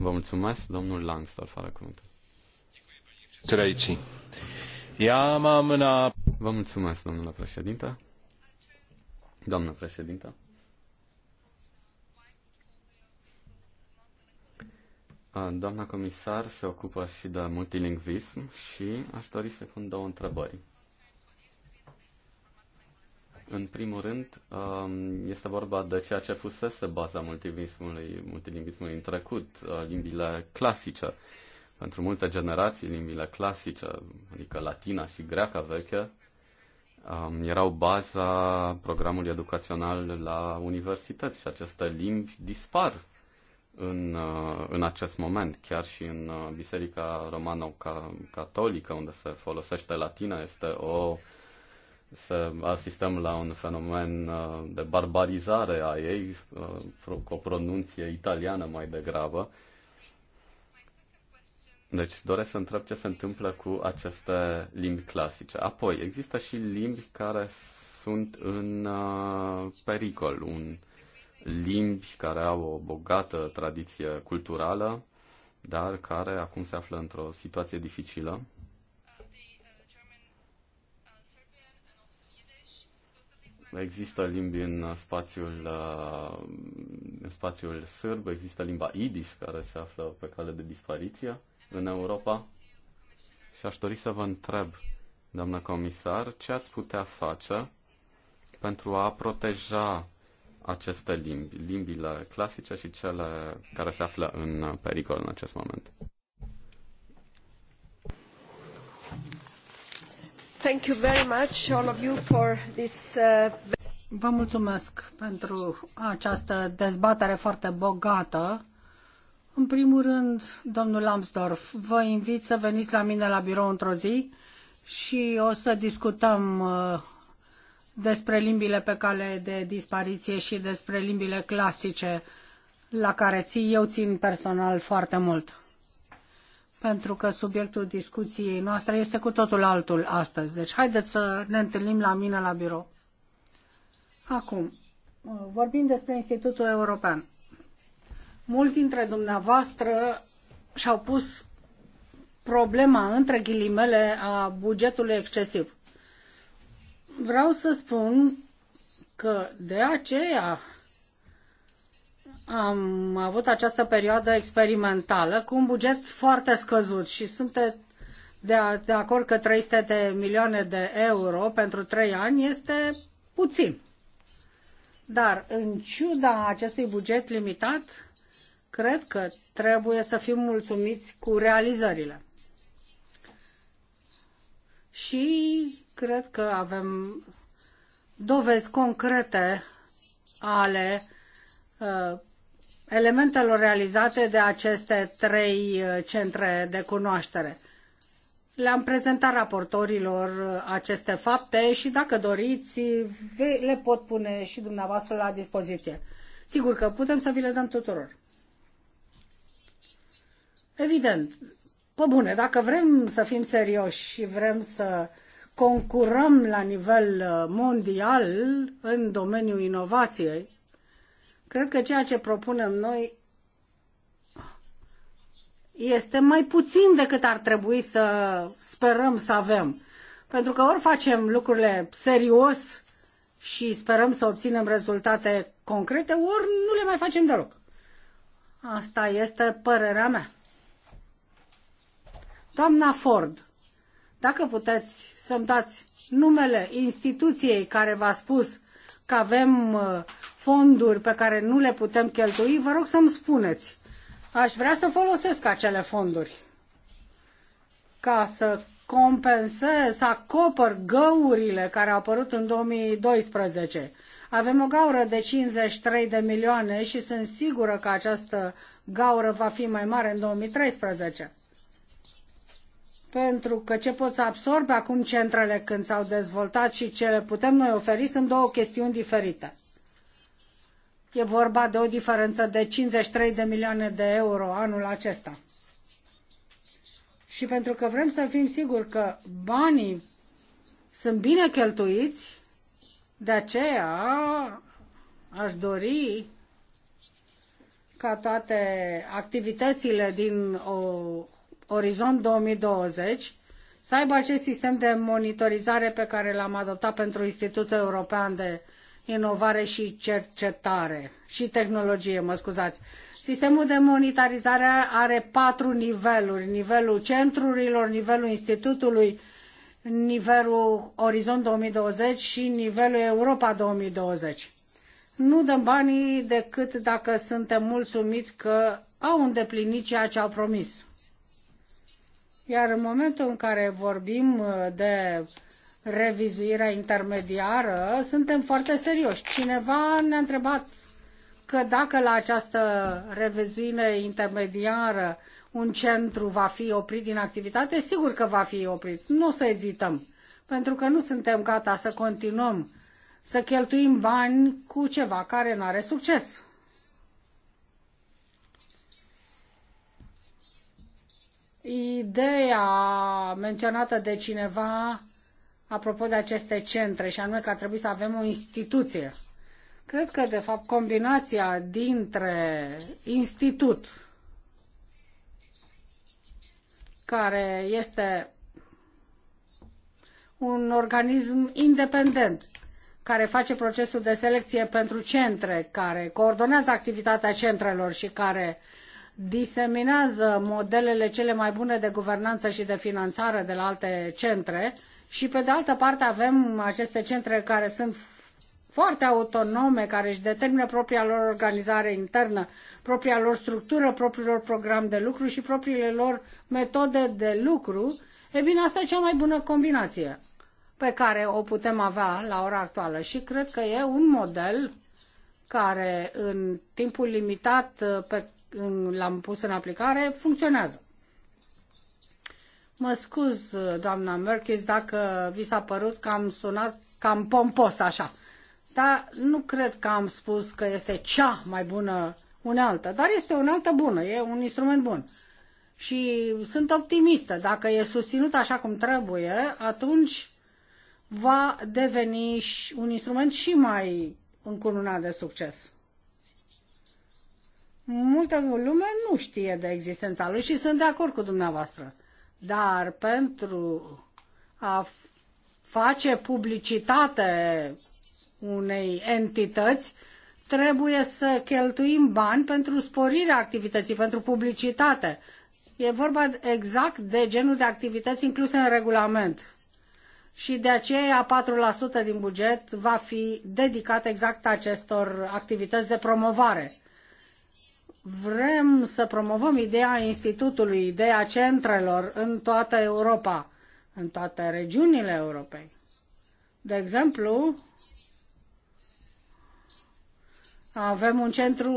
Vă mulțumesc, domnul Langstor, fără mâna. Vă mulțumesc, domnule președinte. Doamnă președinte. Doamna comisar se ocupă și de multilingvism și aș dori să pun două întrebări. În primul rând, um, este vorba de ceea ce fusese baza multilingvismului, multilingvismului în trecut, uh, limbile clasice. Pentru multe generații, limbile clasice, adică latina și greaca veche, um, erau baza programului educațional la universități și aceste limbi dispar în, uh, în acest moment. Chiar și în uh, Biserica Romano-Catolică, unde se folosește latina, este o să asistăm la un fenomen uh, de barbarizare a ei, uh, cu o pronunție italiană mai degrabă. Deci doresc să întreb ce se întâmplă cu aceste limbi clasice. Apoi, există și limbi care sunt în uh, pericol, un limbi care au o bogată tradiție culturală, dar care acum se află într-o situație dificilă Există limbi în spațiul, uh, în spațiul sârb, există limba idiș care se află pe cale de dispariție în Europa. Și aș dori să vă întreb, doamnă comisar, ce ați putea face pentru a proteja aceste limbi, limbile clasice și cele care se află în pericol în acest moment. Vă mulțumesc pentru această dezbatere foarte bogată. În primul rând, domnul Lambsdorff, vă invit să veniți la mine la birou într-o zi și o să discutăm uh, despre limbile pe cale de dispariție și despre limbile clasice la care ții, eu țin personal foarte mult pentru că subiectul discuției noastre este cu totul altul astăzi. Deci haideți să ne întâlnim la mine la birou. Acum, vorbim despre Institutul European. Mulți dintre dumneavoastră și-au pus problema, între ghilimele, a bugetului excesiv. Vreau să spun că de aceea am avut această perioadă experimentală cu un buget foarte scăzut și sunt de, de acord că 300 de milioane de euro pentru 3 ani este puțin. Dar, în ciuda acestui buget limitat, cred că trebuie să fim mulțumiți cu realizările. Și cred că avem dovezi concrete ale uh, elementelor realizate de aceste trei uh, centre de cunoaștere. Le-am prezentat raportorilor uh, aceste fapte și dacă doriți, le pot pune și dumneavoastră la dispoziție. Sigur că putem să vi le dăm tuturor. Evident, pe bune, dacă vrem să fim serioși și vrem să concurăm la nivel uh, mondial în domeniul inovației, Cred că ceea ce propunem noi este mai puțin decât ar trebui să sperăm să avem. Pentru că ori facem lucrurile serios și sperăm să obținem rezultate concrete, ori nu le mai facem deloc. Asta este părerea mea. Doamna Ford, dacă puteți să-mi dați numele instituției care v-a spus că avem uh, fonduri pe care nu le putem cheltui, vă rog să-mi spuneți. Aș vrea să folosesc acele fonduri ca să compensez, să acopăr găurile care au apărut în 2012. Avem o gaură de 53 de milioane și sunt sigură că această gaură va fi mai mare în 2013. Pentru că ce pot să absorbe acum centrele când s-au dezvoltat și ce le putem noi oferi sunt două chestiuni diferite. E vorba de o diferență de 53 de milioane de euro anul acesta. Și pentru că vrem să fim siguri că banii sunt bine cheltuiți, de aceea aș dori ca toate activitățile din o, Orizont 2020 să aibă acest sistem de monitorizare pe care l-am adoptat pentru Institutul European de inovare și cercetare și tehnologie, mă scuzați. Sistemul de monitorizare are patru niveluri. Nivelul centrurilor, nivelul institutului, nivelul Orizont 2020 și nivelul Europa 2020. Nu dăm banii decât dacă suntem mulțumiți că au îndeplinit ceea ce au promis. Iar în momentul în care vorbim uh, de revizuirea intermediară, suntem foarte serioși. Cineva ne-a întrebat că dacă la această revizuire intermediară un centru va fi oprit din activitate, sigur că va fi oprit. Nu o să ezităm, pentru că nu suntem gata să continuăm să cheltuim bani cu ceva care nu are succes. Ideea menționată de cineva apropo de aceste centre, și anume că ar trebui să avem o instituție. Cred că, de fapt, combinația dintre institut, care este un organism independent, care face procesul de selecție pentru centre, care coordonează activitatea centrelor și care diseminează modelele cele mai bune de guvernanță și de finanțare de la alte centre, și pe de altă parte avem aceste centre care sunt foarte autonome, care își determină propria lor organizare internă, propria lor structură, propriul lor program de lucru și propriile lor metode de lucru, e bine, asta e cea mai bună combinație pe care o putem avea la ora actuală și cred că e un model care în timpul limitat pe l-am pus în aplicare funcționează. Mă scuz, doamna Merkis, dacă vi s-a părut că am sunat cam pompos așa. Dar nu cred că am spus că este cea mai bună unealtă, dar este o unealtă bună, e un instrument bun. Și sunt optimistă, dacă e susținut așa cum trebuie, atunci va deveni un instrument și mai încununat de succes. Multă lume nu știe de existența lui și sunt de acord cu dumneavoastră. Dar pentru a face publicitate unei entități, trebuie să cheltuim bani pentru sporirea activității, pentru publicitate. E vorba exact de genul de activități incluse în regulament. Și de aceea 4% din buget va fi dedicat exact acestor activități de promovare vrem să promovăm ideea institutului, ideea centrelor în toată Europa, în toate regiunile Europei. De exemplu, avem un centru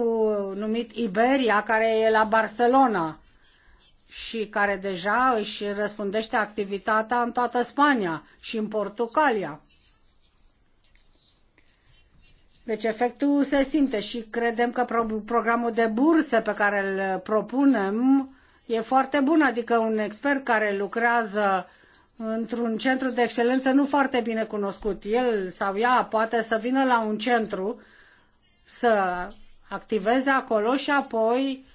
numit Iberia, care e la Barcelona și care deja își răspundește activitatea în toată Spania și în Portugalia. Deci efectul se simte și credem că pro programul de bursă pe care îl propunem e foarte bun, adică un expert care lucrează într-un centru de excelență nu foarte bine cunoscut. El sau ea poate să vină la un centru să activeze acolo și apoi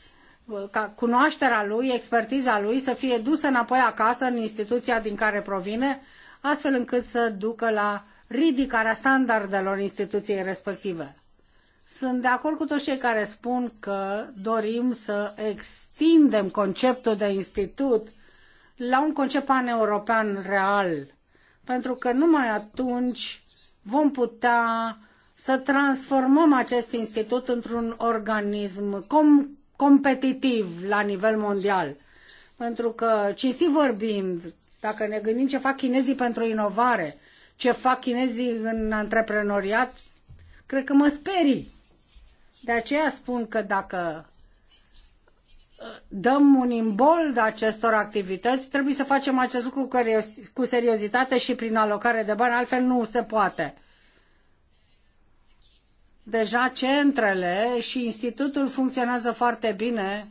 uh, ca cunoașterea lui, expertiza lui să fie dusă înapoi acasă în instituția din care provine, astfel încât să ducă la ridicarea standardelor instituției respective. Sunt de acord cu toți cei care spun că dorim să extindem conceptul de institut la un concept paneuropean european real, pentru că numai atunci vom putea să transformăm acest institut într-un organism com competitiv la nivel mondial. Pentru că, cinstit vorbind, dacă ne gândim ce fac chinezii pentru inovare, ce fac chinezii în antreprenoriat, cred că mă sperii. De aceea spun că dacă uh, dăm un imbold acestor activități, trebuie să facem acest lucru cu seriozitate și prin alocare de bani, altfel nu se poate. Deja centrele și institutul funcționează foarte bine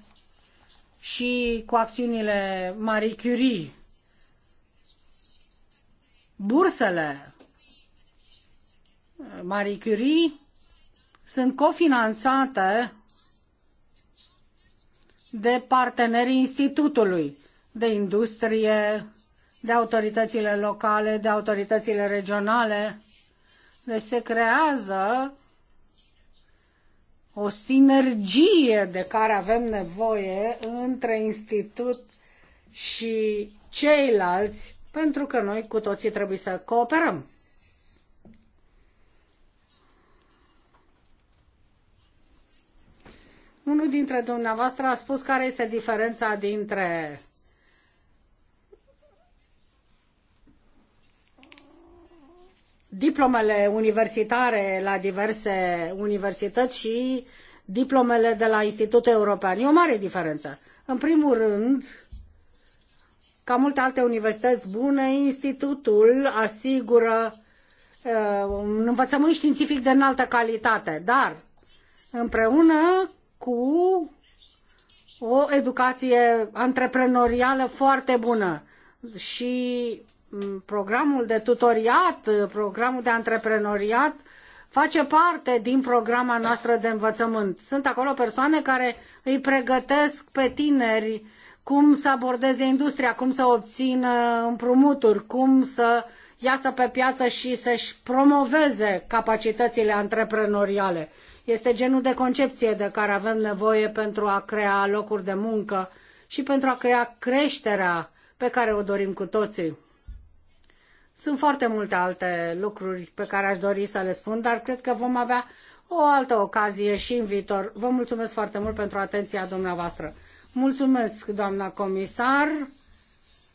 și cu acțiunile Marie Curie bursele Marie Curie sunt cofinanțate de partenerii institutului, de industrie, de autoritățile locale, de autoritățile regionale. Deci se creează o sinergie de care avem nevoie între institut și ceilalți pentru că noi cu toții trebuie să cooperăm. Unul dintre dumneavoastră a spus care este diferența dintre diplomele universitare la diverse universități și diplomele de la Institutul European. E o mare diferență. În primul rând, ca multe alte universități bune, institutul asigură uh, un învățământ științific de înaltă calitate, dar împreună cu o educație antreprenorială foarte bună și mm, programul de tutoriat, programul de antreprenoriat face parte din programa noastră de învățământ. Sunt acolo persoane care îi pregătesc pe tineri cum să abordeze industria, cum să obțină împrumuturi, cum să iasă pe piață și să-și promoveze capacitățile antreprenoriale. Este genul de concepție de care avem nevoie pentru a crea locuri de muncă și pentru a crea creșterea pe care o dorim cu toții. Sunt foarte multe alte lucruri pe care aș dori să le spun, dar cred că vom avea o altă ocazie și în viitor. Vă mulțumesc foarte mult pentru atenția dumneavoastră. Mulțumesc, doamna comisar.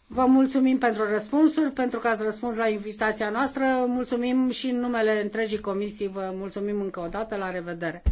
Vă mulțumim pentru răspunsuri, pentru că ați răspuns la invitația noastră. Mulțumim și în numele întregii comisii. Vă mulțumim încă o dată. La revedere!